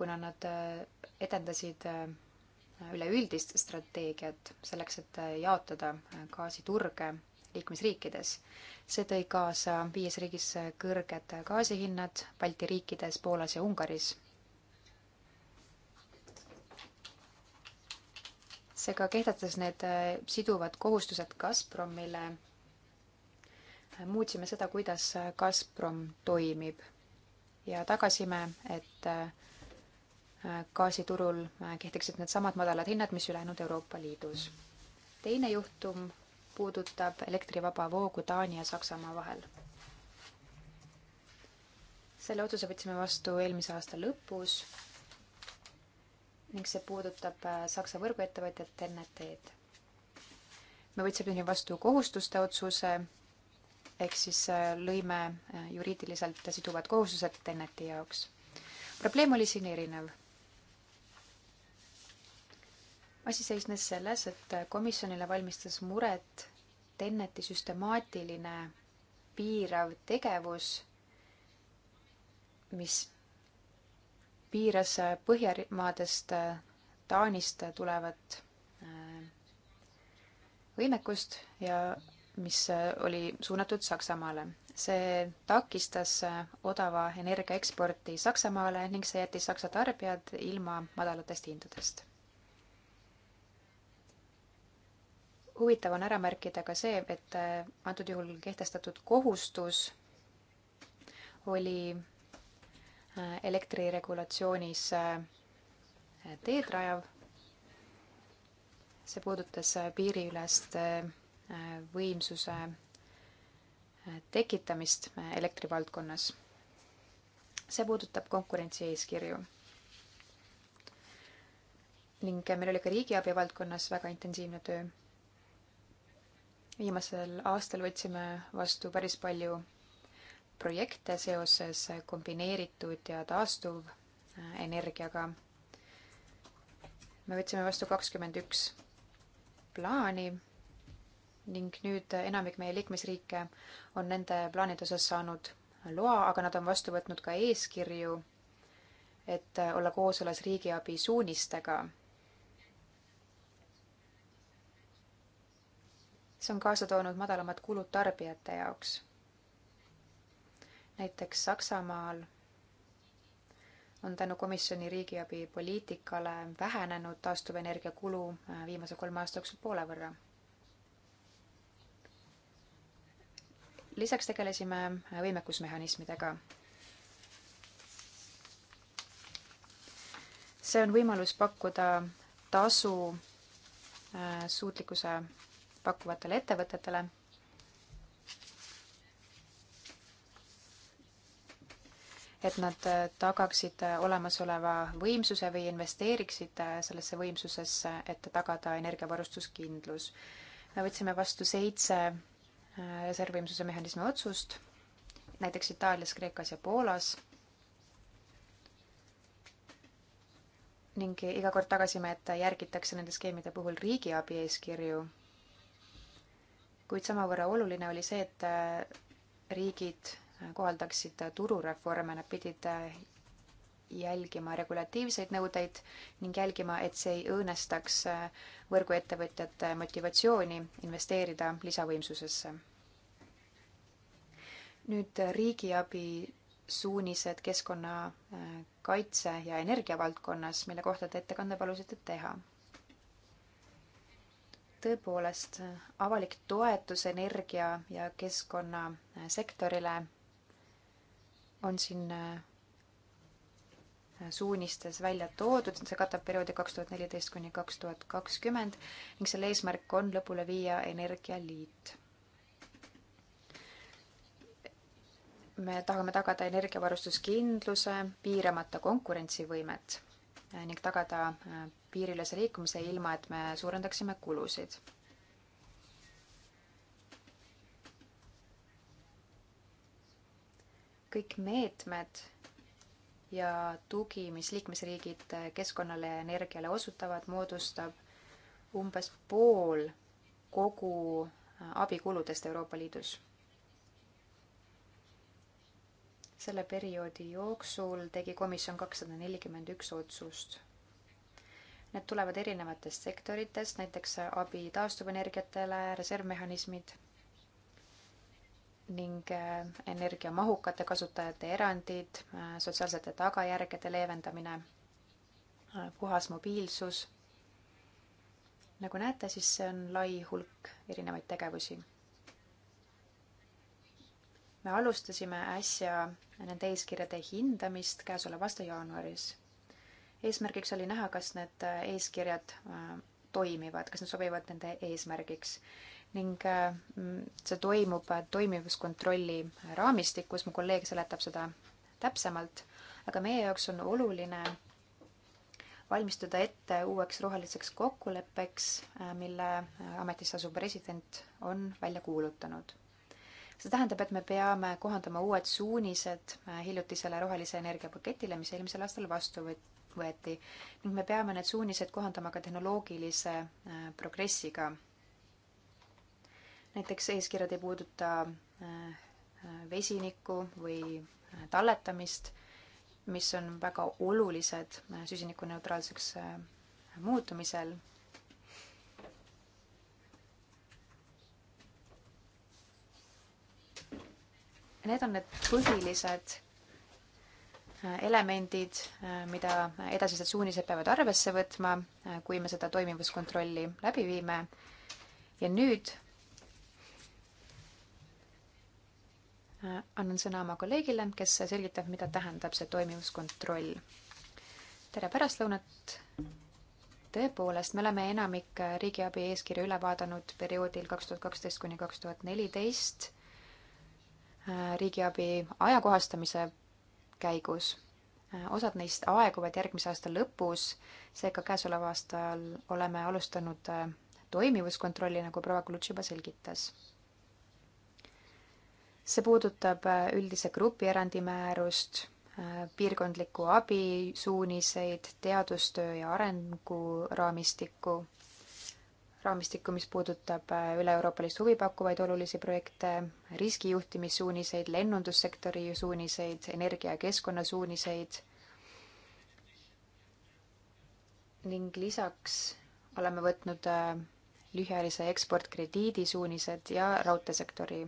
kuna nad äh, edendasid äh, üleüldist strateegiat selleks, et äh, jaotada gaasiturge liikmesriikides. see tõi kaasa viies riigis kõrged gaasihinnad Balti riikides, Poolas ja Ungaris. seega kehtetas need siduvad kohustused Gazpromile muutsime seda, kuidas Gazprom toimib ja tagasime, et äh, gaasiturul äh, kehtiksid needsamad madalad hinnad, mis ülejäänud Euroopa Liidus. teine juhtum puudutab elektrivaba voogu Taani ja Saksamaa vahel. selle otsuse võtsime vastu eelmise aasta lõpus ning see puudutab äh, Saksa võrguettevõtjat NET-d. me võtsime vastu kohustuste otsuse ehk siis äh, lõime äh, juriidiliselt siduvad kohustused Teneti jaoks. probleem oli siin erinev. asi seisnes selles, et äh, komisjonile valmistas muret Teneti süstemaatiline piirav tegevus, mis piiras Põhjamaadest, Taanist tulevat võimekust ja mis äh, oli suunatud Saksamaale. see takistas äh, odava energia eksporti Saksamaale ning see jättis Saksa tarbijad ilma madalatest hindadest. huvitav on ära märkida ka see, et äh, antud juhul kehtestatud kohustus oli elektriregulatsioonis teed rajav. see puudutas piiriülest võimsuse äh, tekitamist äh, elektrivaldkonnas. see puudutab konkurentsieeskirju. ning äh, meil oli ka riigiabi valdkonnas väga intensiivne töö. viimasel aastal võtsime vastu päris palju projekte seoses kombineeritud ja taastuvenergiaga. me võtsime vastu kakskümmend üks plaani ning nüüd enamik meie liikmesriike on nende plaanide osas saanud loa, aga nad on vastu võtnud ka eeskirju, et olla kooskõlas riigiabi suunistega. see on kaasa toonud madalamad kulud tarbijate jaoks. näiteks Saksamaal on tänu komisjoni riigiabi poliitikale vähenenud taastuvenergia kulu viimase kolme aasta jooksul poole võrra lisaks tegelesime võimekusmehhanismidega. see on võimalus pakkuda tasu äh, suutlikkuse pakkuvatele ettevõtetele. et nad äh, tagaksid äh, olemasoleva võimsuse või investeeriksid sellesse võimsusesse, et tagada energiavarustuskindlus. me võtsime vastu seitse reservvõimsuse mehhanismi otsust, näiteks Itaalias, Kreekas ja Poolas. ning iga kord tagasime, et järgitakse nende skeemide puhul riigiabi eeskirju. kuid samavõrra oluline oli see, et riigid kohaldaksid turureforme, nad pidid jälgima regulatiivseid nõudeid ning jälgima, et see ei õõnestaks äh, võrguettevõtjate motivatsiooni investeerida lisavõimsusesse. nüüd äh, riigiabi suunised keskkonnakaitse äh, ja energia valdkonnas, mille kohta te ettekande palusite teha. tõepoolest, avalik toetus energia ja keskkonnasektorile on siin suunistes välja toodud, see katab perioodi kaks tuhat neliteist kuni kaks tuhat kakskümmend ning selle eesmärk on lõpule viia energialiit. me tahame tagada energiavarustuskindluse, piiramata konkurentsivõimet ning tagada äh, piiriülese liikumise, ilma et me suurendaksime kulusid kõik meetmed, ja tugi, mis liikmesriigid keskkonnale ja energiale osutavad, moodustab umbes pool kogu abikuludest Euroopa Liidus. selle perioodi jooksul tegi komisjon kakssada nelikümmend üks otsust. Need tulevad erinevatest sektoritest, näiteks abi taastuvenergiatele, reservmehhanismid ning äh, energiamahukate kasutajate erandid, äh, sotsiaalsete tagajärgede leevendamine, äh, puhas mobiilsus. nagu näete, siis see on lai hulk erinevaid tegevusi. me alustasime äsja nende eeskirjade hindamist käesoleva aasta jaanuaris. eesmärgiks oli näha, kas need eeskirjad toimivad, kas need sobivad nende eesmärgiks ning äh, see toimub toimivuskontrolli raamistikus, mu kolleeg seletab seda täpsemalt, aga meie jaoks on oluline valmistuda ette uueks roheliseks kokkuleppeks, äh, mille äh, ametisse asuv president on välja kuulutanud. see tähendab, et me peame kohandama uued suunised hiljutisele rohelise energia paketile, mis eelmisel aastal vastu võeti ning me peame need suunised kohandama ka tehnoloogilise progressiga näiteks eeskirjad ei puuduta äh, äh, vesinikku või äh, talletamist, mis on väga olulised süsinikuneutraalseks muutumisel. Need on need põhilised elemendid, mida edasised suunised peavad arvesse võtma, kui me seda toimivuskontrolli läbi viime. ja nüüd Äh, annan sõna oma kolleegile, kes selgitab, mida tähendab see toimivuskontroll. tere pärastlõunat! tõepoolest, me oleme enamik riigiabi eeskirja üle vaadanud perioodil kaks tuhat kaksteist kuni kaks tuhat neliteist äh, riigiabi ajakohastamise käigus. Äh, osad neist aeguvad järgmise aasta lõpus, seega käesoleval aastal oleme alustanud toimivuskontrolli, nagu proua Kulutš juba selgitas see puudutab äh, üldise grupierandi määrust, äh, piirkondliku abi suuniseid, teadustöö ja arengu raamistikku, raamistikku, mis puudutab äh, üle-euroopalist huvi pakkuvaid olulisi projekte, riskijuhtimissuuniseid, lennundussektori suuniseid, energia ja keskkonnasuuniseid ning lisaks oleme võtnud lühiajalise eksportkrediidi suunised ja raudteesektori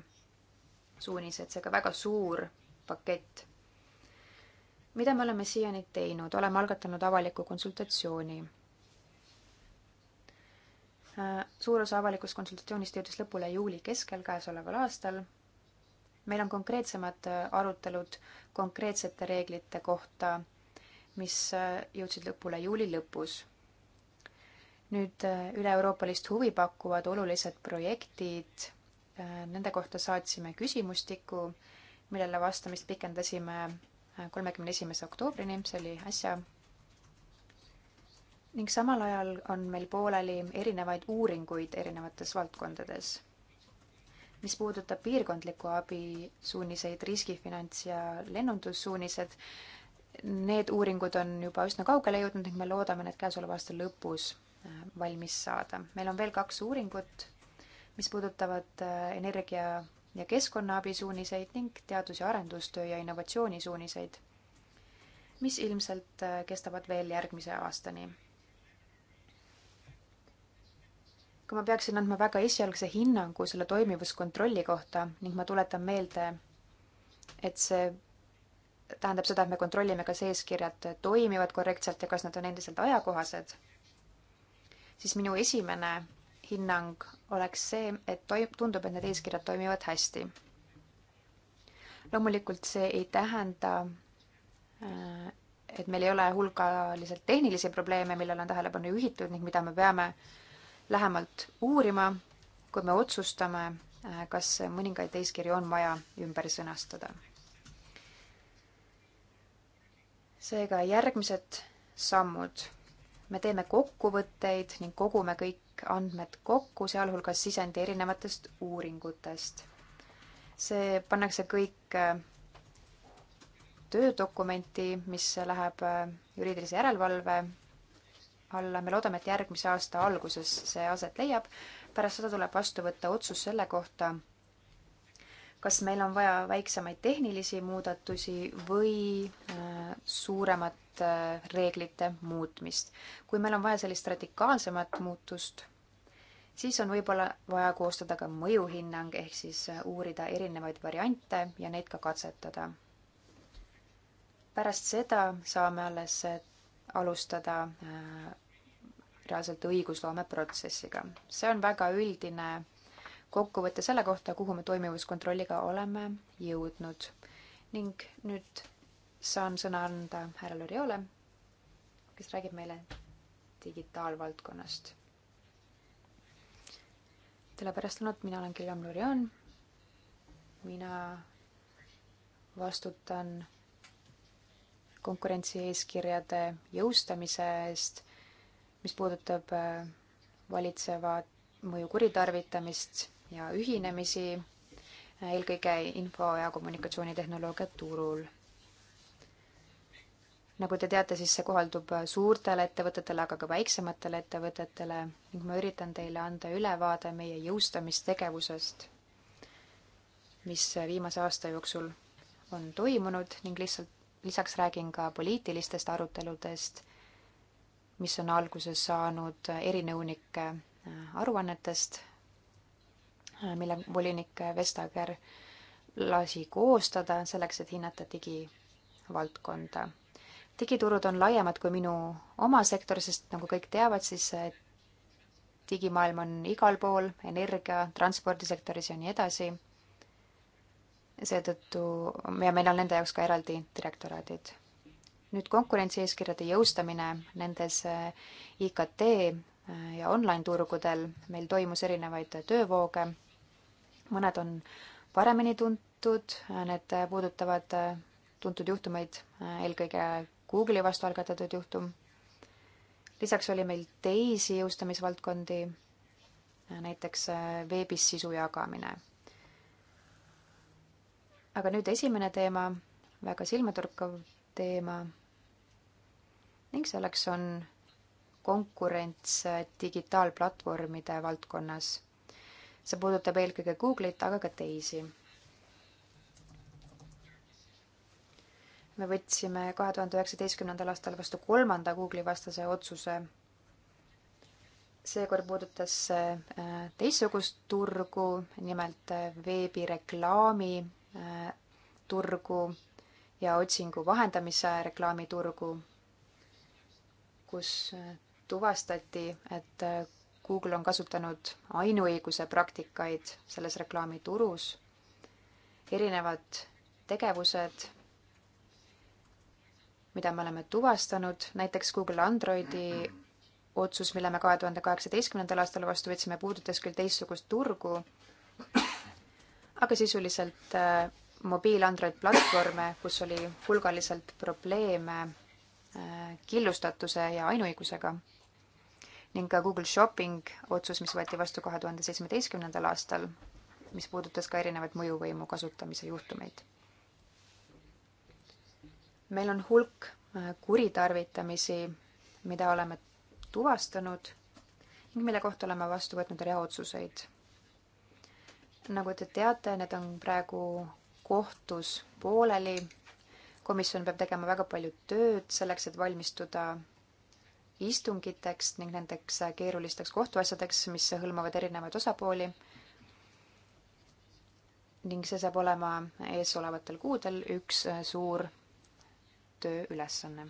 suunised, seega väga suur pakett. mida me oleme siiani teinud, oleme algatanud avaliku konsultatsiooni. Äh, suur osa avalikust konsultatsioonist jõudis lõpule juuli keskel käesoleval aastal. meil on konkreetsemad äh, arutelud konkreetsete reeglite kohta, mis äh, jõudsid lõpule juuli lõpus nüüd üle-euroopalist huvi pakkuvad olulised projektid Äh, nende kohta saatsime küsimustiku, millele vastamist pikendasime äh, kolmekümne esimese oktoobrini, see oli äsja. ning samal ajal on meil pooleli erinevaid uuringuid erinevates valdkondades. mis puudutab piirkondliku abi suuniseid, riskifinants ja lennundussuunised, need uuringud on juba üsna kaugele jõudnud ning me loodame need käesoleva aasta lõpus äh, valmis saada. meil on veel kaks uuringut mis puudutavad äh, energia ja keskkonnaabi suuniseid ning teadus- ja arendustöö ja innovatsiooni suuniseid, mis ilmselt äh, kestavad veel järgmise aastani. kui ma peaksin andma väga esialgse hinnangu selle toimivuskontrolli kohta ning ma tuletan meelde, et see tähendab seda, et me kontrollime, kas eeskirjad toimivad korrektselt ja kas nad on endiselt ajakohased, siis minu esimene hinnang oleks see, et toim-, tundub, et need eeskirjad toimivad hästi. loomulikult see ei tähenda, äh, et meil ei ole hulgaliselt tehnilisi probleeme, millele on tähelepanu juhitud ning mida me peame lähemalt uurima, kui me otsustame, äh, kas mõningaid eeskirju on vaja ümber sõnastada. seega järgmised sammud. me teeme kokkuvõtteid ning kogume kõik kõik andmed kokku, sealhulgas sisendi erinevatest uuringutest. see pannakse kõik äh, töödokumenti, mis läheb äh, juriidilise järelevalve alla, me loodame, et järgmise aasta alguses see aset leiab. pärast seda tuleb vastu võtta otsus selle kohta, kas meil on vaja väiksemaid tehnilisi muudatusi või äh, suuremat radikaalset äh, reeglite muutmist. kui meil on vaja sellist radikaalsemat muutust, siis on võib-olla vaja koostada ka mõjuhinnang, ehk siis äh, uurida erinevaid variante ja neid ka katsetada. pärast seda saame alles äh, alustada reaalselt õigusloome protsessiga. see on väga üldine kokkuvõte selle kohta, kuhu me toimivuskontrolliga oleme jõudnud. ning nüüd saan sõna anda härra Loriole, kes räägib meile digitaalvaldkonnast. tere pärastlõunat, mina olen Guillaume Lorion. mina vastutan konkurentsieeskirjade jõustamise eest, mis puudutab äh, valitseva mõju kuritarvitamist ja ühinemisi, äh, eelkõige info- ja kommunikatsioonitehnoloogia turul nagu te teate, siis see kohaldub äh, suurtele ettevõtetele, aga ka väiksematele ettevõtetele ning ma üritan teile anda ülevaade meie jõustamistegevusest, mis äh, viimase aasta jooksul on toimunud ning lihtsalt lisaks räägin ka poliitilistest aruteludest, mis on alguse saanud äh, erinõunike aruannetest, mille volinik Vestager lasi koostada selleks, et hinnata digivaldkonda digiturud on laiemad kui minu oma sektor, sest nagu kõik teavad, siis eh, digimaailm on igal pool, energia, transpordisektoris ja nii edasi. seetõttu ja meil on nende jaoks ka eraldi direktoraadid. nüüd konkurentsieeskirjade jõustamine nendes eh, IKT eh, ja online-turgudel, meil toimus erinevaid töövooge, mõned on paremini tuntud, need puudutavad tuntud juhtumeid eelkõige Google'i vastu algatatud juhtum. lisaks oli meil teisi jõustamisvaldkondi, näiteks äh, veebis sisu jagamine. aga nüüd esimene teema, väga silmatorkav teema ning selleks on konkurents äh, digitaalplatvormide valdkonnas. see puudutab eelkõige Google'it, aga ka teisi me võtsime kahe tuhande üheksateistkümnendal aastal vastu kolmanda Google'i vastase otsuse. seekord puudutas see äh, teistsugust turgu, nimelt äh, veebireklaami äh, turgu ja otsingu vahendamise reklaamiturgu, kus tuvastati, et Google on kasutanud ainuõiguse praktikaid selles reklaamiturus. erinevad tegevused mida me oleme tuvastanud, näiteks Google Androidi otsus, mille me kahe tuhande kaheksateistkümnendal aastal vastu võtsime, puudutas küll teistsugust turgu, aga sisuliselt äh, mobiil-Android platvorme, kus oli hulgaliselt probleeme äh, killustatuse ja ainuõigusega ning ka Google Shopping otsus, mis võeti vastu kahe tuhande seitsmeteistkümnendal aastal, mis puudutas ka erinevaid mõjuvõimu kasutamise juhtumeid meil on hulk äh, kuritarvitamisi, mida oleme tuvastanud ning mille kohta oleme vastu võtnud rea otsuseid. nagu te teate, need on praegu kohtus pooleli. komisjon peab tegema väga palju tööd selleks, et valmistuda istungiteks ning nendeks äh, keerulisteks kohtuasjadeks, mis hõlmavad erinevaid osapooli. ning see saab olema eesolevatel kuudel üks äh, suur tööülesanne.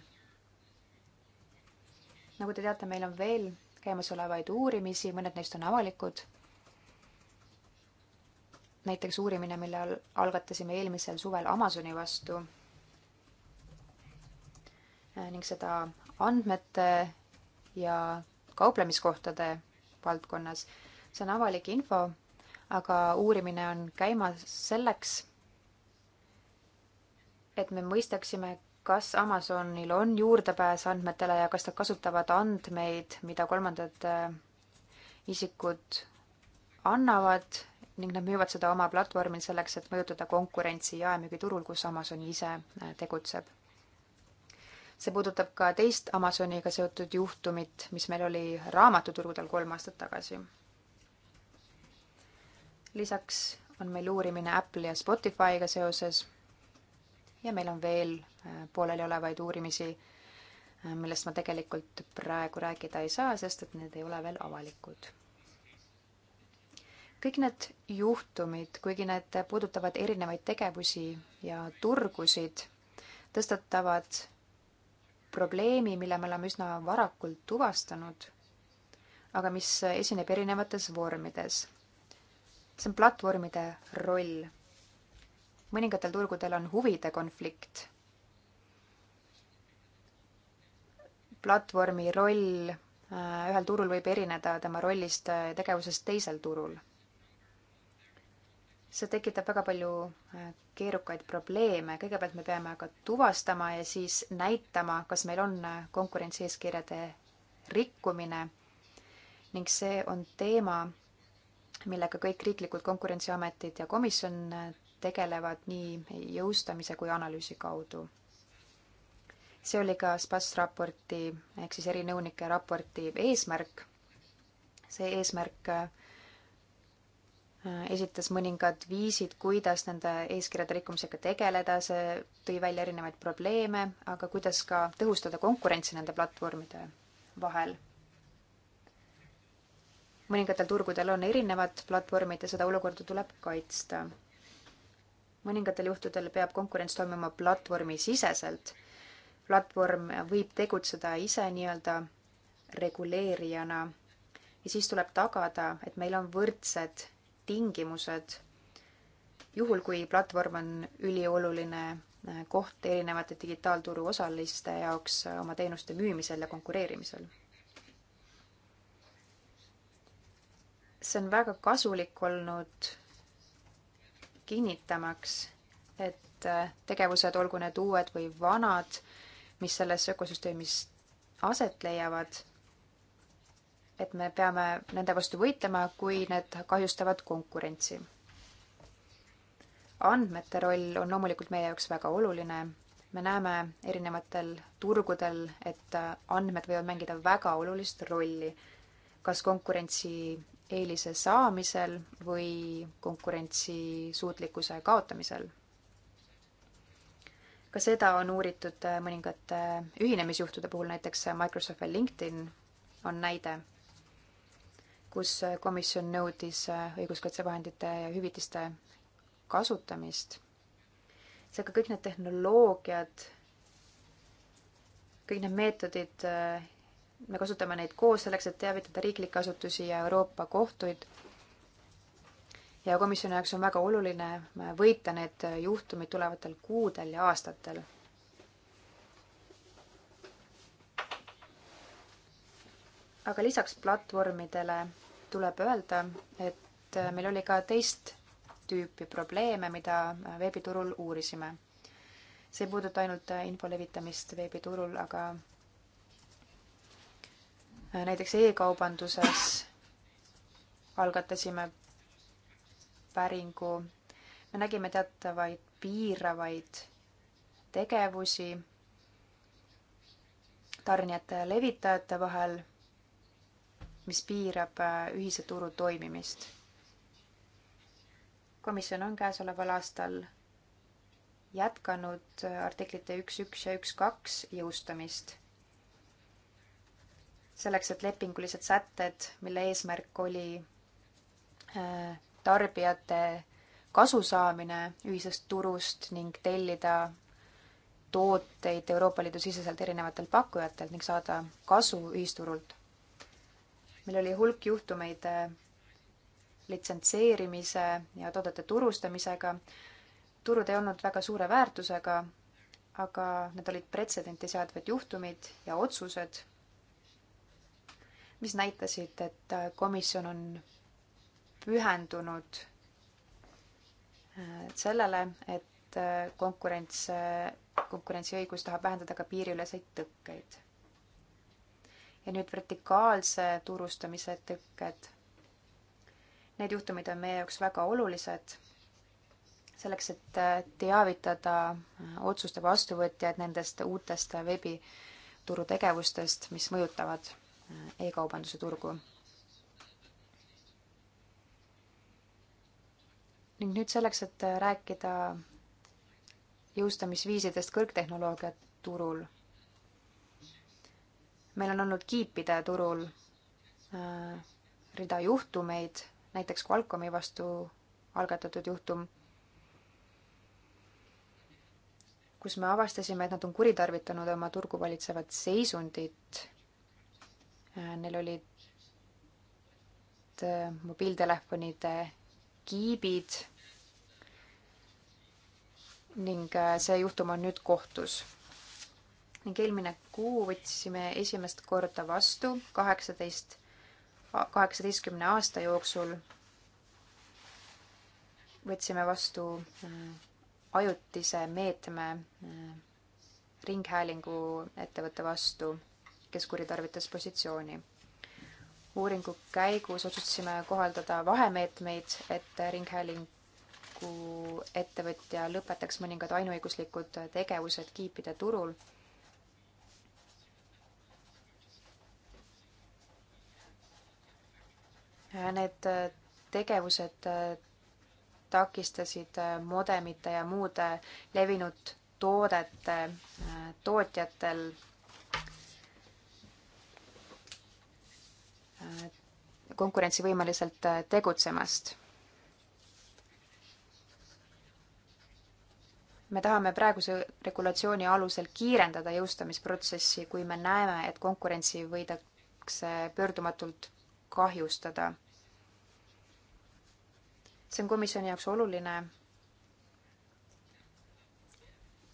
nagu te teate, meil on veel käimasolevaid uurimisi, mõned neist on avalikud. näiteks uurimine, mille algatasime eelmisel suvel Amazoni vastu äh, ning seda andmete ja kauplemiskohtade valdkonnas. see on avalik info, aga uurimine on käimas selleks, et me mõistaksime, kas Amazonil on juurdepääs andmetele ja kas nad kasutavad andmeid, mida kolmandad äh, isikud annavad ning nad müüvad seda oma platvormil selleks, et mõjutada konkurentsi jaemüügiturul, kus Amazon ise äh, tegutseb. see puudutab ka teist Amazoniga seotud juhtumit, mis meil oli raamatuturgudel kolm aastat tagasi. lisaks on meil uurimine Apple'i ja Spotify'ga seoses ja meil on veel äh, pooleliolevaid uurimisi, äh, millest ma tegelikult praegu rääkida ei saa, sest et need ei ole veel avalikud. kõik need juhtumid, kuigi need puudutavad erinevaid tegevusi ja turgusid, tõstatavad probleemi, mille me oleme üsna varakult tuvastanud, aga mis esineb erinevates vormides. see on platvormide roll mõningatel turgudel on huvide konflikt. platvormi roll äh, ühel turul võib erineda tema rollist ja äh, tegevusest teisel turul. see tekitab väga palju äh, keerukaid probleeme, kõigepealt me peame aga tuvastama ja siis näitama, kas meil on konkurentsieeskirjade rikkumine ning see on teema, millega kõik riiklikud konkurentsiametid ja komisjon tegelevad nii jõustamise kui analüüsi kaudu. see oli ka SPAS raporti ehk siis erinõunike raporti eesmärk. see eesmärk äh, esitas mõningad viisid, kuidas nende eeskirjade rikkumisega tegeleda, see tõi välja erinevaid probleeme, aga kuidas ka tõhustada konkurentsi nende platvormide vahel. mõningatel turgudel on erinevad platvormid ja seda olukorda tuleb kaitsta mõningatel juhtudel peab konkurents toimuma platvormisiseselt. platvorm võib tegutseda ise nii-öelda reguleerijana ja siis tuleb tagada, et meil on võrdsed tingimused juhul, kui platvorm on ülioluline eh, koht erinevate digitaalturu osaliste jaoks eh, oma teenuste müümisel ja konkureerimisel. see on väga kasulik olnud kinnitamaks, et äh, tegevused, olgu need uued või vanad, mis selles ökosüsteemis aset leiavad, et me peame nende vastu võitlema, kui need kahjustavad konkurentsi. andmete roll on loomulikult meie jaoks väga oluline. me näeme erinevatel turgudel, et andmed võivad mängida väga olulist rolli, kas konkurentsi eelise saamisel või konkurentsisuutlikkuse kaotamisel. ka seda on uuritud äh, mõningate äh, ühinemisjuhtude puhul, näiteks äh, Microsoft ja LinkedIn on näide, kus komisjon nõudis õiguskaitsevahendite ja hüvitiste kasutamist. seega kõik need tehnoloogiad, kõik need meetodid me kasutame neid koos selleks, et teavitada riiklikke asutusi ja Euroopa kohtuid. ja komisjoni jaoks on väga oluline võita need juhtumid tulevatel kuudel ja aastatel. aga lisaks platvormidele tuleb öelda, et meil oli ka teist tüüpi probleeme, mida veebiturul uurisime. see ei puuduta ainult info levitamist veebiturul, aga näiteks e-kaubanduses algatasime päringu. me nägime teatavaid piiravaid tegevusi tarnijate ja levitajate vahel, mis piirab äh, ühise turu toimimist. komisjon on käesoleval aastal jätkanud äh, artiklite üks, üks ja üks, kaks jõustamist selleks, et lepingulised sätted, mille eesmärk oli äh, tarbijate kasu saamine ühisest turust ning tellida tooteid Euroopa Liidu siseselt erinevatelt pakkujatelt ning saada kasu ühisturult. meil oli hulk juhtumeid äh, litsentseerimise ja toodete turustamisega. turud ei olnud väga suure väärtusega, aga need olid pretsedenti seadvad juhtumid ja otsused mis näitasid, et äh, komisjon on pühendunud äh, sellele, et äh, konkurents, konkurentsiõigus tahab vähendada ka piiriüleseid tõkkeid. ja nüüd vertikaalse turustamise tõkked. Need juhtumid on meie jaoks väga olulised selleks, et teavitada otsuste vastuvõtjaid nendest uutest veebituru tegevustest, mis mõjutavad e-kaubanduse turgu. ning nüüd selleks, et rääkida jõustamisviisidest kõrgtehnoloogia turul. meil on olnud kiipide turul äh, rida juhtumeid, näiteks Qualcomm'i vastu algatatud juhtum, kus me avastasime, et nad on kuritarvitanud oma turgu valitsevat seisundit Äh, neil olid äh, mobiiltelefonide kiibid ning äh, see juhtum on nüüd kohtus. ning eelmine kuu võtsime esimest korda vastu kaheksateist, kaheksateistkümne aasta jooksul võtsime vastu ajutise meetme ringhäälingu ettevõtte vastu kes kuritarvitas positsiooni. uuringu käigus otsustasime kohaldada vahemeetmeid, et ringhäälingu ettevõtja lõpetaks mõningad ainuõiguslikud tegevused kiipide turul need tegevused takistasid modemite ja muude levinud toodete tootjatel konkurentsivõimeliselt äh, tegutsemast. me tahame praeguse regulatsiooni alusel kiirendada jõustamisprotsessi, kui me näeme, et konkurentsi võidakse pöördumatult kahjustada. see on komisjoni jaoks oluline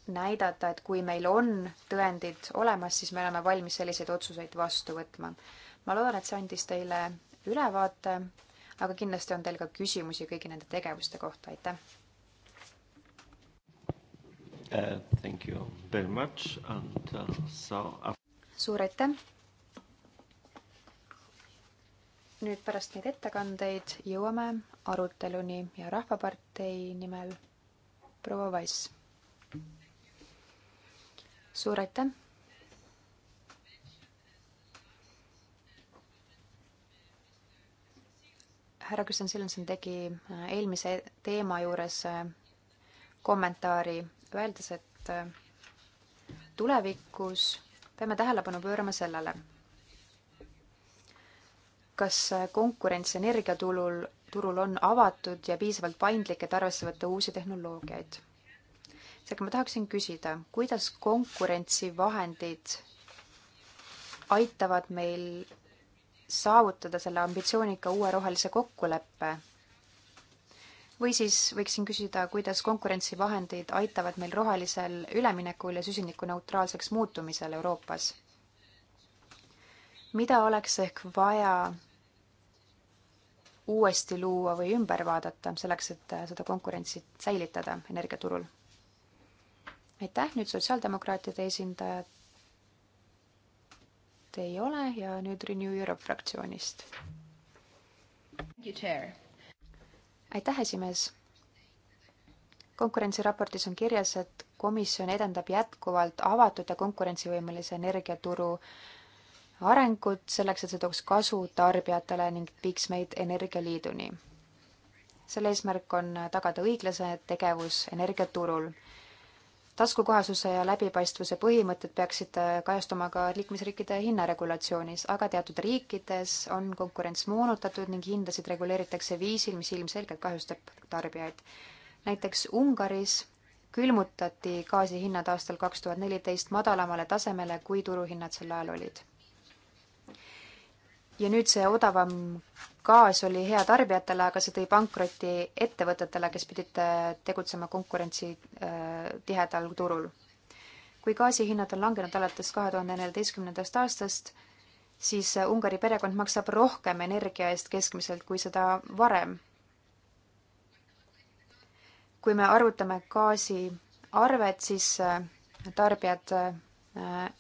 näidata, et kui meil on tõendid olemas, siis me oleme valmis selliseid otsuseid vastu võtma ma loodan, et see andis teile ülevaate, aga kindlasti on teil ka küsimusi kõigi nende tegevuste kohta, aitäh uh,! Thank you very much and uh, so uh, suur aitäh! nüüd pärast neid ettekandeid jõuame aruteluni ja Rahvapartei nimel proua Vass. suur aitäh! härra Kristjan Silenson tegi äh, eelmise teema juures äh, kommentaari, öeldes, et äh, tulevikus peame tähelepanu pöörama sellele, kas konkurents energiaturul, turul on avatud ja piisavalt paindlik, et arvesse võtta uusi tehnoloogiaid. seega ma tahaksin küsida, kuidas konkurentsivahendid aitavad meil saavutada selle ambitsioonika uue rohelise kokkuleppe? või siis võiksin küsida, kuidas konkurentsivahendid aitavad meil rohelisel üleminekul ja süsinikuneutraalseks muutumisel Euroopas? mida oleks ehk vaja uuesti luua või ümber vaadata, selleks et seda konkurentsi säilitada energiaturul? aitäh, nüüd sotsiaaldemokraatide esindajad, kõnelejat ei ole ja nüüd Renew Europe fraktsioonist. aitäh, esimees. konkurentsiraportis on kirjas, et komisjon edendab jätkuvalt avatud ja konkurentsivõimelise energiaturu arengut selleks, et see tooks kasu tarbijatele ning viiks meid energialiiduni. selle eesmärk on tagada õiglase tegevus energiaturul taskukohasuse ja läbipaistvuse põhimõtted peaksid äh, kajastuma ka liikmesriikide hinnaregulatsioonis, aga teatud riikides on konkurents moonutatud ning hindasid reguleeritakse viisil, mis ilmselgelt kahjustab tarbijaid. näiteks Ungaris külmutati gaasi hinnad aastal kaks tuhat neliteist madalamale tasemele, kui turuhinnad sel ajal olid ja nüüd see odavam gaas oli hea tarbijatele, aga see tõi pankrotti ettevõtetele, kes pidid äh, tegutsema konkurentsi äh, tihedal turul. kui gaasihinnad on langenud alates kahe tuhande neljateistkümnendast aastast, siis äh, Ungari perekond maksab rohkem energia eest keskmiselt kui seda varem. kui me arvutame gaasiarvet, siis tarbijad,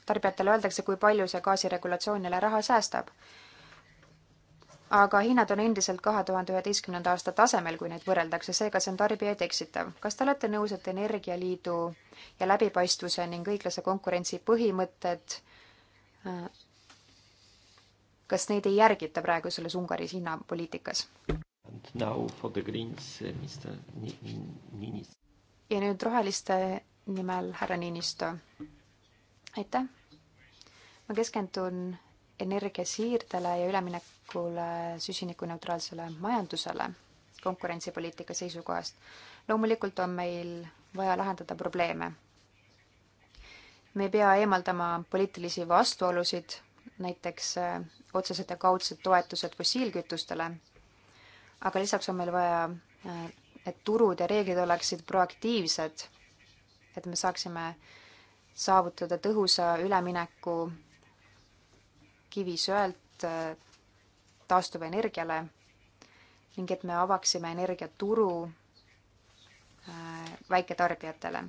tarbijatele öeldakse, kui palju see gaasiregulatsioonile raha säästab aga hinnad on endiselt kahe tuhande üheteistkümnenda aasta tasemel, kui neid võrreldakse, seega see on tarbijaid eksitav. kas te olete nõus, et Energialiidu ja läbipaistvuse ning õiglase konkurentsi põhimõtted, äh, kas neid ei järgita praegu selles Ungaris hinnapoliitikas? Uh, ja nüüd roheliste nimel härra Niinistö. aitäh! ma keskendun energiasiirdele ja üleminekule süsinikuneutraalsele majandusele konkurentsipoliitika seisukohast. loomulikult on meil vaja lahendada probleeme. me ei pea eemaldama poliitilisi vastuolusid, näiteks äh, otsesed ja kaudsed toetused fossiilkütustele, aga lisaks on meil vaja, äh, et turud ja reeglid oleksid proaktiivsed, et me saaksime saavutada tõhusa ülemineku kivisöelt äh, taastuvenergiale ning et me avaksime energiaturu äh, väiketarbijatele.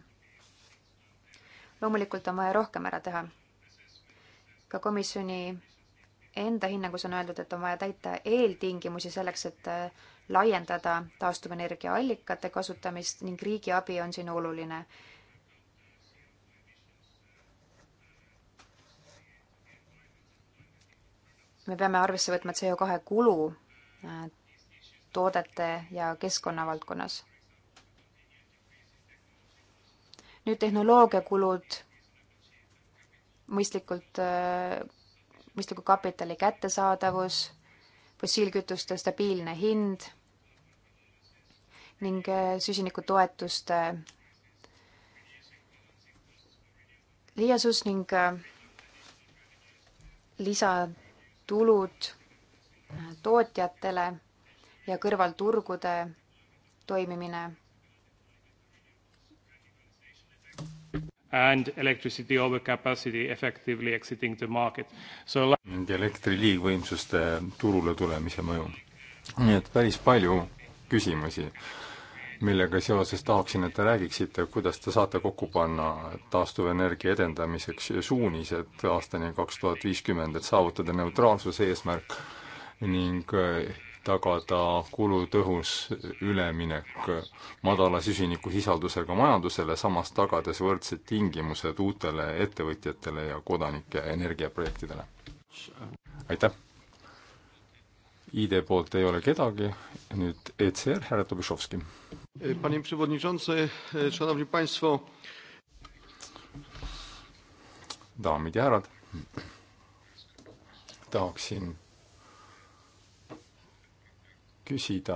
loomulikult on vaja rohkem ära teha. ka komisjoni enda hinnangus on öeldud, et on vaja täita eeltingimusi selleks, et äh, laiendada taastuvenergia allikate kasutamist ning riigiabi on siin oluline me peame arvesse võtma CO2 kulu äh, toodete ja keskkonna valdkonnas. nüüd tehnoloogiakulud, mõistlikult, äh, mõistliku kapitali kättesaadavus, fossiilkütuste stabiilne hind ning äh, süsinikutoetuste liiasus ning lisa tulud tootjatele ja kõrvalturgude toimimine. And electricity overcapacity effectively exiting the market so. ning elektri liigvõimsuste turule tulemise mõju. nii et päris palju küsimusi millega seoses tahaksin, et te räägiksite, kuidas te saate kokku panna taastuvenergia edendamiseks suunised aastani kaks tuhat viiskümmend, et saavutada neutraalsuse eesmärk ning eh, tagada kulutõhus üleminek madala süsinikusisaldusega majandusele, samas tagades võrdsed tingimused uutele ettevõtjatele ja kodanike energiaprojektidele. aitäh! ID poolt ei ole kedagi, nüüd ECR, härra Tobišovski. E, panie przewodniczący, e, szanowni państwo. daamid ja härrad, tahaksin küsida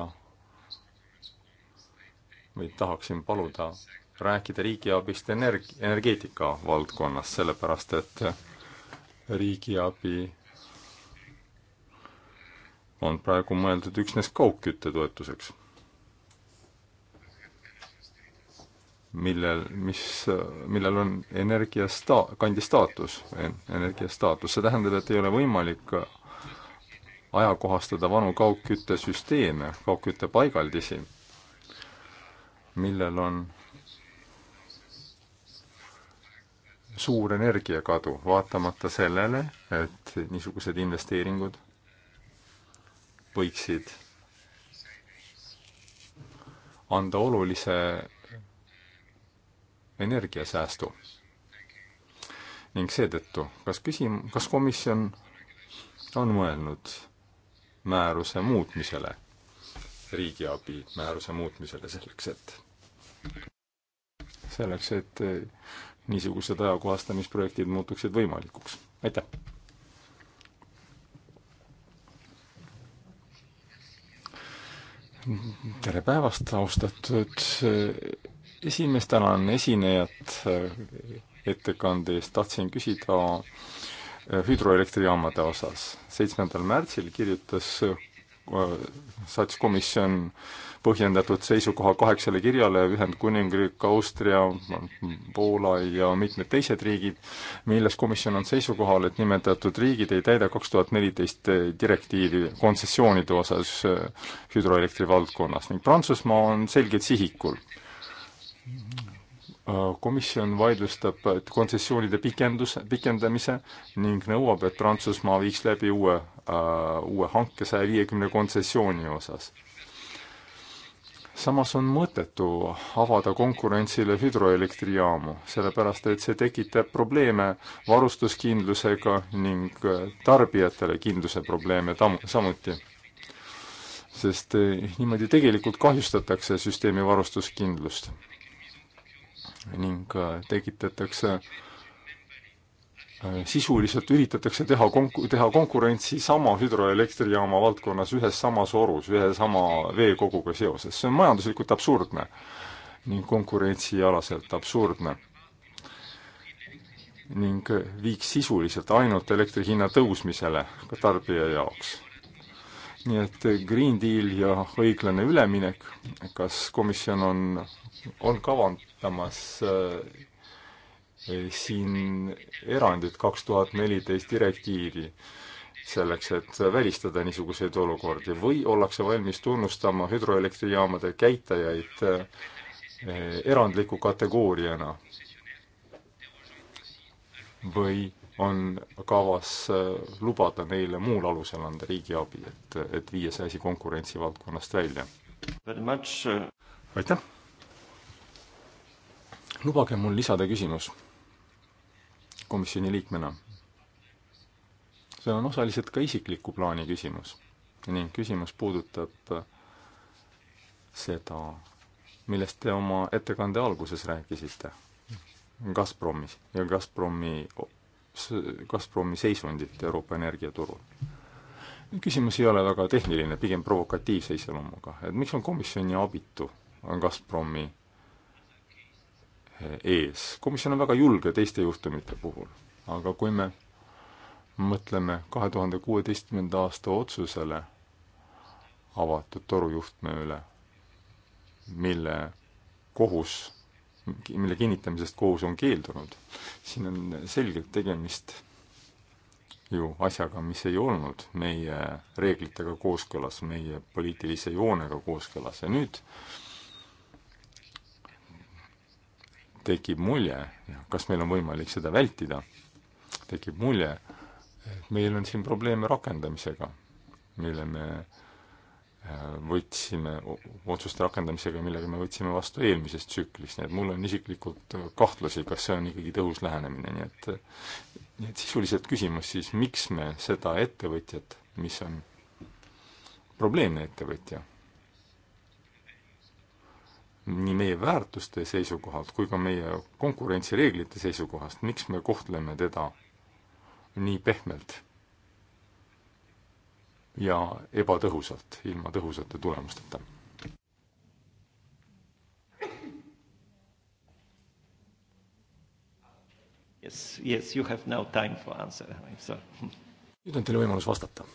või tahaksin paluda rääkida riigiabist energ-, energeetika valdkonnas, sellepärast et riigiabi on praegu mõeldud üksnes kaugkütte toetuseks. millel, mis, millel on energia sta-, kandi staatus, energia staatus, see tähendab, et ei ole võimalik ajakohastada vanu kaugküttesüsteeme, kaugküttepaigaldisi, millel on suur energiakadu, vaatamata sellele, et niisugused investeeringud võiksid anda olulise energiasäästu. ning seetõttu, kas küsim-, kas komisjon on mõelnud määruse muutmisele, riigiabi määruse muutmisele selleks, et, selleks, et eh, niisugused ajakohastamisprojektid muutuksid võimalikuks. aitäh! tere päevast, austatud eh, esimees, tänan esinejat äh, ettekande eest, tahtsin küsida äh, hüdroelektrijaamade osas. seitsmendal märtsil kirjutas äh, saatis komisjon põhjendatud seisukoha kaheksale kirjale Ühendkuningriik, Austria, Poola ja mitmed teised riigid, milles komisjon on seisukohal, et nimetatud riigid ei täida kaks tuhat neliteist direktiivi kontsessioonide osas hüdroelektri valdkonnas ning Prantsusmaa on selgelt sihikul Äh, komisjon vaidlustab kontsessioonide pikenduse, pikendamise ning nõuab, et Prantsusmaa viiks läbi uue uh,, uue hanke saja viiekümne kontsessiooni osas. samas on mõttetu avada konkurentsile hüdroelektrijaamu, sellepärast et see tekitab probleeme varustuskindlusega ning äh, tarbijatele kindluse probleeme tam-, samuti sest niimoodi tegelikult kahjustatakse süsteemi varustuskindlust ning äh, tekitatakse äh, sisuliselt üritatakse teha konku-, teha konkurentsi sama hüdroelektrijaama valdkonnas ühes samas orus, ühe sama veekoguga seoses. see on majanduslikult absurdne ning konkurentsialaselt absurdne. ning viiks sisuliselt ainult elektri hinna tõusmisele ka tarbija jaoks. nii et Green Deal ja õiglane üleminek, kas komisjon on, on kavand samas äh, eh, siin erandid kaks tuhat neliteist direktiivi selleks, et välistada niisuguseid olukordi või ollakse valmis tunnustama hüdroelektrijaamade käitajaid äh, erandliku kategooriana või on kavas äh, lubada neile muul alusel anda riigiabi, et, et viia see asi konkurentsivaldkonnast välja? aitäh! lubage mul lisada küsimus komisjoni liikmena. see on osaliselt ka isikliku plaani küsimus ning küsimus puudutab äh, seda, millest te oma ettekande alguses rääkisite, Gazpromis ja Gazpromi, Gazpromi seisundit Euroopa energiaturul. küsimus ei ole väga tehniline, pigem provokatiivse iseloomuga, et miks on komisjon nii abitu Gazpromi ees. komisjon on väga julge teiste juhtumite puhul, aga kui me mõtleme kahe tuhande kuueteistkümnenda aasta otsusele avatud torujuhtme üle, mille kohus, mille kinnitamisest kohus on keeldunud, siin on selgelt tegemist ju asjaga, mis ei olnud meie reeglitega kooskõlas, meie poliitilise joonega kooskõlas ja nüüd äh, tekib mulje, noh, kas meil on võimalik seda vältida, tekib mulje, et meil on siin probleeme rakendamisega, mille me äh, võtsime, otsuste rakendamisega, millega me võtsime vastu eelmises tsüklis, nii et mul on isiklikult äh, kahtlusi, kas see on ikkagi tõhus lähenemine, nii et nii et sisuliselt küsimus siis, miks me seda ettevõtjat, mis on probleemne ettevõtja, nii meie väärtuste seisukohalt kui ka meie konkurentsireeglite seisukohast, miks me kohtleme teda nii pehmelt ja ebatõhusalt, ilma tõhusate tulemusteta. Yes, yes, you have now time for answer, I am sorry. nüüd on teil võimalus vastata.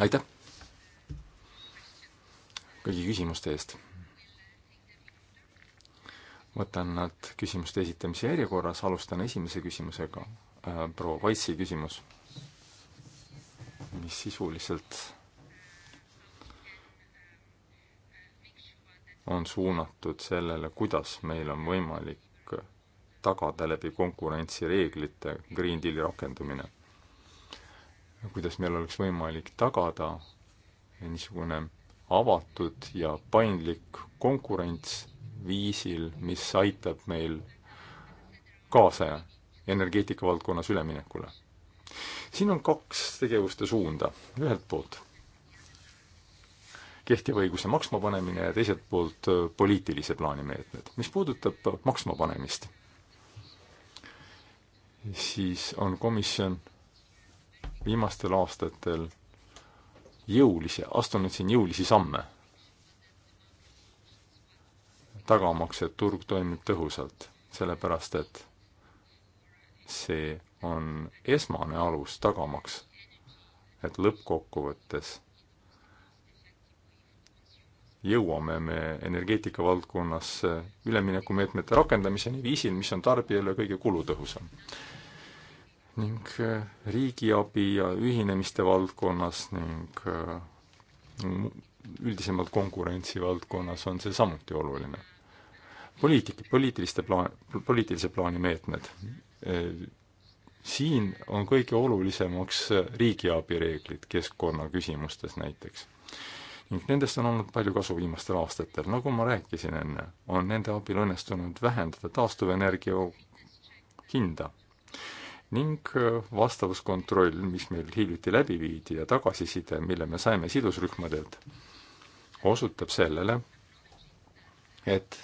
aitäh! kõigi küsimuste eest. võtan nad küsimuste esitamise järjekorras, alustan esimese küsimusega, äh, proua Vaitsi küsimus, mis sisuliselt on suunatud sellele, kuidas meil on võimalik tagada läbi konkurentsireeglite Green Deali rakendumine. kuidas meil oleks võimalik tagada niisugune avatud ja paindlik konkurents viisil, mis aitab meil kaasa energeetika valdkonnas üleminekule. siin on kaks tegevuste suunda, ühelt poolt kehtiva õiguse maksmapanemine ja teiselt poolt äh, poliitilise plaani meetmed. mis puudutab äh, maksmapanemist, siis on komisjon viimastel aastatel jõulisi, astunud siin jõulisi samme, tagamaks, et turg toimib tõhusalt, sellepärast et see on esmane alus tagamaks, et lõppkokkuvõttes jõuame me energeetika valdkonnas üleminekumeetmete rakendamiseni viisil, mis on tarbijale kõige kulutõhusam ning äh, riigiabi ja ühinemiste valdkonnas ning äh, üldisemalt konkurentsi valdkonnas on see samuti oluline. poliitik, poliitiliste plaan, poliitilise plaani meetmed. siin on kõige olulisemaks äh, riigiabi reeglid keskkonnaküsimustes näiteks. ning nendest on olnud palju kasu viimastel aastatel, nagu ma rääkisin enne, on nende abil õnnestunud vähendada taastuvenergia hinda ning äh, vastavuskontroll, mis meil hiljuti läbi viidi ja tagasiside, mille me saime sidusrühmadelt, osutab sellele, et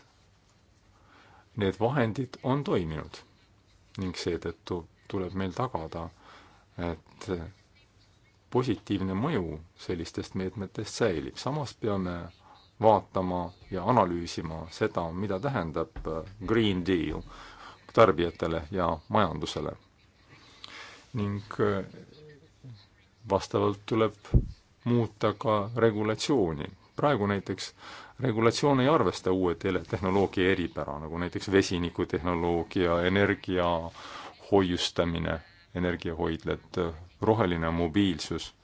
need vahendid on toiminud ning seetõttu tuleb meil tagada, et positiivne mõju sellistest meetmetest säilib, samas peame vaatama ja analüüsima seda, mida tähendab äh, Green Deal tarbijatele ja majandusele ning äh, vastavalt tuleb muuta ka regulatsiooni. praegu näiteks regulatsioon ei arvesta uue teletehnoloogia eripära, nagu näiteks vesinikutehnoloogia, energia hoiustamine, energiahoidlad, roheline mobiilsus.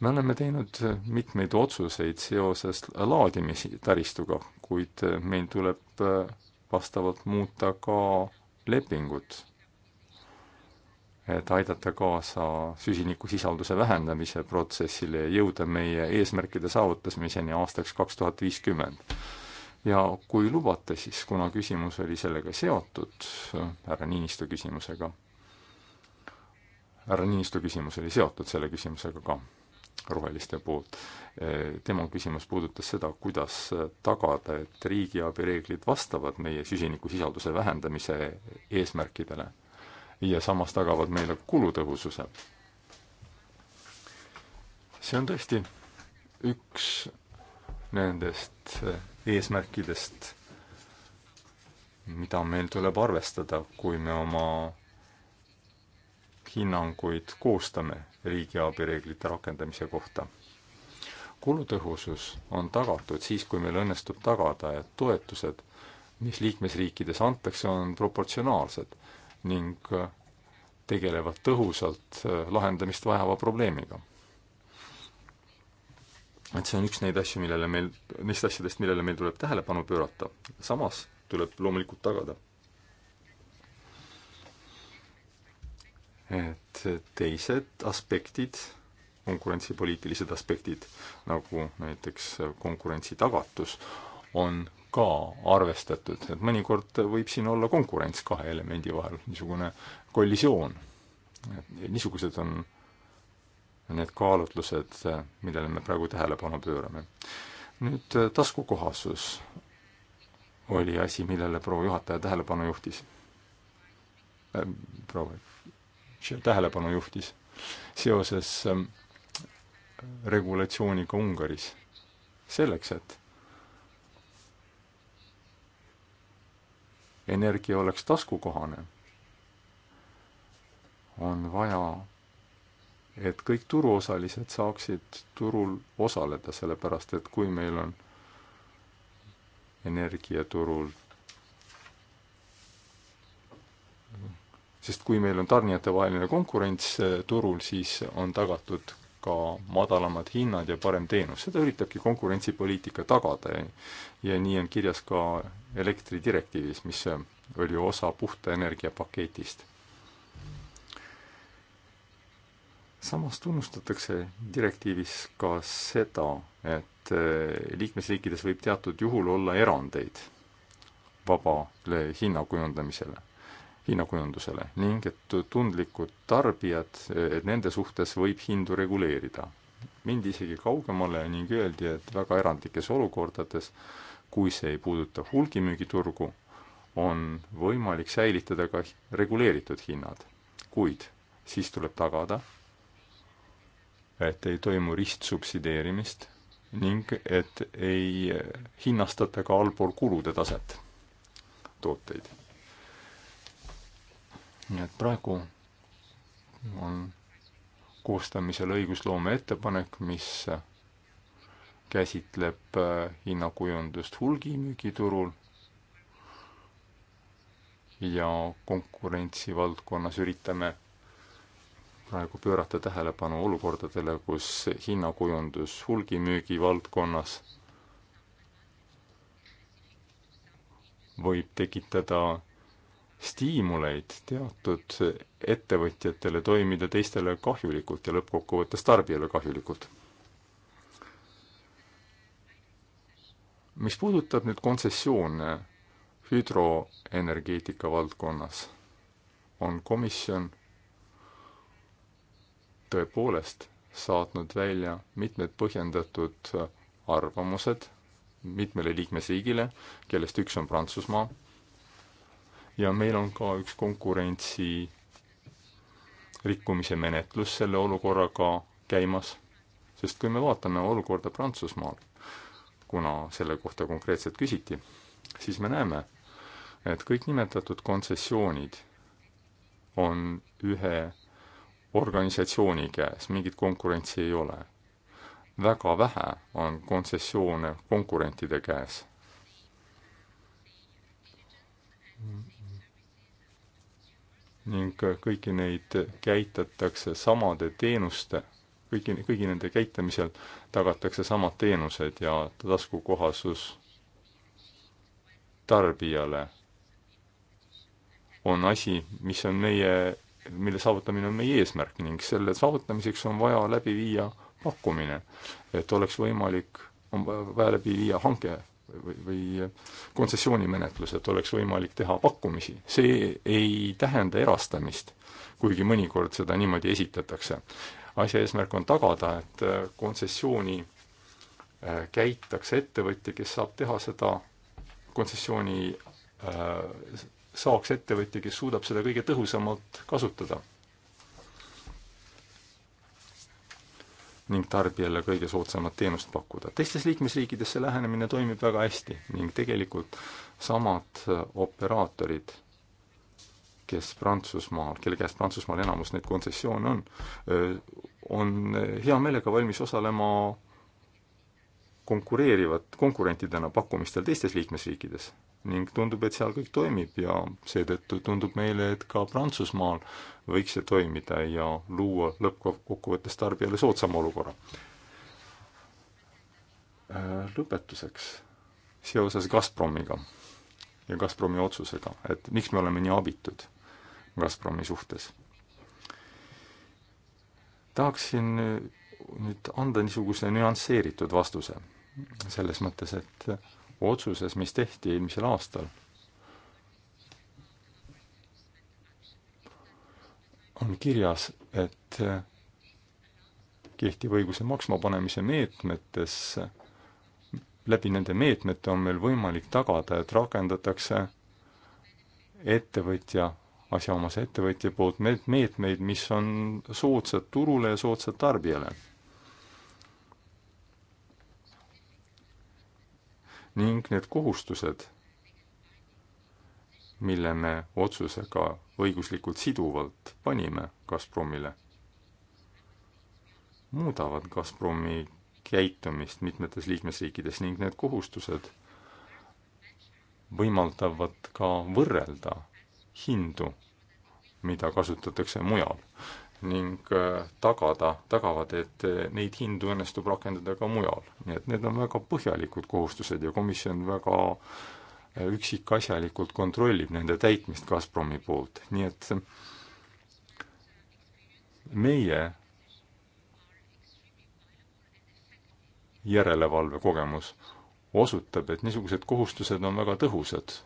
me oleme teinud mitmeid otsuseid seoses laadimistaristuga, kuid meil tuleb äh, vastavalt muuta ka lepingut et aidata kaasa süsinikusisalduse vähendamise protsessile ja jõuda meie eesmärkide saavutamiseni aastaks kaks tuhat viiskümmend. ja kui lubate, siis kuna küsimus oli sellega seotud, härra Niinistö küsimusega, härra Niinistö küsimus oli seotud selle küsimusega ka roheliste poolt. tema küsimus puudutas seda, kuidas tagada, et riigiabi reeglid vastavad meie süsinikusisalduse vähendamise eesmärkidele ja samas tagavad meile kulutõhususe. see on tõesti üks nendest eesmärkidest, mida meil tuleb arvestada, kui me oma hinnanguid koostame riigiabi reeglite rakendamise kohta. kulutõhusus on tagatud siis, kui meil õnnestub tagada, et toetused, mis liikmesriikides antakse, on proportsionaalsed ning äh, tegelevad tõhusalt äh, lahendamist vajava probleemiga. et see on üks neid asju, millele meil, neist asjadest, millele meil tuleb tähelepanu pöörata. samas tuleb loomulikult tagada, et teised aspektid, konkurentsipoliitilised aspektid, nagu näiteks konkurentsi tagatus, on ka arvestatud, et mõnikord võib siin olla konkurents kahe elemendi vahel, niisugune kollisioon. niisugused on need kaalutlused, millele me praegu tähelepanu pöörame. nüüd äh, taskukohasus oli asi, millele proua juhataja tähelepanu juhtis äh,. proua tähelepanu juhtis seoses ähm, regulatsiooniga Ungaris. selleks, et energia oleks taskukohane, on vaja, et kõik turuosalised saaksid turul osaleda, sellepärast et kui meil on energiaturul sest kui meil on tarnijatevaheline konkurents eh, turul, siis on tagatud ka madalamad hinnad ja parem teenus. seda üritabki konkurentsipoliitika tagada ja, ja nii on kirjas ka elektridirektiivis, mis oli osa puhta energia paketist. samas tunnustatakse direktiivis ka seda, et eh, liikmesriikides võib teatud juhul olla erandeid vabale hinnakujundamisele hinnakujundusele ning et tundlikud tarbijad, et nende suhtes võib hindu reguleerida. mindi isegi kaugemale ning öeldi, et väga erandlikes olukordades, kui see ei puuduta hulgimüügiturgu, on võimalik säilitada ka reguleeritud hinnad, kuid siis tuleb tagada, et ei toimu ristsubsideerimist ning et ei hinnastata ka allpool kulude taset tooteid nii et praegu on koostamisel õigusloome ettepanek, mis käsitleb äh, hinnakujundust hulgimüügiturul ja konkurentsi valdkonnas üritame praegu pöörata tähelepanu olukordadele, kus hinnakujundus hulgimüügi valdkonnas võib tekitada stiimuleid teatud ettevõtjatele toimida teistele kahjulikult ja lõppkokkuvõttes tarbijale kahjulikult. mis puudutab nüüd kontsessioone hüdroenergeetika valdkonnas, on komisjon tõepoolest saatnud välja mitmed põhjendatud arvamused mitmele liikmesriigile, kellest üks on Prantsusmaa ja meil on ka üks konkurentsi rikkumise menetlus selle olukorraga käimas, sest kui me vaatame olukorda Prantsusmaal, kuna selle kohta konkreetselt küsiti, siis me näeme, et kõik nimetatud kontsessioonid on ühe organisatsiooni käes, mingit konkurentsi ei ole. väga vähe on kontsessioone konkurentide käes ning kõiki neid käitatakse samade teenuste, kõigi, kõigi nende käitamisel tagatakse samad teenused ja taskukohasus tarbijale on asi, mis on meie, mille saavutamine on meie eesmärk ning selle saavutamiseks on vaja läbi viia pakkumine, et oleks võimalik, on vaja läbi viia hange või, või kontsessioonimenetlus, et oleks võimalik teha pakkumisi. see ei tähenda erastamist, kuigi mõnikord seda niimoodi esitatakse. asja eesmärk on tagada, et äh, kontsessiooni äh, käitakse ettevõtja, kes saab teha seda kontsessiooni äh, saaks ettevõtja, kes suudab seda kõige tõhusamalt kasutada. ning tarbijale kõige soodsamat teenust pakkuda. teistes liikmesriikides see lähenemine toimib väga hästi ning tegelikult samad äh, operaatorid, kes Prantsusmaal, kelle käes Prantsusmaal enamus neid kontsessioone on, on äh, hea meelega valmis osalema konkureerivad, konkurentidena pakkumistel teistes liikmesriikides ning tundub, et seal kõik toimib ja seetõttu tundub meile, et ka Prantsusmaal võiks see toimida ja luua lõppkokkuvõttes tarbijale soodsama olukorra. Äh, lõpetuseks seoses Gazpromiga ja Gazpromi otsusega, et miks me oleme nii abitud Gazpromi suhtes. tahaksin nüüd anda niisuguse nüansseeritud vastuse selles mõttes, et otsuses, mis tehti eelmisel aastal. on kirjas, et kehtiva õiguse maksmapanemise meetmetes, läbi nende meetmete on meil võimalik tagada, et rakendatakse ettevõtja, asjaomase ettevõtja poolt meetmeid, mis on soodsad turule ja soodsad tarbijale ning need kohustused, mille me otsusega õiguslikult siduvalt panime Gazpromile, muudavad Gazpromi käitumist mitmetes liikmesriikides ning need kohustused võimaldavad ka võrrelda hindu, mida kasutatakse mujal ning äh, tagada, tagavad, et äh, neid hindu õnnestub rakendada ka mujal. nii et need on väga põhjalikud kohustused ja komisjon väga äh, üksikasjalikult kontrollib nende täitmist Gazpromi poolt, nii et meie järelevalve kogemus osutab, et niisugused kohustused on väga tõhusad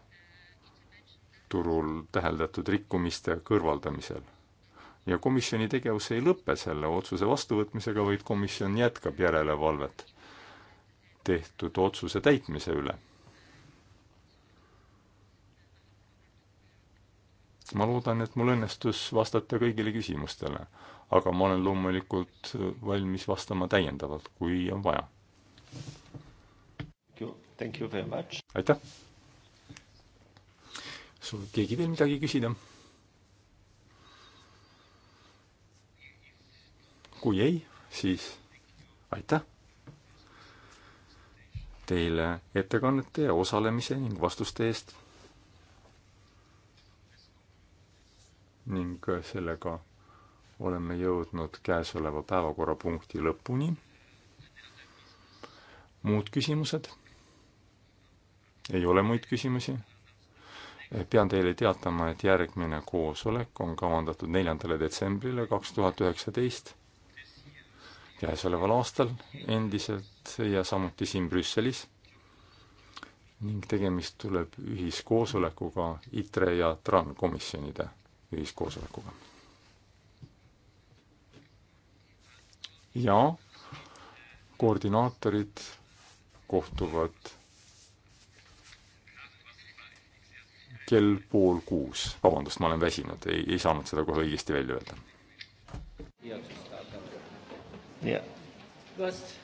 turul täheldatud rikkumiste kõrvaldamisel ja komisjoni tegevus ei lõpe selle otsuse vastuvõtmisega, vaid komisjon jätkab järelevalvet tehtud otsuse täitmise üle. ma loodan, et mul õnnestus vastata kõigile küsimustele, aga ma olen loomulikult valmis vastama täiendavalt, kui on vaja. aitäh! soovib keegi veel midagi küsida? kui ei, siis aitäh teile ettekannete ja osalemise ning vastuste eest. ning sellega oleme jõudnud käesoleva päevakorrapunkti lõpuni. muud küsimused? ei ole muid küsimusi? pean teile teatama, et järgmine koosolek on kavandatud neljandale detsembrile kaks tuhat üheksateist käesoleval aastal endiselt ja samuti siin Brüsselis ning tegemist tuleb ühiskoosolekuga ITRE ja TRAN komisjonide ühiskoosolekuga. ja koordinaatorid kohtuvad kell pool kuus, vabandust, ma olen väsinud, ei, ei saanud seda kohe õigesti välja öelda. Yeah. Ghost.